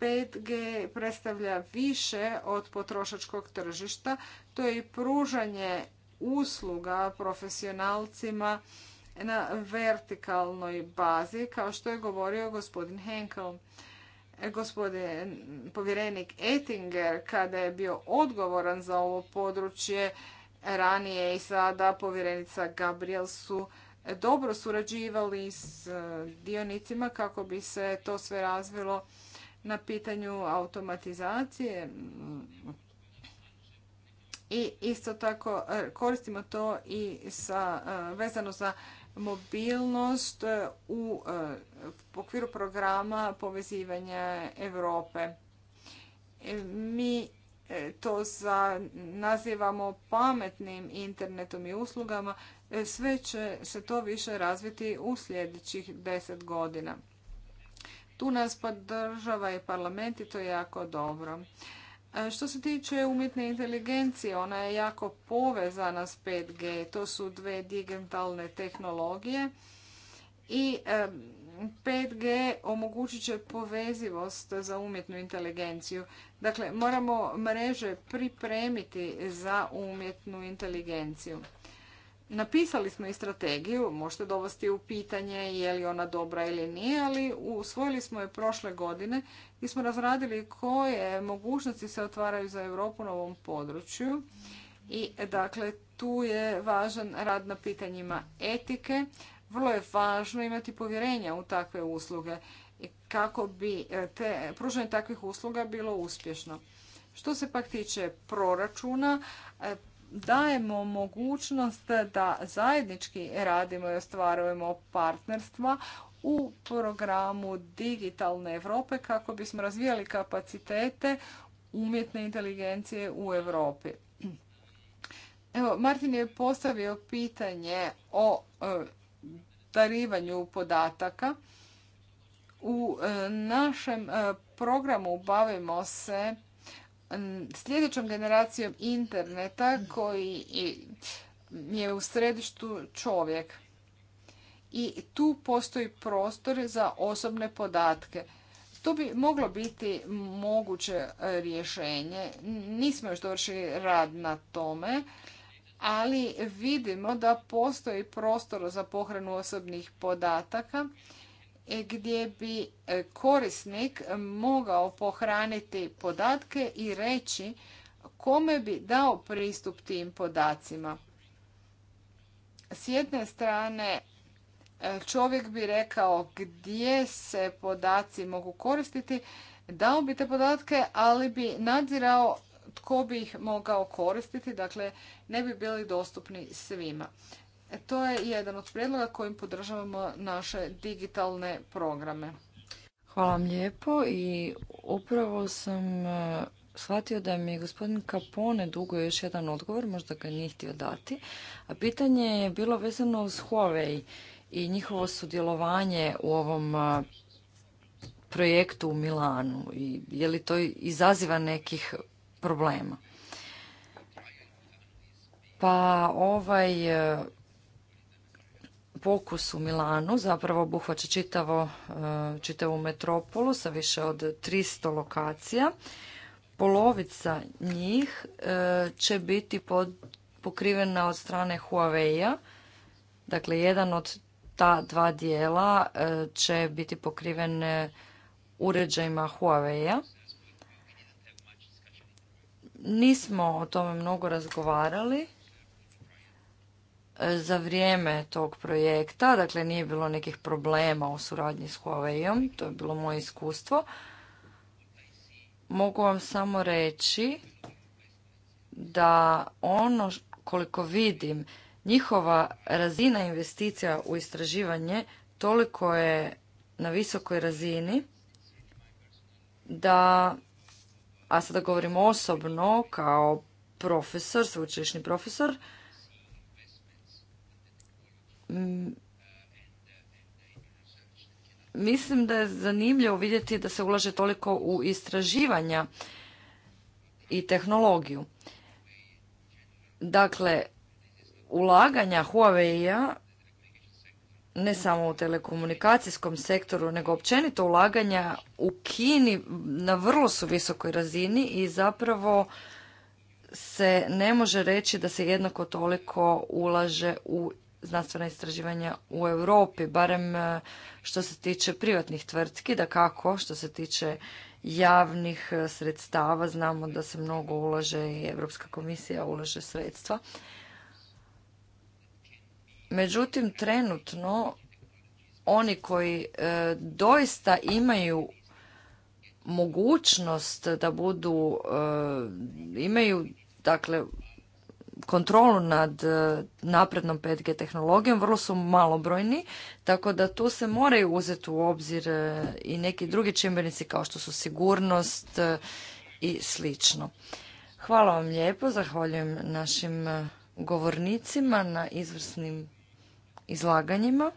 5G e, predstavlja više od potrošačkog tržišta, to je i pružanje usluga profesionalcima na vertikalnoj bazi, kao što je govorio gospodin Henkel. Gospodin povjerenik Ettinger, kada je bio odgovoran za ovo područje, ranije i sada povjerenica Gabriel su dobro surađivali s e, dionicima kako bi se to sve razvilo na pitanju automatizacije. I isto tako e, koristimo to i sa, e, vezano za mobilnost e, e, u okviru programa povezivanja Europe. E, mi to nazivamo pametnim internetom i uslugama, sve će se to više razviti u sljedećih deset godina. Tu nas podržava i parlament i to je jako dobro. E, što se tiče umjetne inteligencije, ona je jako povezana s 5G. To su dve digitalne tehnologije i 5G e, omogućit će povezivost za umjetnu inteligenciju. Dakle, moramo mreže pripremiti za umjetnu inteligenciju. Napisali smo i strategiju, možete dovesti u pitanje je li ona dobra ili nije, ali usvojili smo je prošle godine i smo razradili koje mogućnosti se otvaraju za Europu na ovom području. I dakle, tu je važan rad na pitanjima etike. Vrlo je važno imati povjerenja u takve usluge kako bi e, te, pružanje takvih usluga bilo uspješno. Što se pak tiče proračuna, e, dajemo mogućnost da zajednički radimo i ostvarujemo partnerstva u programu Digitalne Europe kako bismo razvijali kapacitete umjetne inteligencije u Europi. Evo, Martin je postavio pitanje o e, darivanju podataka. U e, našem e, programu bavimo se sljedećom generacijom interneta koji je u središtu čovjek. I tu postoji prostor za osobne podatke. To bi moglo biti moguće e, rješenje. Nismo još dovršili rad na tome, ali vidimo da postoji prostor za pohranu osobnih podataka E, gdje bi e, korisnik mogao pohraniti podatke i reći kome bi dao pristup tim podacima. S jedne strane e, čovjek bi rekao gdje se podaci mogu koristiti, dao bi te podatke, ali bi nadzirao tko bi ih mogao koristiti, dakle ne bi bili dostupni svima. E, to je jedan od prijedloga kojim podržavamo naše digitalne programe. Hvala vam lijepo i upravo sam e, shvatio da mi gospodin Capone dugo još jedan odgovor, možda ga nije htio dati. A pitanje je bilo vezano uz Huawei i njihovo sudjelovanje u ovom e, projektu u Milanu i je li to izaziva nekih problema. Pa ovaj fokus u Milanu zapravo obuhvaća čitavo, e, čitavu metropolu sa više od 300 lokacija. Polovica njih e, će biti pokrivena od strane Huawei-a. Dakle, jedan od ta dva dijela e, će biti pokriven uređajima Huawei-a. Nismo o tome mnogo razgovarali za vrijeme tog projekta, dakle nije bilo nekih problema u suradnji s huawei to je bilo moje iskustvo. Mogu vam samo reći da ono koliko vidim, njihova razina investicija u istraživanje toliko je na visokoj razini da, a sada govorim osobno kao profesor, sveučilišni profesor, Mm, mislim da je zanimljivo vidjeti da se ulaže toliko u istraživanja i tehnologiju. Dakle, ulaganja Huawei-a ne samo u telekomunikacijskom sektoru, nego općenito ulaganja u Kini na vrlo su visokoj razini i zapravo se ne može reći da se jednako toliko ulaže u znanstvena istraživanja u Europi, barem e, što se tiče privatnih tvrtki, da kako, što se tiče javnih e, sredstava, znamo da se mnogo ulaže i Europska komisija ulaže sredstva. Međutim, trenutno oni koji e, doista imaju mogućnost da budu, imaju dakle kontrolu nad e, naprednom 5G tehnologijom vrlo su malobrojni, tako da tu se moraju uzeti u obzir e, i neki drugi čimbenici kao što su sigurnost e, i slično. Hvala vam lijepo, zahvaljujem našim govornicima na izvrsnim izlaganjima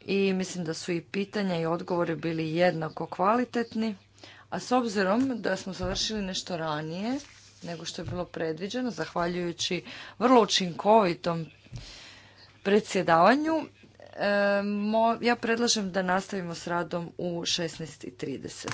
i mislim da su i pitanja i odgovori bili jednako kvalitetni. A s obzirom da smo završili nešto ranije, nego što je bilo predviđeno, zahvaljujući vrlo učinkovitom predsjedavanju. E, ja predlažem da nastavimo s radom u 16.30.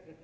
Hvala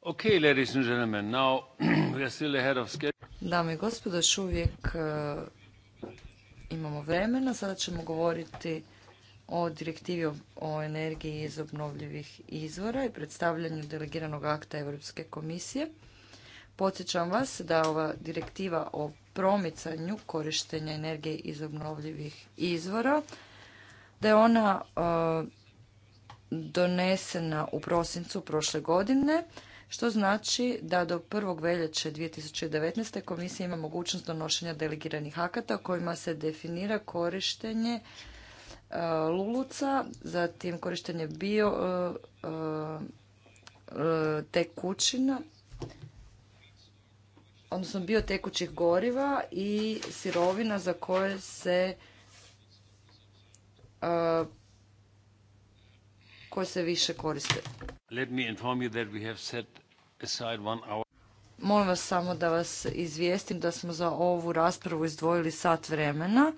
Okay, ladies and gentlemen, Dame i gospodo, još uvijek eh, imamo vremena. Sada ćemo govoriti o direktivi o energiji iz obnovljivih izvora i predstavljanju delegiranog akta Europske komisije. Podsjećam vas da ova direktiva o promicanju korištenja energije iz obnovljivih izvora, da je ona eh, donesena u prosincu prošle godine, što znači da do 1. veljače 2019. komisija ima mogućnost donošenja delegiranih akata kojima se definira korištenje e, luluca, zatim korištenje bio e, e, tekućina, odnosno bio tekućih goriva i sirovina za koje se koje se više koriste. Molim vas samo da vas izvijestim da smo za ovu raspravu izdvojili sat vremena.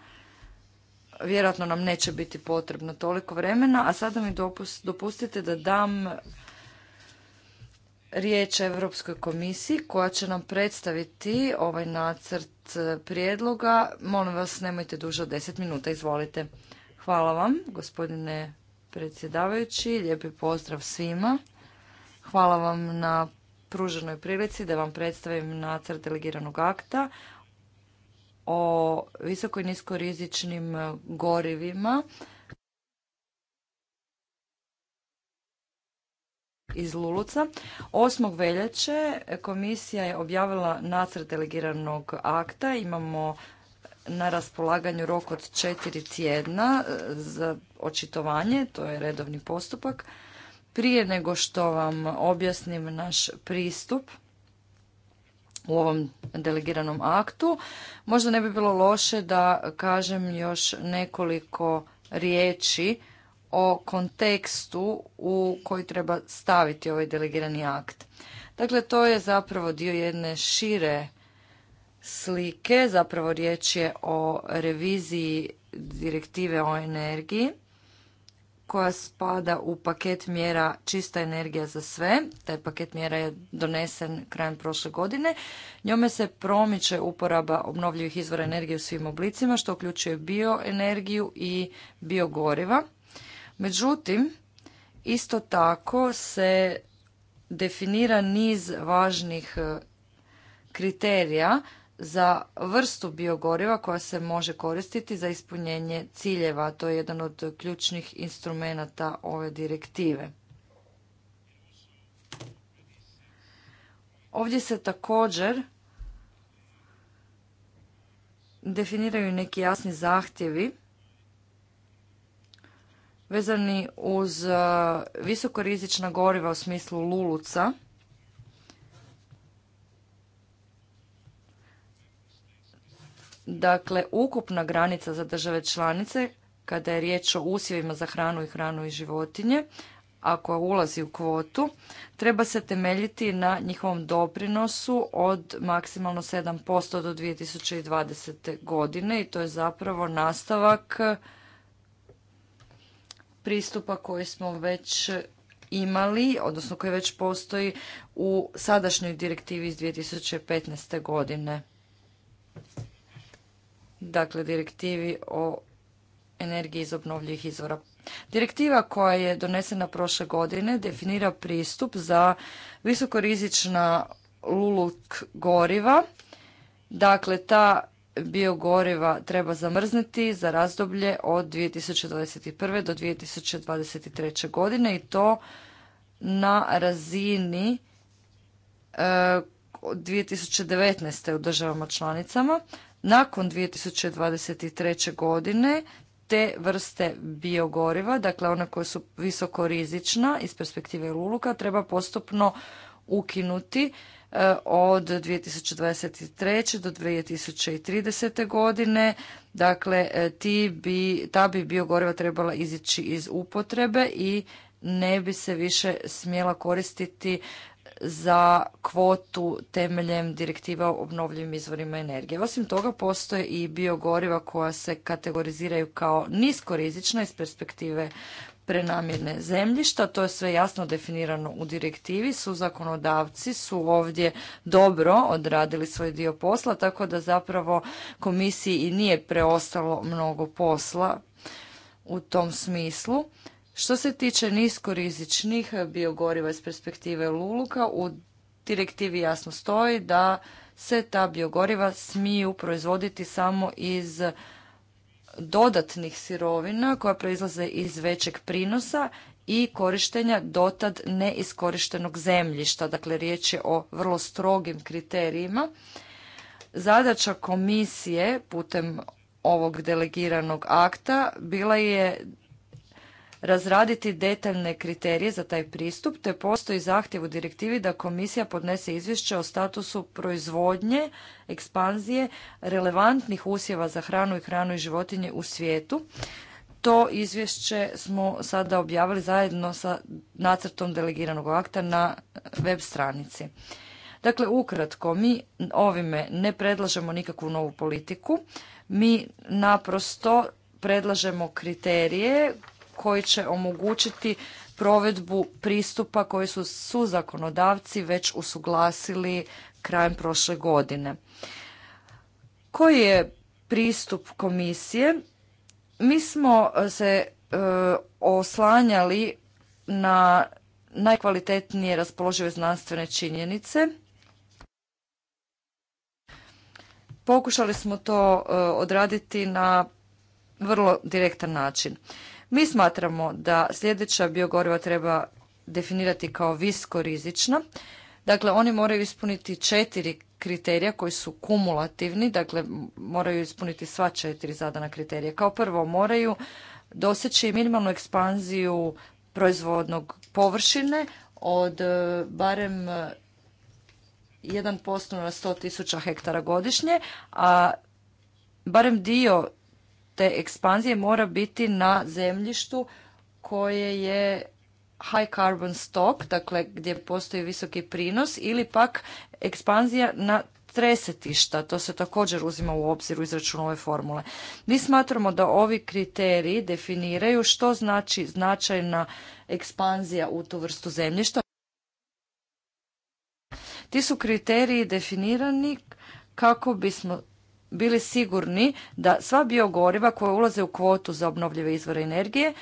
Vjerojatno nam neće biti potrebno toliko vremena, a sada mi dopustite da dam riječ Europskoj komisiji koja će nam predstaviti ovaj nacrt prijedloga. Molim vas, nemojte duže od 10 minuta, izvolite. Hvala vam, gospodine predsjedavajući. Lijepi pozdrav svima. Hvala vam na pruženoj prilici da vam predstavim nacrt delegiranog akta o visoko i niskorizičnim gorivima iz Luluca. 8. veljače komisija je objavila nacrt delegiranog akta. Imamo na raspolaganju rok od četiri tjedna e, za očitovanje, to je redovni postupak. Prije nego što vam objasnim naš pristup u ovom delegiranom aktu, možda ne bi bilo loše da kažem još nekoliko riječi o kontekstu u koji treba staviti ovaj delegirani akt. Dakle, to je zapravo dio jedne šire slike, zapravo riječ je o reviziji direktive o energiji koja spada u paket mjera Čista energija za sve. Taj paket mjera je donesen krajem prošle godine. Njome se promiče uporaba obnovljivih izvora energije u svim oblicima, što uključuje bioenergiju i biogoriva. Međutim, isto tako se definira niz važnih eh, kriterija za vrstu biogoriva koja se može koristiti za ispunjenje ciljeva. To je jedan od ključnih instrumenata ove direktive. Ovdje se također definiraju neki jasni zahtjevi vezani uz uh, visokorizična goriva u smislu luluca – Dakle, ukupna granica za države članice kada je riječ o usjevima za hranu i hranu i životinje, ako ulazi u kvotu, treba se temeljiti na njihovom doprinosu od maksimalno 7% do 2020. godine i to je zapravo nastavak pristupa koji smo već imali, odnosno koji već postoji u sadašnjoj direktivi iz 2015. godine dakle direktivi o energiji iz obnovljivih izvora. Direktiva koja je donesena prošle godine definira pristup za visokorizična luluk goriva. Dakle, ta biogoriva treba zamrznuti za razdoblje od 2021. do 2023. godine i to na razini 2019. E, u državama članicama, nakon 2023. godine te vrste biogoriva, dakle one koje su visokorizična iz perspektive luka treba postupno ukinuti e, od 2023. do 2030. godine. Dakle, e, ti bi, ta bi biogoriva trebala izići iz upotrebe i ne bi se više smjela koristiti za kvotu temeljem direktiva o obnovljivim izvorima energije. Osim toga, postoje i biogoriva koja se kategoriziraju kao niskorizična iz perspektive prenamjene zemljišta. To je sve jasno definirano u direktivi. Su zakonodavci su ovdje dobro odradili svoj dio posla, tako da zapravo komisiji i nije preostalo mnogo posla u tom smislu. Što se tiče niskorizičnih biogoriva iz perspektive Luluka, u direktivi jasno stoji da se ta biogoriva smiju proizvoditi samo iz dodatnih sirovina koja proizlaze iz većeg prinosa i korištenja dotad neiskorištenog zemljišta. Dakle, riječ je o vrlo strogim kriterijima. Zadaća komisije putem ovog delegiranog akta bila je razraditi detaljne kriterije za taj pristup, te postoji zahtjev u direktivi da komisija podnese izvješće o statusu proizvodnje, ekspanzije, relevantnih usjeva za hranu i hranu i životinje u svijetu. To izvješće smo sada objavili zajedno sa nacrtom delegiranog akta na web stranici. Dakle, ukratko, mi ovime ne predlažemo nikakvu novu politiku, mi naprosto predlažemo kriterije koji će omogućiti provedbu pristupa koji su suzakonodavci već usuglasili krajem prošle godine. Koji je pristup komisije? Mi smo e, se e, oslanjali na najkvalitetnije raspoložive znanstvene činjenice. Pokušali smo to e, odraditi na vrlo direktan način. Mi smatramo da sljedeća biogoriva treba definirati kao viskorizična. Dakle, oni moraju ispuniti četiri kriterija koji su kumulativni, dakle moraju ispuniti sva četiri zadana kriterija. Kao prvo, moraju doseći minimalnu ekspanziju proizvodnog površine od e, barem 1% e, na 100.000 hektara godišnje, a barem dio te ekspanzije mora biti na zemljištu koje je high carbon stock, dakle gdje postoji visoki prinos ili pak ekspanzija na tresetišta, to se također uzima u obzir u izračunu ove formule. Mi smatramo da ovi kriteriji definiraju što znači značajna ekspanzija u tu vrstu zemljišta. Ti su kriteriji definirani kako bismo bili sigurni da sva biogoriva koja ulaze u kvotu za obnovljive izvore energije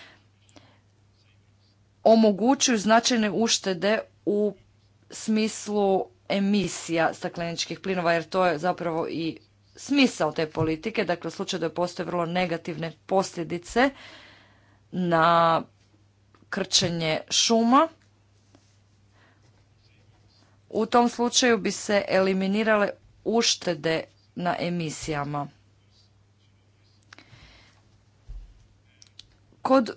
omogućuju značajne uštede u smislu emisija stakleničkih plinova jer to je zapravo i smisao te politike, dakle u slučaju da postoje vrlo negativne posljedice na krčenje šuma. U tom slučaju bi se eliminirale uštede na emisijama. Kod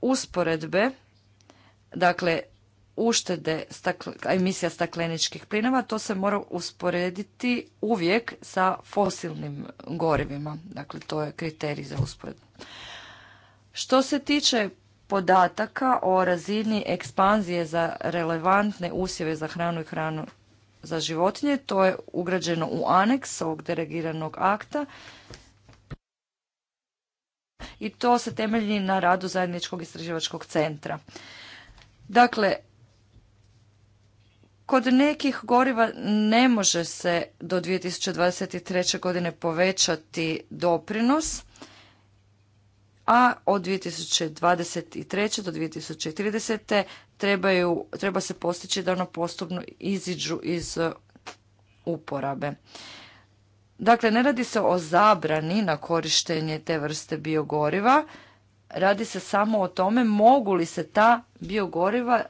usporedbe, dakle, uštede stakle, emisija stakleničkih plinova, to se mora usporediti uvijek sa fosilnim gorivima. Dakle, to je kriterij za usporedbu. Što se tiče podataka o razini ekspanzije za relevantne usjeve za hranu i hranu za životinje. To je ugrađeno u aneks ovog deregiranog akta. I to se temelji na radu zajedničkog istraživačkog centra. Dakle, kod nekih goriva ne može se do 2023. godine povećati doprinos a od 2023. do 2030. treba se postići da ono postupno iziđu iz e, uporabe. Dakle, ne radi se o zabrani na korištenje te vrste biogoriva, radi se samo o tome mogu li se ta biogoriva,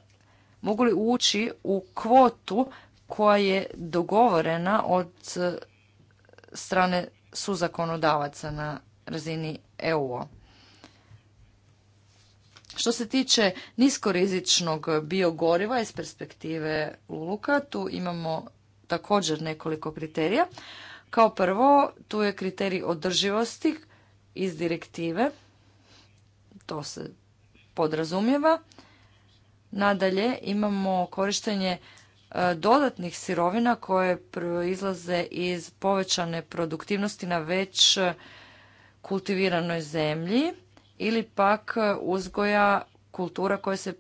mogu li ući u kvotu koja je dogovorena od e, strane suzakonodavaca na razini EU-a. Što se tiče niskorizičnog biogoriva iz perspektive Luluka, tu imamo također nekoliko kriterija. Kao prvo, tu je kriterij održivosti iz direktive. To se podrazumijeva. Nadalje, imamo korištenje e, dodatnih sirovina koje proizlaze iz povećane produktivnosti na već kultiviranoj zemlji ili pak e, uzgoja kultura koje se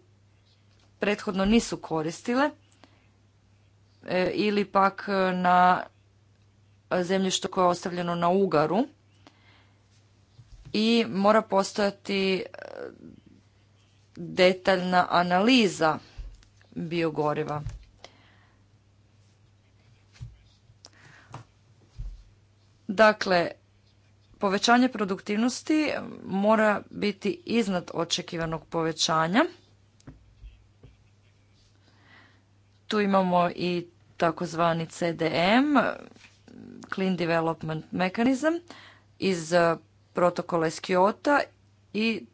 prethodno nisu koristile e, ili pak e, na zemljištu koje je ostavljeno na ugaru i mora postojati detaljna analiza biogoriva. Dakle, povećanje produktivnosti mora biti iznad očekivanog povećanja. Tu imamo i takozvani CDM, Clean Development Mechanism, iz protokola iz Kyoto i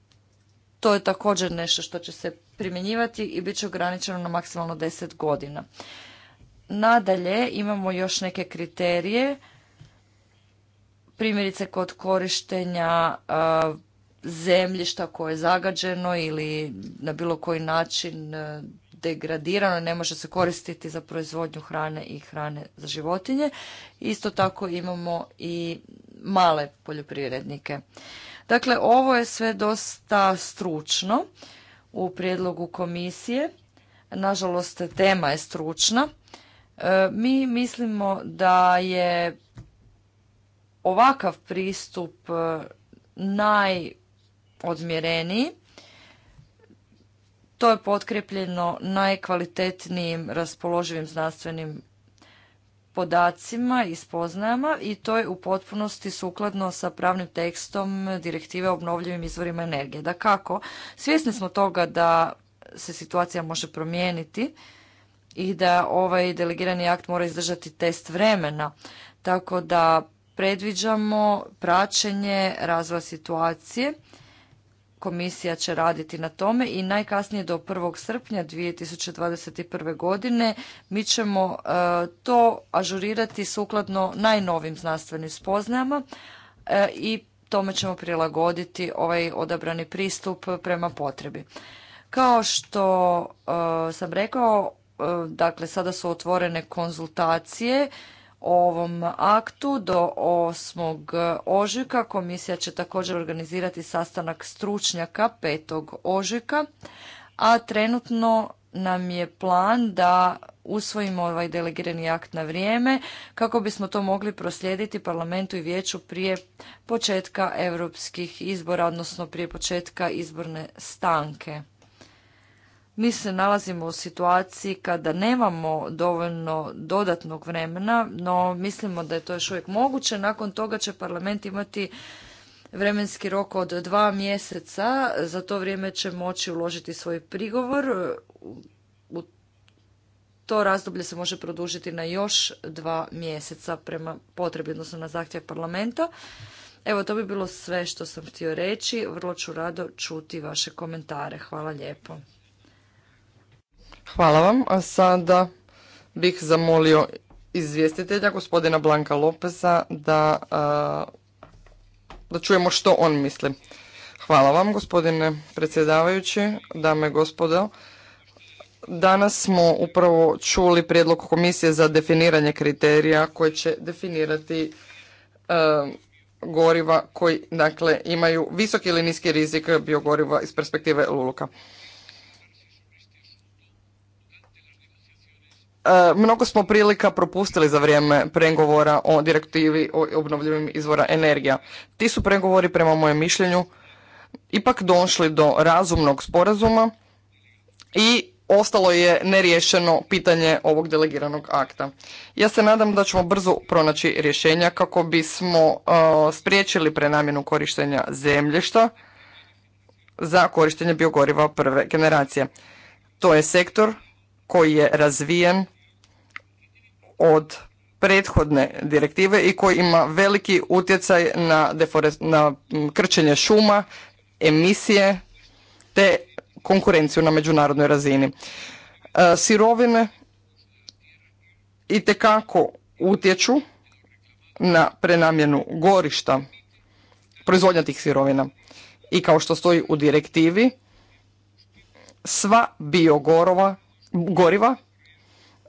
to je također nešto što će se primjenjivati i bit će ograničeno na maksimalno 10 godina. Nadalje imamo još neke kriterije primjerice kod korištenja zemljišta koje je zagađeno ili na bilo koji način e, degradirano, ne može se koristiti za proizvodnju hrane i hrane za životinje. Isto tako imamo i male poljoprivrednike. Dakle, ovo je sve dosta stručno u prijedlogu komisije. Nažalost, tema je stručna. E, mi mislimo da je ovakav pristup e, najodmjereniji. To je potkrepljeno najkvalitetnijim raspoloživim znanstvenim podacima i spoznajama i to je u potpunosti sukladno sa pravnim tekstom direktive o obnovljivim izvorima energije. Da kako, svjesni smo toga da se situacija može promijeniti i da ovaj delegirani akt mora izdržati test vremena, tako da predviđamo praćenje razvoja situacije. Komisija će raditi na tome i najkasnije do 1. srpnja 2021. godine mi ćemo e, to ažurirati sukladno najnovim znanstvenim spoznajama e, i tome ćemo prilagoditi ovaj odabrani pristup prema potrebi. Kao što e, sam rekao, dakle sada su otvorene konzultacije ovom aktu do 8. ožujka. Komisija će također organizirati sastanak stručnjaka 5. ožujka, a trenutno nam je plan da usvojimo ovaj delegirani akt na vrijeme kako bismo to mogli proslijediti parlamentu i vijeću prije početka europskih izbora, odnosno prije početka izborne stanke mi se nalazimo u situaciji kada nemamo dovoljno dodatnog vremena, no mislimo da je to još uvijek moguće. Nakon toga će parlament imati vremenski rok od dva mjeseca. Za to vrijeme će moći uložiti svoj prigovor. U to razdoblje se može produžiti na još dva mjeseca prema potrebi, odnosno na zahtjev parlamenta. Evo, to bi bilo sve što sam htio reći. Vrlo ću rado čuti vaše komentare. Hvala lijepo. Hvala vam. A sada bih zamolio izvjestitelja, gospodina Blanka Lopesa, da, čujemo što on misli. Hvala vam, gospodine predsjedavajući, dame i gospodo. Danas smo upravo čuli prijedlog komisije za definiranje kriterija koje će definirati goriva koji dakle imaju visoki ili niski rizik biogoriva iz perspektive luluka. E, mnogo smo prilika propustili za vrijeme pregovora o direktivi o obnovljivim izvora energija. Ti su pregovori, prema mojem mišljenju, ipak došli do razumnog sporazuma i ostalo je neriješeno pitanje ovog delegiranog akta. Ja se nadam da ćemo brzo pronaći rješenja kako bismo e, spriječili prenamjenu korištenja zemljišta za korištenje biogoriva prve generacije. To je sektor koji je razvijen od prethodne direktive i koji ima veliki utjecaj na, na mm, krčenje šuma, emisije te konkurenciju na međunarodnoj razini. E, sirovine i utječu na prenamjenu gorišta proizvodnja tih sirovina. I kao što stoji u direktivi, sva biogoriva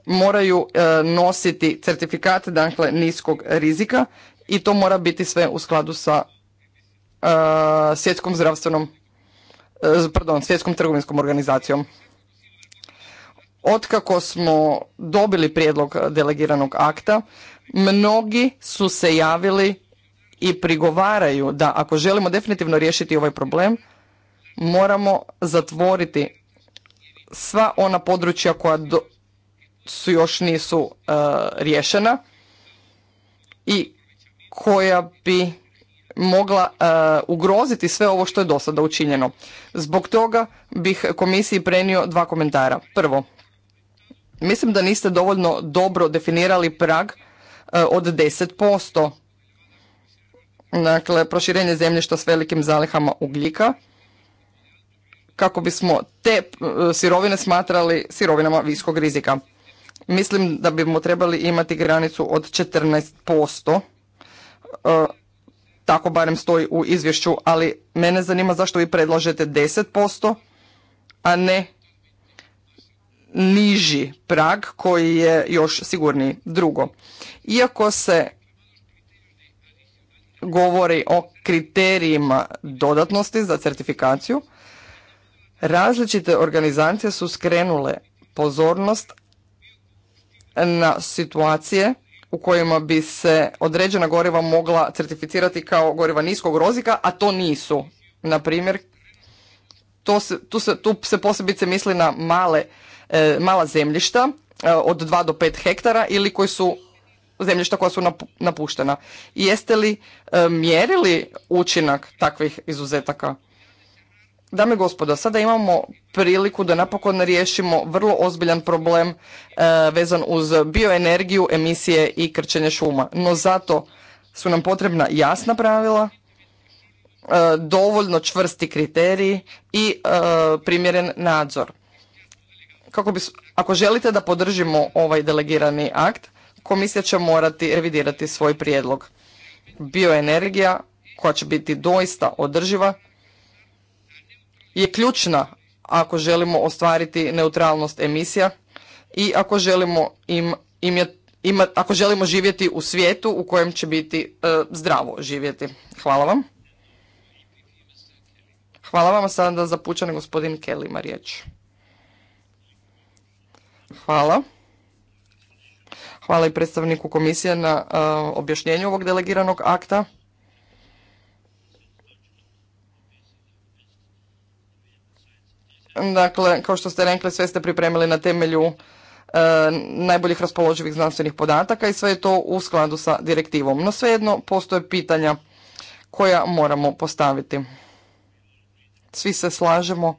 moraju e, nositi certifikat dakle niskog rizika i to mora biti sve u skladu sa e, svjetskom zdravstvenom e, pardon, svjetskom trgovinskom organizacijom. Otkako smo dobili prijedlog delegiranog akta, mnogi su se javili i prigovaraju da ako želimo definitivno riješiti ovaj problem, moramo zatvoriti sva ona područja koja do, su još nisu rješena riješena i koja bi mogla e, ugroziti sve ovo što je do sada učinjeno. Zbog toga bih komisiji prenio dva komentara. Prvo, mislim da niste dovoljno dobro definirali prag e, od 10%. Dakle, proširenje zemljišta s velikim zalihama ugljika kako bismo te e, sirovine smatrali sirovinama viskog rizika. Mislim da bimo trebali imati granicu od 14%. E, tako barem stoji u izvješću, ali mene zanima zašto vi predlažete 10%, a ne niži prag koji je još sigurniji. Drugo, iako se govori o kriterijima dodatnosti za certifikaciju, različite organizacije su skrenule pozornost na situacije u kojima bi se određena goriva mogla certificirati kao goriva niskog rozika, a to nisu. Na primjer, to se, tu, se, tu se posebice misli na male, e, mala zemljišta e, od 2 do 5 hektara ili koji su zemljišta koja su napuštena. Jeste li e, mjerili učinak takvih izuzetaka? Dame i gospodo, sada imamo priliku da napokon riješimo vrlo ozbiljan problem e, vezan uz bioenergiju, emisije i krčenje šuma. No zato su nam potrebna jasna pravila, e, dovoljno čvrsti kriteriji i e, primjeren nadzor. Kako bi, ako želite da podržimo ovaj delegirani akt, komisija će morati revidirati svoj prijedlog. Bioenergija koja će biti doista održiva je ključna ako želimo ostvariti neutralnost emisija i ako želimo im, im je, ima, ako želimo živjeti u svijetu u kojem će biti e, zdravo živjeti. Hvala vam. Hvala vam sada za gospodin Kelly ima riječ. Hvala. Hvala i predstavniku komisije na e, objašnjenju ovog delegiranog akta. Dakle, kao što ste rekli, sve ste pripremili na temelju e, najboljih raspoloživih znanstvenih podataka i sve je to u skladu sa direktivom. No svejedno postoje pitanja koja moramo postaviti. Svi se slažemo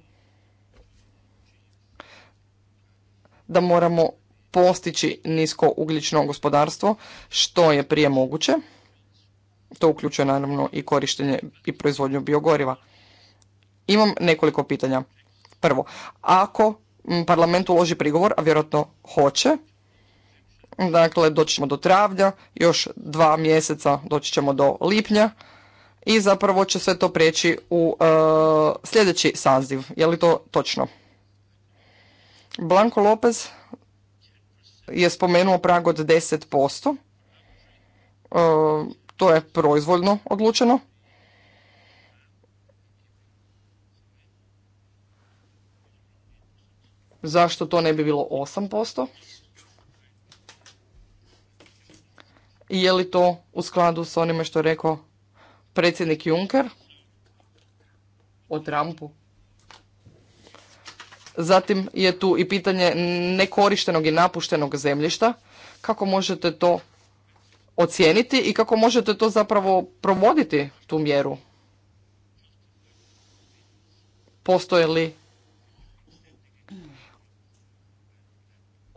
da moramo postići nisko ugljično gospodarstvo što je prije moguće. To uključuje naravno i korištenje i proizvodnju biogoriva. Imam nekoliko pitanja. Prvo, ako mm, parlament uloži prigovor, a vjerojatno hoće, dakle doći ćemo do travnja, još dva mjeseca doći ćemo do lipnja i zapravo će sve to prijeći u e, sljedeći saziv. Je li to točno? Blanko Lopez je spomenuo prag od 10%. posto e, to je proizvoljno odlučeno. Zašto to ne bi bilo 8%? I je li to u skladu s onime što je rekao predsjednik Juncker o Trumpu? Zatim je tu i pitanje nekorištenog i napuštenog zemljišta. Kako možete to ocijeniti i kako možete to zapravo provoditi tu mjeru? Postoje li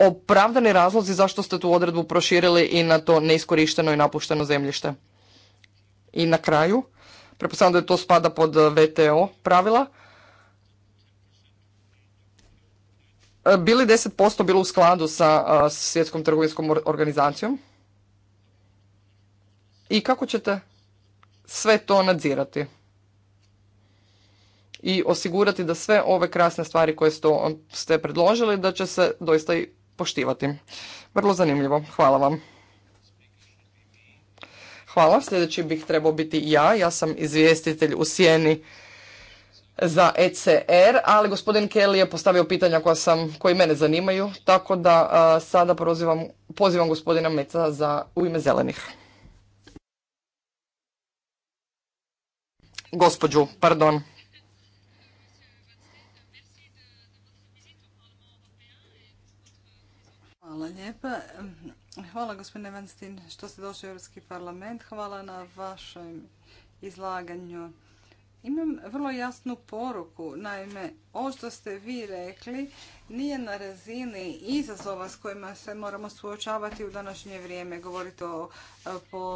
opravdani razlozi zašto ste tu odredbu proširili i na to neiskorišteno i napušteno zemljište. I na kraju, prepostavljam da je to spada pod VTO pravila, e, bili 10% bilo u skladu sa svjetskom trgovinskom organizacijom? I kako ćete sve to nadzirati? I osigurati da sve ove krasne stvari koje ste predložili, da će se doista i poštivati. Vrlo zanimljivo. Hvala vam. Hvala. Sljedeći bih trebao biti ja. Ja sam izvjestitelj u Sijeni za ECR, ali gospodin Kelly je postavio pitanja koja sam, koji mene zanimaju, tako da sada pozivam gospodina Meca za, u ime zelenih. Gospođu, pardon. Hvala lijepa. Hvala gospodine Vanstin što ste došli u Europski parlament. Hvala na vašem izlaganju. Imam vrlo jasnu poruku. Naime, ovo što ste vi rekli nije na razini izazova s kojima se moramo suočavati u današnje vrijeme. Govorite o po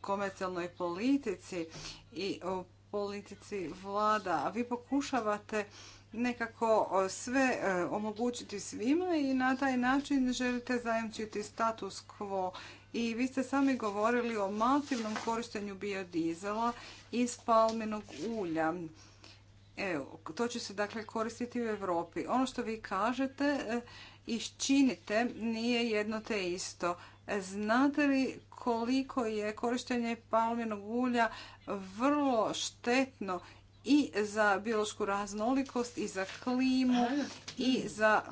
komercijalnoj politici i o politici vlada. A vi pokušavate nekako sve e, omogućiti svima i na taj način želite zajamčiti status quo. I vi ste sami govorili o masivnom korištenju biodizela iz palminog ulja. Evo, to će se dakle koristiti u Europi. Ono što vi kažete e, i činite nije jedno te isto. Znate li koliko je korištenje palminog ulja vrlo štetno i za biološku raznolikost i za klimu i za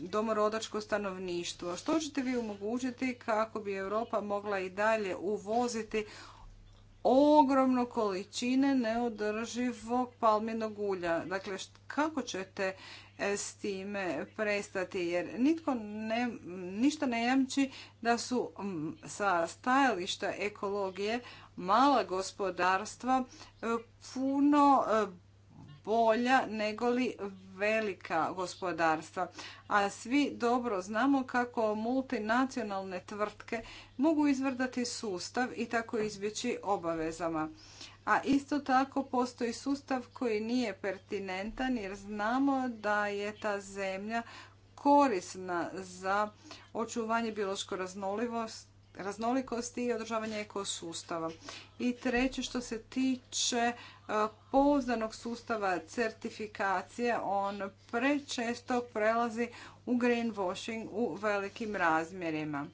domorodačko stanovništvo. Što ćete vi omogućiti kako bi Europa mogla i dalje uvoziti ogromno količine neodrživog palminog ulja. Dakle, kako ćete e, s time prestati? Jer nitko ne, ništa ne jamči da su sa stajališta ekologije mala gospodarstva e, puno e, bolja nego li velika gospodarstva. A svi dobro znamo kako multinacionalne tvrtke mogu izvrdati sustav i tako izbjeći obavezama. A isto tako postoji sustav koji nije pertinentan jer znamo da je ta zemlja korisna za očuvanje biološko raznolikosti raznolikosti i održavanje ekosustava. I treće što se tiče e, pouzdanog sustava certifikacije, on prečesto prelazi u greenwashing u velikim razmjerima.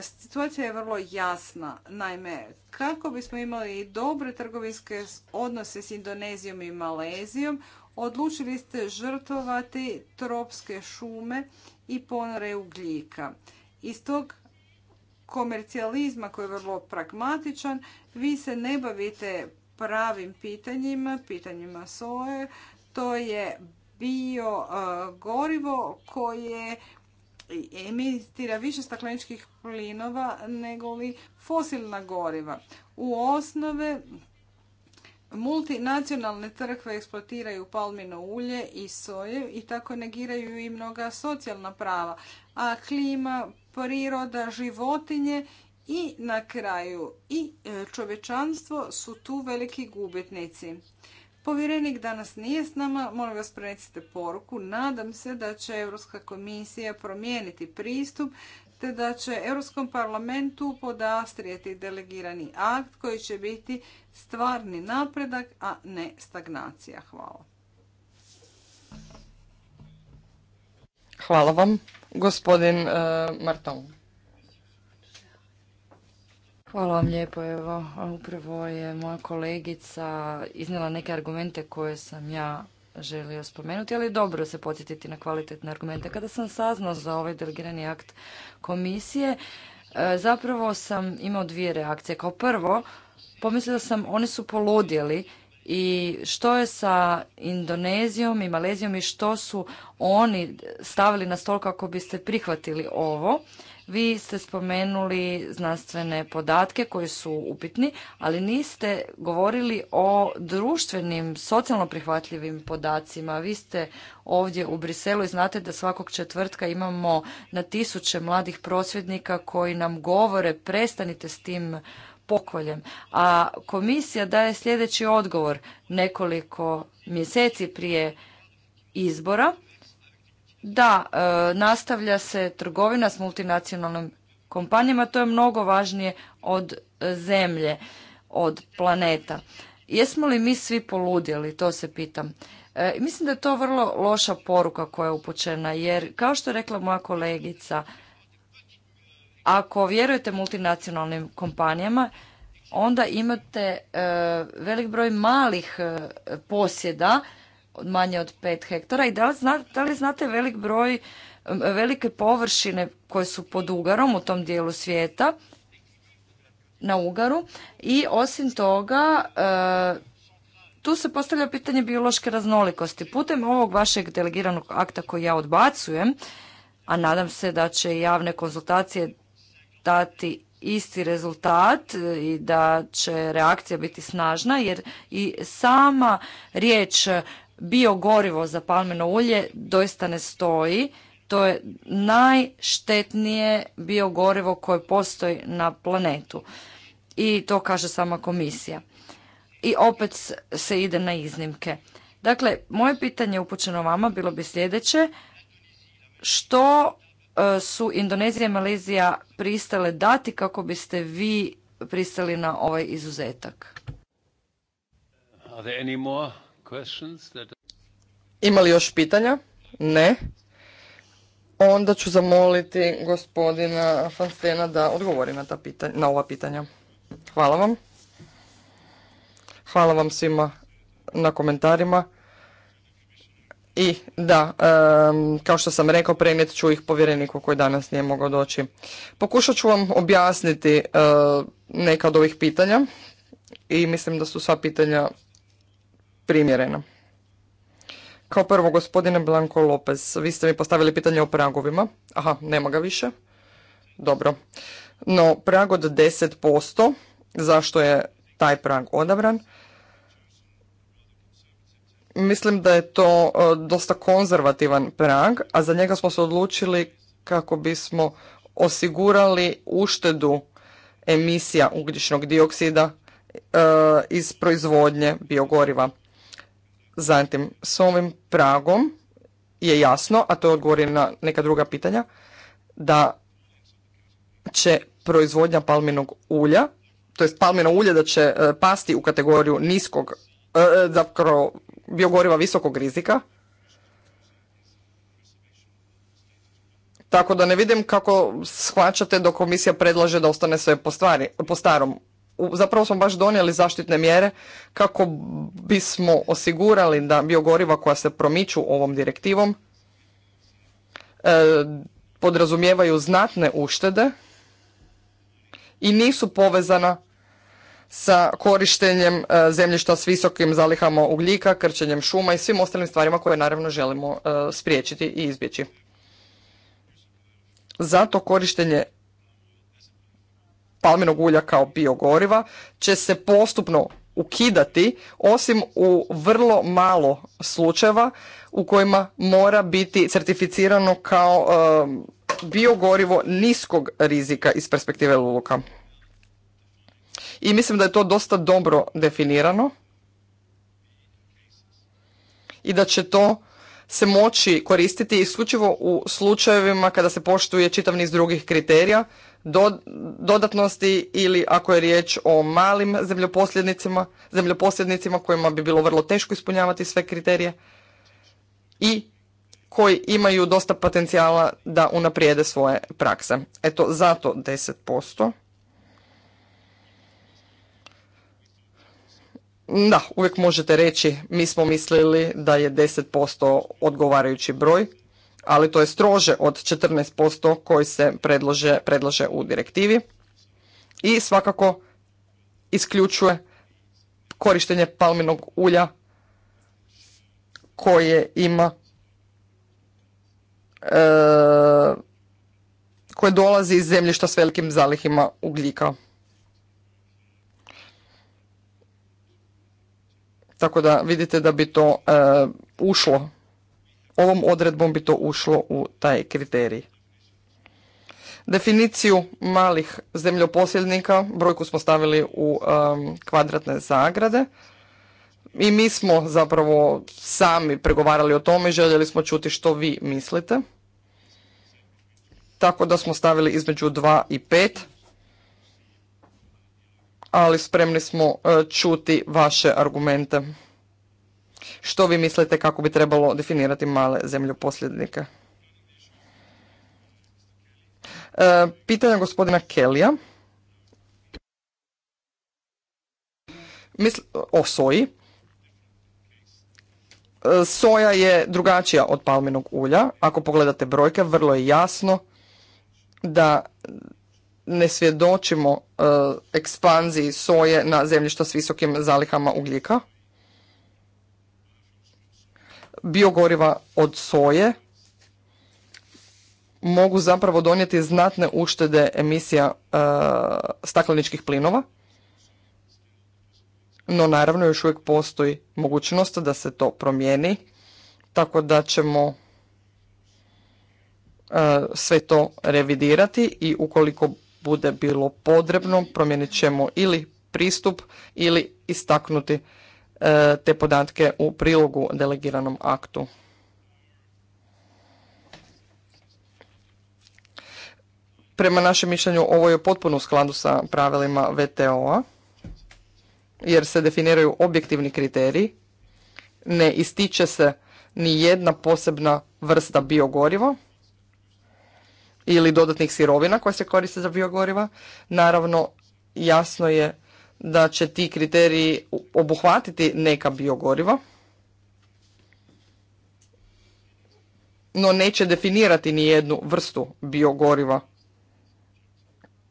Situacija je vrlo jasna. Naime, kako bismo imali dobre trgovinske odnose s Indonezijom i Malezijom, odlučili ste žrtvovati tropske šume i ponore ugljika. Iz tog komercijalizma koji je vrlo pragmatičan. Vi se ne bavite pravim pitanjima, pitanjima soje. To je bio e, gorivo koje emitira više stakleničkih plinova nego li fosilna goriva. U osnove multinacionalne trkve eksploatiraju palmino ulje i soje i tako negiraju i mnoga socijalna prava, a klima priroda, životinje i na kraju i e, čovečanstvo su tu veliki gubitnici. Povjerenik danas nije s nama, molim vas prenesite poruku. Nadam se da će Europska komisija promijeniti pristup te da će Europskom parlamentu podastrijeti delegirani akt koji će biti stvarni napredak, a ne stagnacija. Hvala. Hvala vam. Gospodin e, Marton. Hvala vam lijepo. Evo, upravo je moja kolegica iznijela neke argumente koje sam ja želio spomenuti, ali dobro se podsjetiti na kvalitetne argumente. Kada sam saznao za ovaj delegirani akt komisije, e, zapravo sam imao dvije reakcije. Kao prvo, pomislila sam, oni su poludjeli i što je sa Indonezijom i Malezijom i što su oni stavili na stol kako biste prihvatili ovo. Vi ste spomenuli znanstvene podatke koji su upitni, ali niste govorili o društvenim, socijalno prihvatljivim podacima. Vi ste ovdje u Briselu i znate da svakog četvrtka imamo na tisuće mladih prosvjednika koji nam govore prestanite s tim pokoljem. A komisija daje sljedeći odgovor nekoliko mjeseci prije izbora. Da, e, nastavlja se trgovina s multinacionalnim kompanijama, to je mnogo važnije od zemlje, od planeta. Jesmo li mi svi poludjeli, to se pitam. E, mislim da je to vrlo loša poruka koja je upućena, jer kao što je rekla moja kolegica, ako vjerujete multinacionalnim kompanijama, onda imate e, velik broj malih e, posjeda, od manje od 5 hektara. I da li, da li znate velik broj, e, velike površine koje su pod ugarom u tom dijelu svijeta, na ugaru. I osim toga, tu se postavlja pitanje biološke raznolikosti. Putem ovog vašeg delegiranog akta koji ja odbacujem, a nadam se da će javne konzultacije dati isti rezultat e, i da će reakcija biti snažna jer i sama riječ biogorivo za palmeno ulje doista ne stoji. To je najštetnije biogorivo koje postoji na planetu. I to kaže sama komisija. I opet se ide na iznimke. Dakle, moje pitanje upućeno vama bilo bi sljedeće. Što E, su Indonezija i Malezija pristale dati kako biste vi pristali na ovaj izuzetak? Are Ima li još pitanja? Ne. Onda ću zamoliti gospodina Fanstena da odgovori na, ta pitanja, na ova pitanja. Hvala vam. Hvala vam svima na komentarima. I da, kao što sam rekao, prenijet ću ih povjereniku koji danas nije mogao doći. Pokušat ću vam objasniti eh, neka od ovih pitanja i mislim da su sva pitanja primjerena. Kao prvo, gospodine Blanco Lopez, vi ste mi postavili pitanje o pragovima. Aha, nema ga više. Dobro. No, prag od 10%, zašto je taj prag odabran? Mislim da je to e, dosta konzervativan prag, a za njega smo se odlučili kako bismo osigurali uštedu emisija ugljičnog dioksida e, iz proizvodnje biogoriva. Zatim, s ovim pragom je jasno, a to je odgovor na neka druga pitanja, da će proizvodnja palminog ulja, to jest palmino ulje da će e, pasti u kategoriju niskog, zapravo biogoriva visokog rizika. Tako da ne vidim kako shvaćate dok komisija predlaže da ostane sve po, stvari, po starom. Zapravo smo baš donijeli zaštitne mjere kako bismo osigurali da biogoriva koja se promiču ovom direktivom e, podrazumijevaju znatne uštede i nisu povezana sa korištenjem e, zemljišta s visokim zalihama ugljika, krčenjem šuma i svim ostalim stvarima koje naravno želimo e, spriječiti i izbjeći. Zato korištenje palminog ulja kao biogoriva će se postupno ukidati osim u vrlo malo slučajeva u kojima mora biti certificirano kao e, biogorivo niskog rizika iz perspektive luka i mislim da je to dosta dobro definirano i da će to se moći koristiti isključivo u slučajevima kada se poštuje čitav niz drugih kriterija, dodatnosti ili ako je riječ o malim zemljoposljednicima, zemljoposljednicima kojima bi bilo vrlo teško ispunjavati sve kriterije i koji imaju dosta potencijala da unaprijede svoje prakse. Eto, zato 10%. Da, uvijek možete reći mi smo mislili da je 10% odgovarajući broj, ali to je strože od 14% koji se predlože, predlaže u direktivi i svakako isključuje korištenje palminog ulja koje ima e, koje dolazi iz zemljišta s velikim zalihima ugljika. Tako da vidite da bi to e, ušlo, ovom odredbom bi to ušlo u taj kriterij. Definiciju malih zemljoposjednika, brojku smo stavili u e, kvadratne zagrade i mi smo zapravo sami pregovarali o tome i željeli smo čuti što vi mislite. Tako da smo stavili između 2 i 5 ali spremni smo e, čuti vaše argumente. Što vi mislite kako bi trebalo definirati male zemljoposljednike? E, pitanje gospodina Kelija. O soji. E, soja je drugačija od palminog ulja. Ako pogledate brojke, vrlo je jasno da ne svjedočimo e, ekspanziji soje na zemljišta s visokim zalihama ugljika. Biogoriva od soje mogu zapravo donijeti znatne uštede emisija e, stakleničkih plinova. No naravno još uvijek postoji mogućnost da se to promijeni, tako da ćemo e, sve to revidirati i ukoliko bude bilo potrebno, promijenit ćemo ili pristup ili istaknuti e, te podatke u prilogu delegiranom aktu. Prema našem mišljenju ovo je potpuno u skladu sa pravilima VTO-a jer se definiraju objektivni kriteriji, ne ističe se ni jedna posebna vrsta biogoriva ili dodatnih sirovina koje se koriste za biogoriva. Naravno, jasno je da će ti kriteriji obuhvatiti neka biogoriva, no neće definirati ni jednu vrstu biogoriva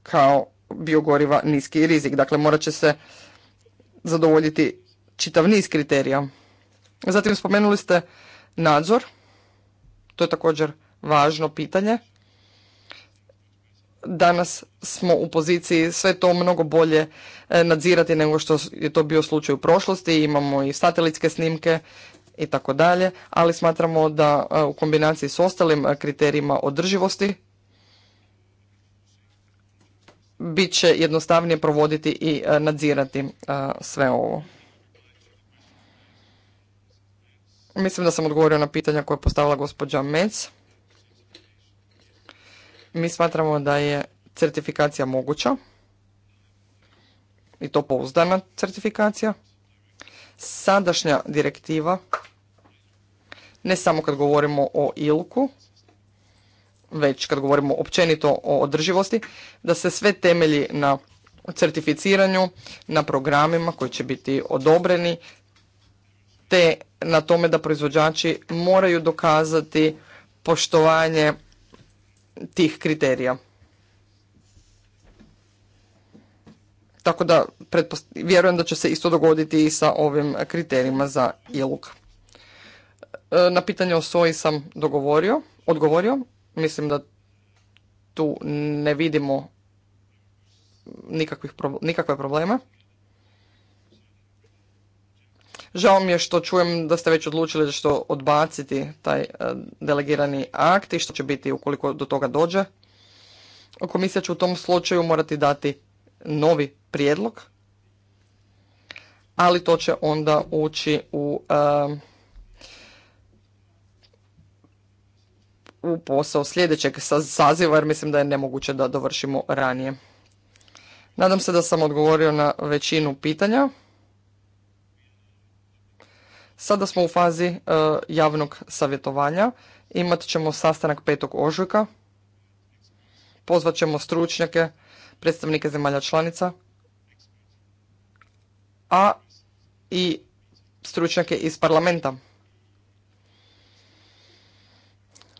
kao biogoriva niski rizik. Dakle, morat će se zadovoljiti čitav niz kriterija. Zatim spomenuli ste nadzor. To je također važno pitanje danas smo u poziciji sve to mnogo bolje e, nadzirati nego što je to bio slučaj u prošlosti. Imamo i satelitske snimke i tako dalje, ali smatramo da e, u kombinaciji s ostalim e, kriterijima održivosti bit će jednostavnije provoditi i nadzirati sve ovo. Mislim da sam odgovorio na pitanja koje je postavila gospođa Mec. Mi smatramo da je certifikacija moguća i to pouzdana certifikacija. Sadašnja direktiva, ne samo kad govorimo o ilku, već kad govorimo općenito o održivosti, da se sve temelji na certificiranju, na programima koji će biti odobreni, te na tome da proizvođači moraju dokazati poštovanje tih kriterija. Tako da vjerujem da će se isto dogoditi i sa ovim kriterijima za iluk. E, na pitanje o soji sam dogovorio, odgovorio. Mislim da tu ne vidimo nikakvih, nikakve probleme. Žao mi je što čujem da ste već odlučili da što odbaciti taj e, delegirani akt i što će biti ukoliko do toga dođe. Komisija će u tom slučaju morati dati novi prijedlog, ali to će onda ući u, e, u posao sljedećeg saziva jer mislim da je nemoguće da dovršimo ranije. Nadam se da sam odgovorio na većinu pitanja. Sada smo u fazi e, javnog savjetovanja. Imat ćemo sastanak petog ožujka. Pozvat ćemo stručnjake, predstavnike zemalja članica, a i stručnjake iz parlamenta.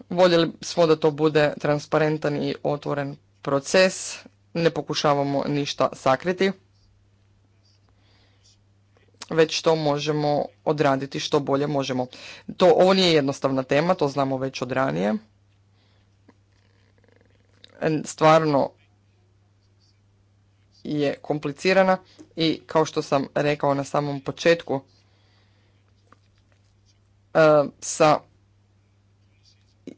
Voljeli smo da to bude transparentan i otvoren proces. Ne pokušavamo ništa sakriti već to možemo odraditi što bolje možemo. To, ovo nije jednostavna tema, to znamo već od ranije. E, stvarno je komplicirana i kao što sam rekao na samom početku, e, sa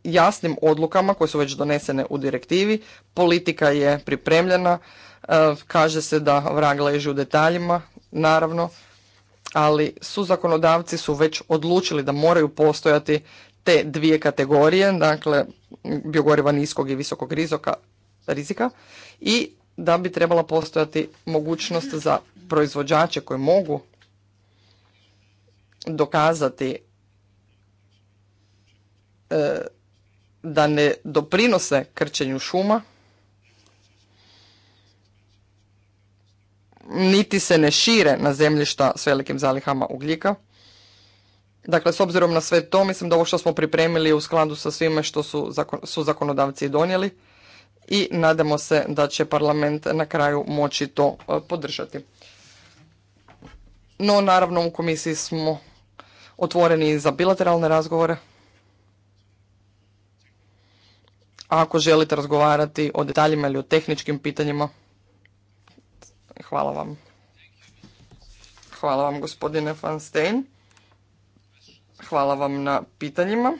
jasnim odlukama koje su već donesene u direktivi, politika je pripremljena, e, kaže se da vrag leži u detaljima, naravno, ali su zakonodavci su već odlučili da moraju postojati te dvije kategorije, dakle biogoriva niskog i visokog rizoka, rizika i da bi trebala postojati mogućnost za proizvođače koji mogu dokazati e, da ne doprinose krčenju šuma niti se ne šire na zemljišta s velikim zalihama ugljika. Dakle, s obzirom na sve to, mislim da ovo što smo pripremili je u skladu sa svime što su, su zakonodavci donijeli i nadamo se da će parlament na kraju moći to e, podržati. No, naravno, u komisiji smo otvoreni za bilateralne razgovore. A ako želite razgovarati o detaljima ili o tehničkim pitanjima, Hvala vam. Hvala vam gospodine Van Steen. Hvala vam na pitanjima.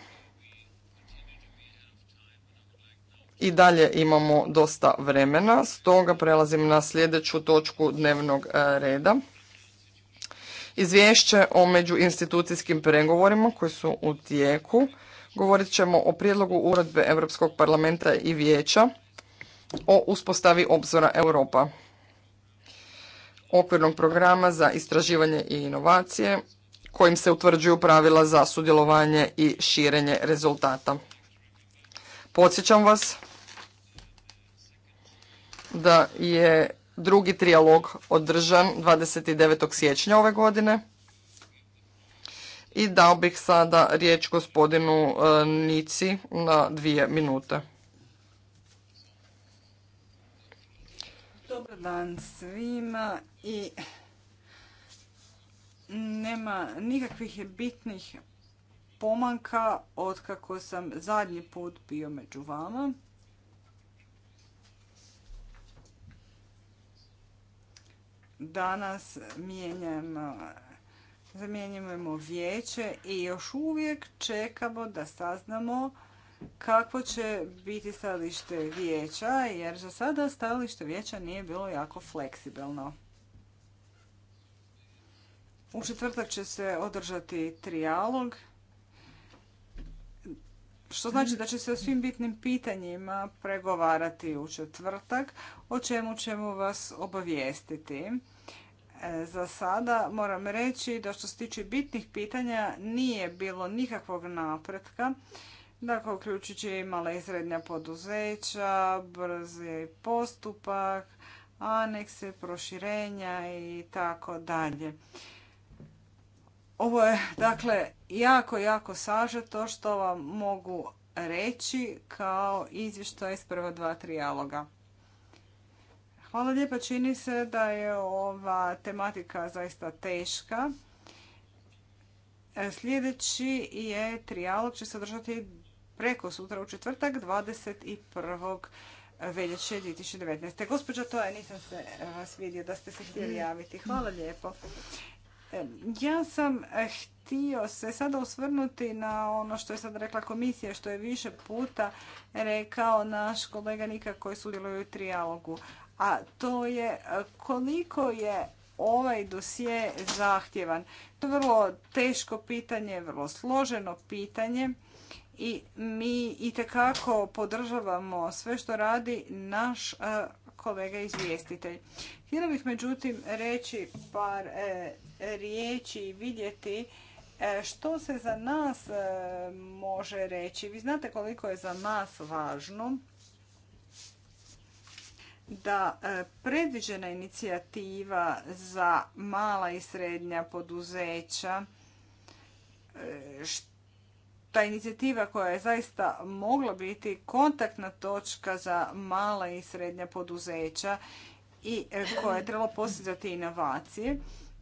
I dalje imamo dosta vremena, stoga prelazim na sljedeću točku dnevnog e, reda. Izvješće o međuinstitucijskim pregovorima koji su u tijeku. Govorit ćemo o prijedlogu uredbe Europskog parlamenta i vijeća o uspostavi obzora Europa okvirnog programa za istraživanje i inovacije kojim se utvrđuju pravila za sudjelovanje i širenje rezultata. Podsjećam vas da je drugi trijalog održan 29. siječnja ove godine i dao bih sada riječ gospodinu e, Nici na dvije minute. Dobar dan svima i nema nikakvih bitnih pomanka od kako sam zadnji put bio među vama. Danas mijenjam zamjenjujemo vijeće i još uvijek čekamo da saznamo kakvo će biti stajalište vijeća, jer za sada stajalište vijeća nije bilo jako fleksibilno. U četvrtak će se održati trijalog, što znači da će se o svim bitnim pitanjima pregovarati u četvrtak, o čemu ćemo vas obavijestiti. E, za sada moram reći da što se tiče bitnih pitanja nije bilo nikakvog napretka Dakle, uključujući i mala i srednja poduzeća, brzi postupak, anekse, proširenja i tako dalje. Ovo je, dakle, jako, jako sažeto što vam mogu reći kao izvještaj iz prva dva trijaloga. Hvala lijepa, čini se da je ova tematika zaista teška. Sljedeći je trijalog će sadržati preko sutra u četvrtak 21. veljače 2019. Gospođo Toja, nisam se eh, vas vidio da ste se htjeli javiti. Hvala lijepo. Eh, ja sam eh, htio se sada osvrnuti na ono što je sad rekla komisija, što je više puta rekao naš kolega Nika koji sudjeluje u trijalogu. A to je koliko je ovaj dosije zahtjevan. To je vrlo teško pitanje, vrlo složeno pitanje i mi itekako podržavamo sve što radi naš e, kolega izvjestitelj. Htjela bih međutim reći par e, riječi i vidjeti e, što se za nas može reći. Vi znate koliko je za nas važno da predviđena inicijativa za mala i srednja poduzeća ta inicijativa koja je zaista mogla biti kontaktna točka za mala i srednja poduzeća i e, koja je trebala postizati inovacije.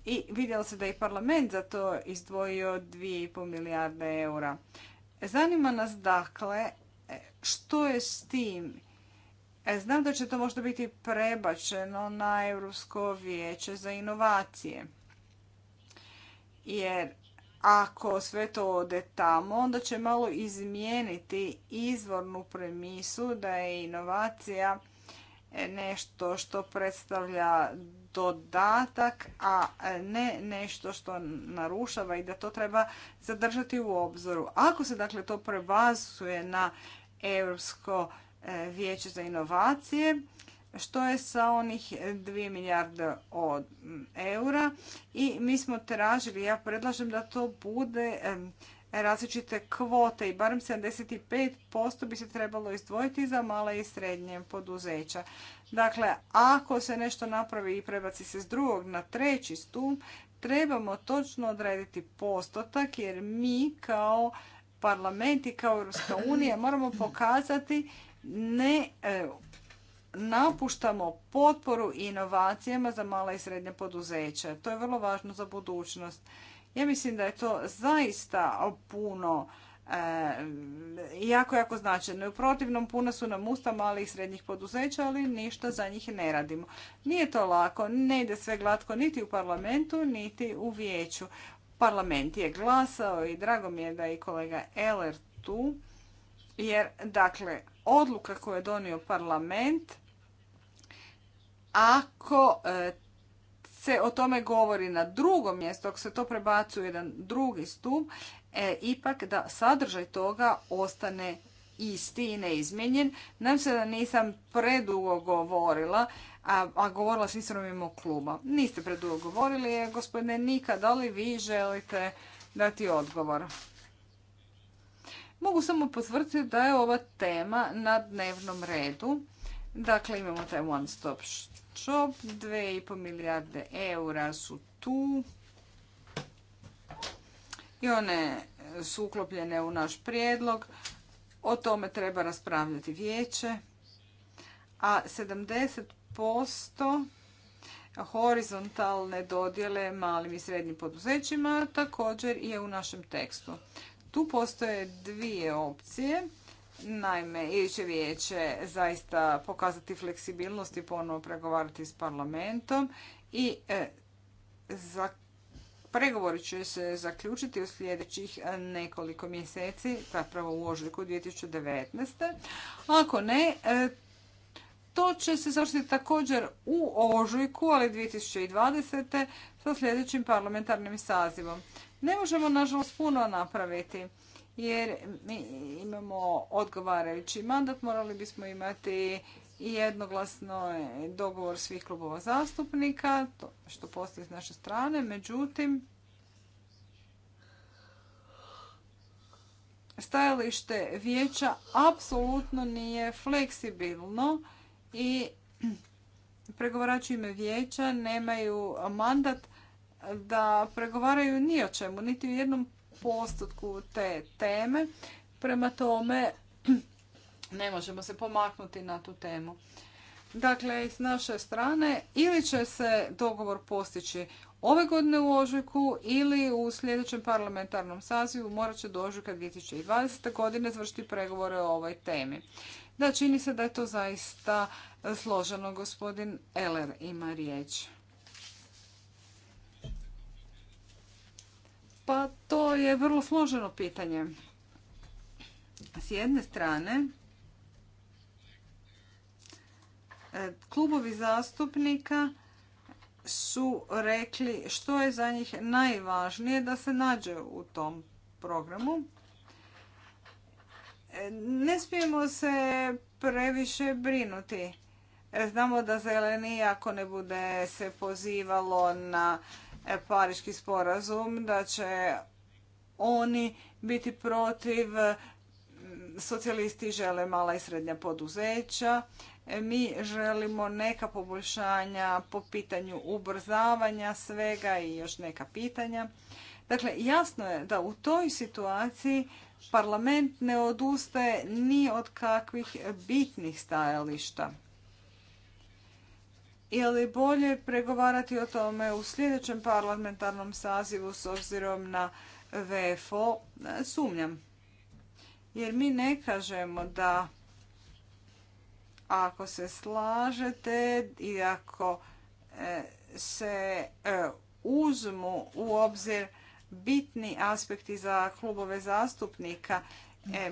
I vidjelo se da je parlament za to izdvojio 2,5 milijarde eura. Zanima nas dakle e, što je s tim? E, znam da će to možda biti prebačeno na Europsko vijeće za inovacije. Jer ako sve to ode tamo, onda će malo izmijeniti izvornu premisu da je inovacija e, nešto što predstavlja dodatak, a e, ne nešto što narušava i da to treba zadržati u obzoru. Ako se dakle to prebazuje na Europsko e, vijeće za inovacije, što je sa onih 2 milijarde od eura i mi smo tražili, ja predlažem da to bude različite kvote i barem 75% bi se trebalo izdvojiti za mala i srednje poduzeća. Dakle, ako se nešto napravi i prebaci se s drugog na treći stup, trebamo točno odrediti postotak jer mi kao parlament i kao Europska unija moramo pokazati ne e, napuštamo potporu inovacijama za mala i srednja poduzeća. To je vrlo važno za budućnost. Ja mislim da je to zaista puno e, jako, jako značajno. U protivnom puna su nam usta malih i srednjih poduzeća, ali ništa za njih ne radimo. Nije to lako, ne ide sve glatko niti u parlamentu, niti u vijeću. Parlament je glasao i drago mi je da je i kolega Eller tu, jer dakle, odluka koju je donio parlament ako e, se o tome govori na drugom mjestu, ako se to prebacuje jedan drugi stup, e, ipak da sadržaj toga ostane isti i neizmjenjen. Nadam se da nisam predugo govorila, a, govorila sam o mimo kluba. Niste predugo govorili, e, gospodine Nika, da li vi želite dati odgovor? Mogu samo potvrditi da je ova tema na dnevnom redu. Dakle, imamo taj one stop 2,5 milijarde eura su tu i one su uklopljene u naš prijedlog. O tome treba raspravljati vijeće. A 70% horizontalne dodjele malim i srednjim poduzećima također je u našem tekstu. Tu postoje dvije opcije. Naime, ili će vijeće zaista pokazati fleksibilnost i ponovo pregovarati s parlamentom i e, Pregovori će se zaključiti u sljedećih e, nekoliko mjeseci, zapravo u ožujku 2019. Ako ne, e, to će se završiti također u ožujku, ali 2020. sa sljedećim parlamentarnim sazivom. Ne možemo, nažalost, puno napraviti jer mi imamo odgovarajući mandat, morali bismo imati i jednoglasno dogovor svih klubova zastupnika, što postoji s naše strane. Međutim, stajalište vijeća apsolutno nije fleksibilno i pregovarači ime vijeća nemaju mandat da pregovaraju ni o čemu, niti u jednom postotku te teme. Prema tome, ne možemo se pomaknuti na tu temu. Dakle, s naše strane ili će se dogovor postići ove godine u ožujku ili u sljedećem parlamentarnom sazivu morat će do ožujka 2020. godine završiti pregovore o ovoj temi. Da, čini se da je to zaista složeno. Gospodin Eller ima riječ. Pa to je vrlo složeno pitanje. S jedne strane, e, klubovi zastupnika su rekli što je za njih najvažnije da se nađe u tom programu. E, ne smijemo se previše brinuti. E, znamo da zeleni, ako ne bude se pozivalo na Pariški sporazum, da će oni biti protiv, socijalisti žele mala i srednja poduzeća, e, mi želimo neka poboljšanja po pitanju ubrzavanja svega i još neka pitanja. Dakle, jasno je da u toj situaciji parlament ne odustaje ni od kakvih bitnih stajališta je li bolje pregovarati o tome u sljedećem parlamentarnom sazivu s obzirom na VFO? E, sumnjam. Jer mi ne kažemo da ako se slažete i ako e, se e, uzmu u obzir bitni aspekti za klubove zastupnika,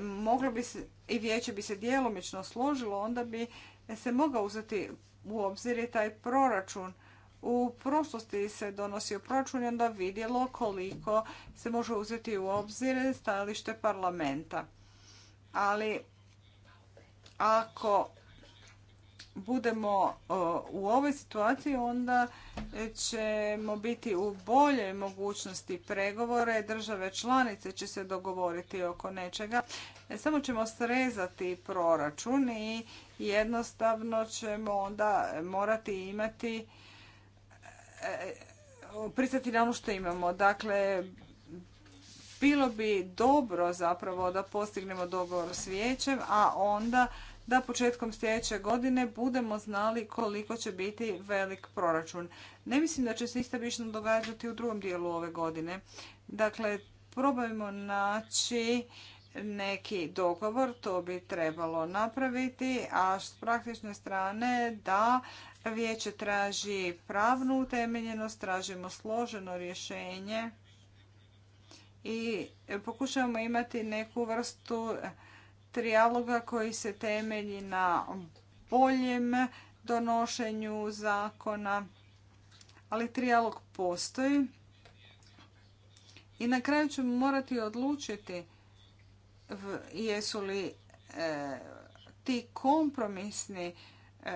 moglo bi se i vijeće bi se djelomično složilo, onda bi se mogao uzeti u obzir je taj proračun. U prošlosti se donosio proračun i onda vidjelo koliko se može uzeti u obzir stajalište parlamenta. Ali ako budemo u ovoj situaciji, onda ćemo biti u boljoj mogućnosti pregovore. Države članice će se dogovoriti oko nečega. Samo ćemo srezati proračun i jednostavno ćemo onda morati imati e, pristati na ono što imamo. Dakle, bilo bi dobro zapravo da postignemo dogovor s vijećem, a onda da početkom sljedeće godine budemo znali koliko će biti velik proračun. Ne mislim da će se isto više događati u drugom dijelu ove godine. Dakle, probajmo naći neki dogovor, to bi trebalo napraviti, a s praktične strane da vijeće traži pravnu utemeljenost, tražimo složeno rješenje i pokušavamo imati neku vrstu trijaloga koji se temelji na boljem donošenju zakona, ali trijalog postoji. I na kraju ćemo morati odlučiti jesu li e, ti kompromisni e,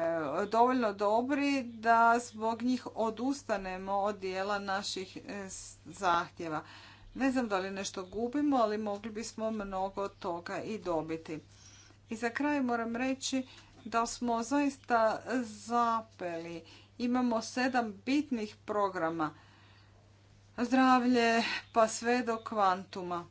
dovoljno dobri da zbog njih odustanemo od dijela naših e, zahtjeva. Ne znam da li nešto gubimo, ali mogli bismo mnogo toga i dobiti. I za kraj moram reći da smo zaista zapeli. Imamo sedam bitnih programa. Zdravlje pa sve do kvantuma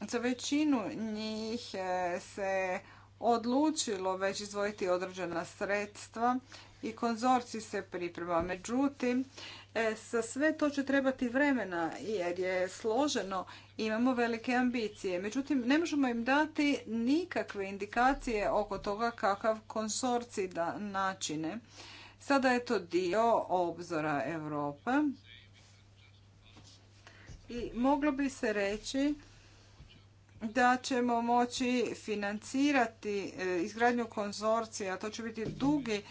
za većinu njih e, se odlučilo već izvojiti određena sredstva i konzorci se priprema. Međutim, sa e, sve to će trebati vremena jer je složeno, imamo velike ambicije. Međutim, ne možemo im dati nikakve indikacije oko toga kakav konsorci da načine. Sada je to dio obzora Europa. i moglo bi se reći da ćemo moći financirati e, izgradnju konzorcija, to će biti dugi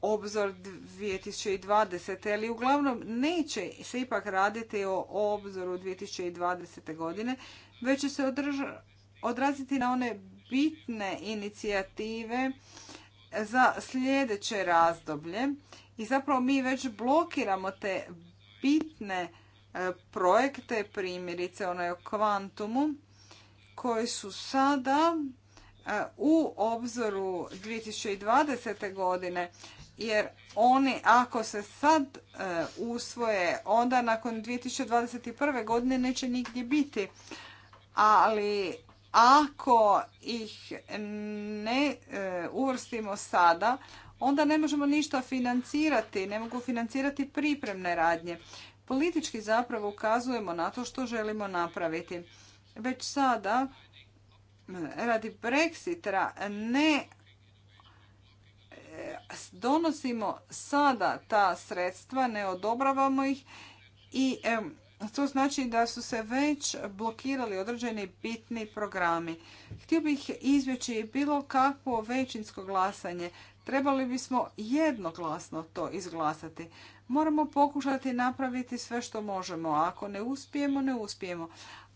obzor 2020. ali uglavnom neće se ipak raditi o obzoru 2020. godine, već će se odraziti na one bitne inicijative za sljedeće razdoblje i zapravo mi već blokiramo te bitne e, projekte, primjerice onaj o kvantumu, koji su sada e, u obzoru 2020. godine jer oni ako se sad e, usvoje onda nakon 2021. godine neće nigdje biti ali ako ih ne e, uvrstimo sada onda ne možemo ništa financirati ne mogu financirati pripremne radnje politički zapravo ukazujemo na to što želimo napraviti već sada radi Brexitra ne e, donosimo sada ta sredstva, ne odobravamo ih i e, to znači da su se već blokirali određeni bitni programi. Htio bih izvjeći bilo kakvo većinsko glasanje. Trebali bismo jednoglasno to izglasati. Moramo pokušati napraviti sve što možemo. Ako ne uspijemo, ne uspijemo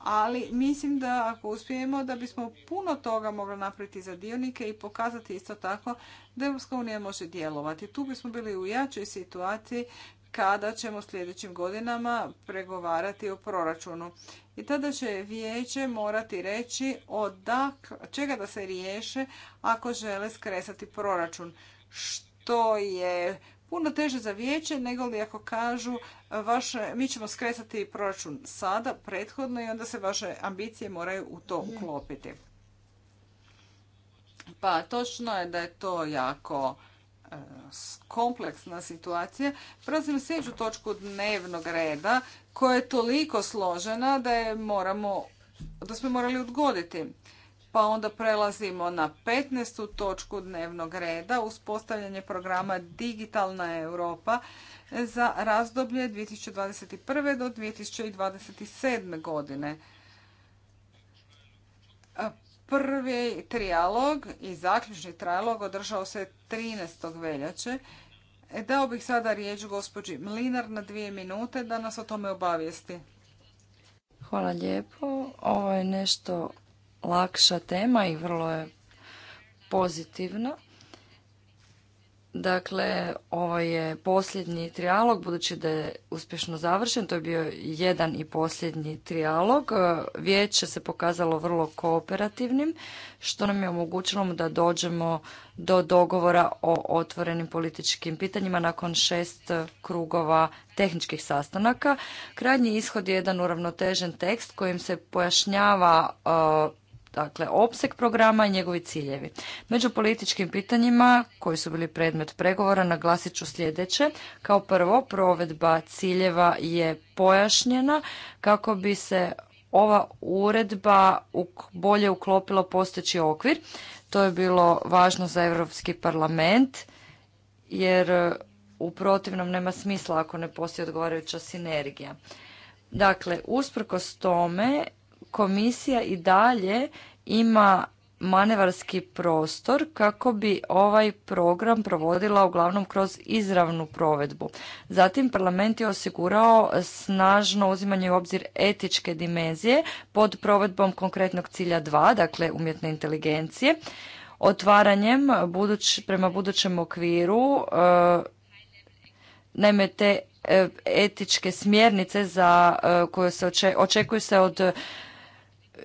ali mislim da ako uspijemo da bismo puno toga mogli napraviti za dionike i pokazati isto tako da Europska unija može djelovati. Tu bismo bili u jačoj situaciji kada ćemo sljedećim godinama pregovarati o proračunu. I tada će vijeće morati reći odak, čega da se riješe ako žele skresati proračun. Što je puno teže za vijeće nego li ako kažu e, vaše, mi ćemo skresati proračun sada, prethodno i onda se vaše ambicije moraju u to mhm. uklopiti. Pa točno je da je to jako e, kompleksna situacija. Prelazim sljedeću točku dnevnog reda koja je toliko složena da moramo da smo morali odgoditi. Pa onda prelazimo na 15. točku dnevnog reda uspostavljanje programa Digitalna Europa za razdoblje 2021. do 2027. godine. Prvi trijalog i zaključni trijalog održao se 13. veljače. Dao bih sada riječ gospođi Mlinar na dvije minute da nas o tome obavijesti. Hvala lijepo. Ovo je nešto lakša tema i vrlo je pozitivna. Dakle, ovo je posljednji trijalog, budući da je uspješno završen, to je bio jedan i posljednji trijalog. Vijeće se pokazalo vrlo kooperativnim, što nam je omogućilo da dođemo do dogovora o otvorenim političkim pitanjima nakon šest krugova tehničkih sastanaka. Krajnji ishod je jedan uravnotežen tekst kojim se pojašnjava dakle opseg programa i njegovi ciljevi. Među političkim pitanjima koji su bili predmet pregovora naglasit ću sljedeće. Kao prvo, provedba ciljeva je pojašnjena kako bi se ova uredba bolje uklopila postojeći okvir. To je bilo važno za Europski parlament jer e, u protivnom nema smisla ako ne postoji odgovarajuća sinergija. Dakle, usprkos tome komisija i dalje ima manevarski prostor kako bi ovaj program provodila uglavnom kroz izravnu provedbu. Zatim parlament je osigurao snažno uzimanje u obzir etičke dimenzije pod provedbom konkretnog cilja 2, dakle umjetne inteligencije, otvaranjem buduć, prema budućem okviru e, naime te e, etičke smjernice za e, koje se očekuju se od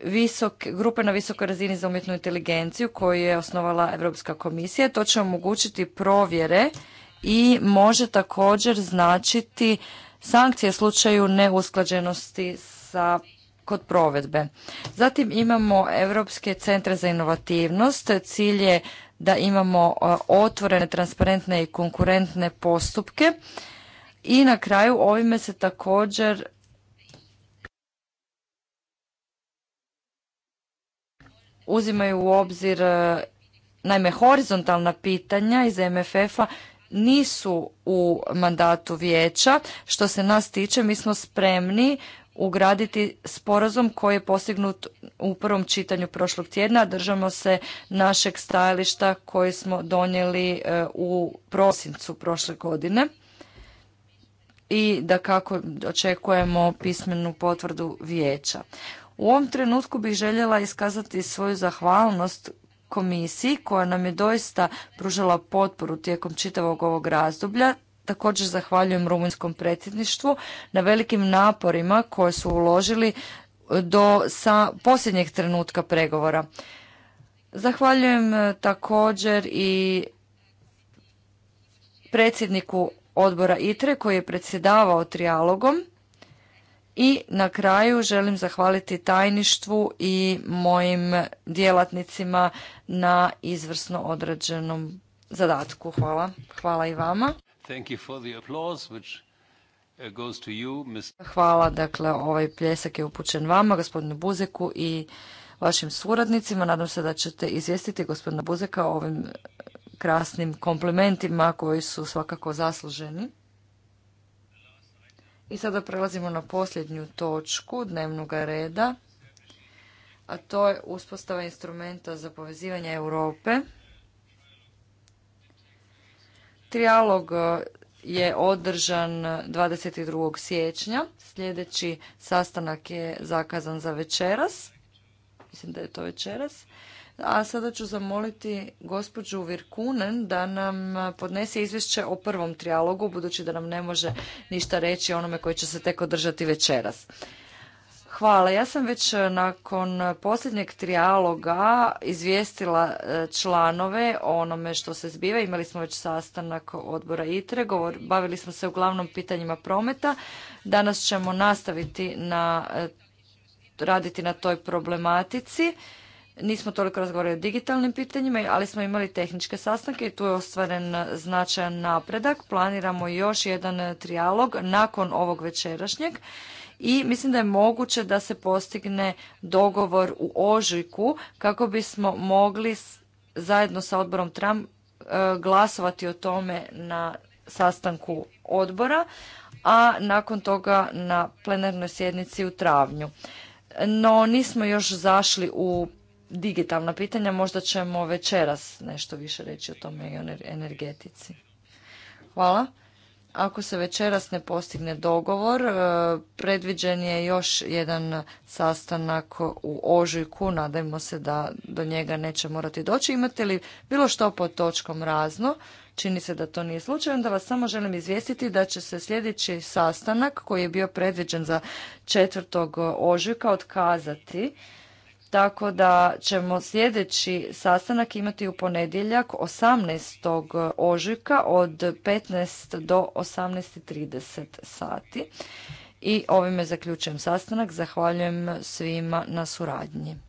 visok, grupe na visokoj razini za umjetnu inteligenciju koju je osnovala Europska komisija. To će omogućiti provjere i može također značiti sankcije slučaju neusklađenosti sa kod provedbe. Zatim imamo Europske centre za inovativnost. Cilj je da imamo e, otvorene, transparentne i konkurentne postupke. I na kraju ovime se također uzimaju u obzir, e, naime, horizontalna pitanja iz MFF-a nisu u mandatu vijeća. Što se nas tiče, mi smo spremni ugraditi sporazum koji je postignut u prvom čitanju prošlog tjedna. Držamo se našeg stajališta koji smo donijeli e, u prosincu prošle godine i da kako očekujemo pismenu potvrdu vijeća. U ovom trenutku bih željela iskazati svoju zahvalnost komisiji koja nam je doista pružala potporu tijekom čitavog ovog razdoblja. Također zahvaljujem rumunjskom predsjedništvu na velikim naporima koje su uložili do sa posljednjeg trenutka pregovora. Zahvaljujem e, također i predsjedniku odbora ITRE koji je predsjedavao trijalogom i na kraju želim zahvaliti tajništvu i mojim djelatnicima na izvrsno odrađenom zadatku. Hvala. Hvala i vama. Hvala, dakle, ovaj pljesak je upućen vama, gospodinu Buzeku i vašim suradnicima. Nadam se da ćete izvijestiti gospodina Buzeka o ovim krasnim komplimentima koji su svakako zasluženi. I sada prelazimo na posljednju točku dnevnog reda, a to je uspostava instrumenta za povezivanje Europe. Trijalog e, je održan 22. siječnja. Sljedeći sastanak je zakazan za večeras. Mislim da je to večeras. A sada ću zamoliti gospođu Virkunen da nam podnese izvješće o prvom trijalogu, budući da nam ne može ništa reći o onome koji će se tek održati večeras. Hvala. Ja sam već e, nakon posljednjeg trijaloga izvijestila e, članove o onome što se zbiva. Imali smo već sastanak odbora ITRE, bavili smo se uglavnom pitanjima prometa. Danas ćemo nastaviti na, e, raditi na toj problematici. Nismo toliko razgovarali o digitalnim pitanjima, ali smo imali tehničke sastanke i tu je ostvaren značajan napredak. Planiramo još jedan trijalog nakon ovog večerašnjeg i mislim da je moguće da se postigne dogovor u ožujku kako bismo mogli zajedno sa odborom Tram e, glasovati o tome na sastanku odbora, a nakon toga na plenarnoj sjednici u travnju. No nismo još zašli u digitalna pitanja. Možda ćemo večeras nešto više reći o tome i o energetici. Hvala. Ako se večeras ne postigne dogovor, e, predviđen je još jedan sastanak u ožujku. Nadajmo se da do njega neće morati doći. Imate li bilo što pod točkom razno? Čini se da to nije slučaj. Onda vas samo želim izvijestiti da će se sljedeći sastanak koji je bio predviđen za 4. ožujka otkazati tako da ćemo sljedeći sastanak imati u ponedjeljak 18. ožujka od 15 do 18.30 sati. I ovime zaključujem sastanak. Zahvaljujem svima na suradnji.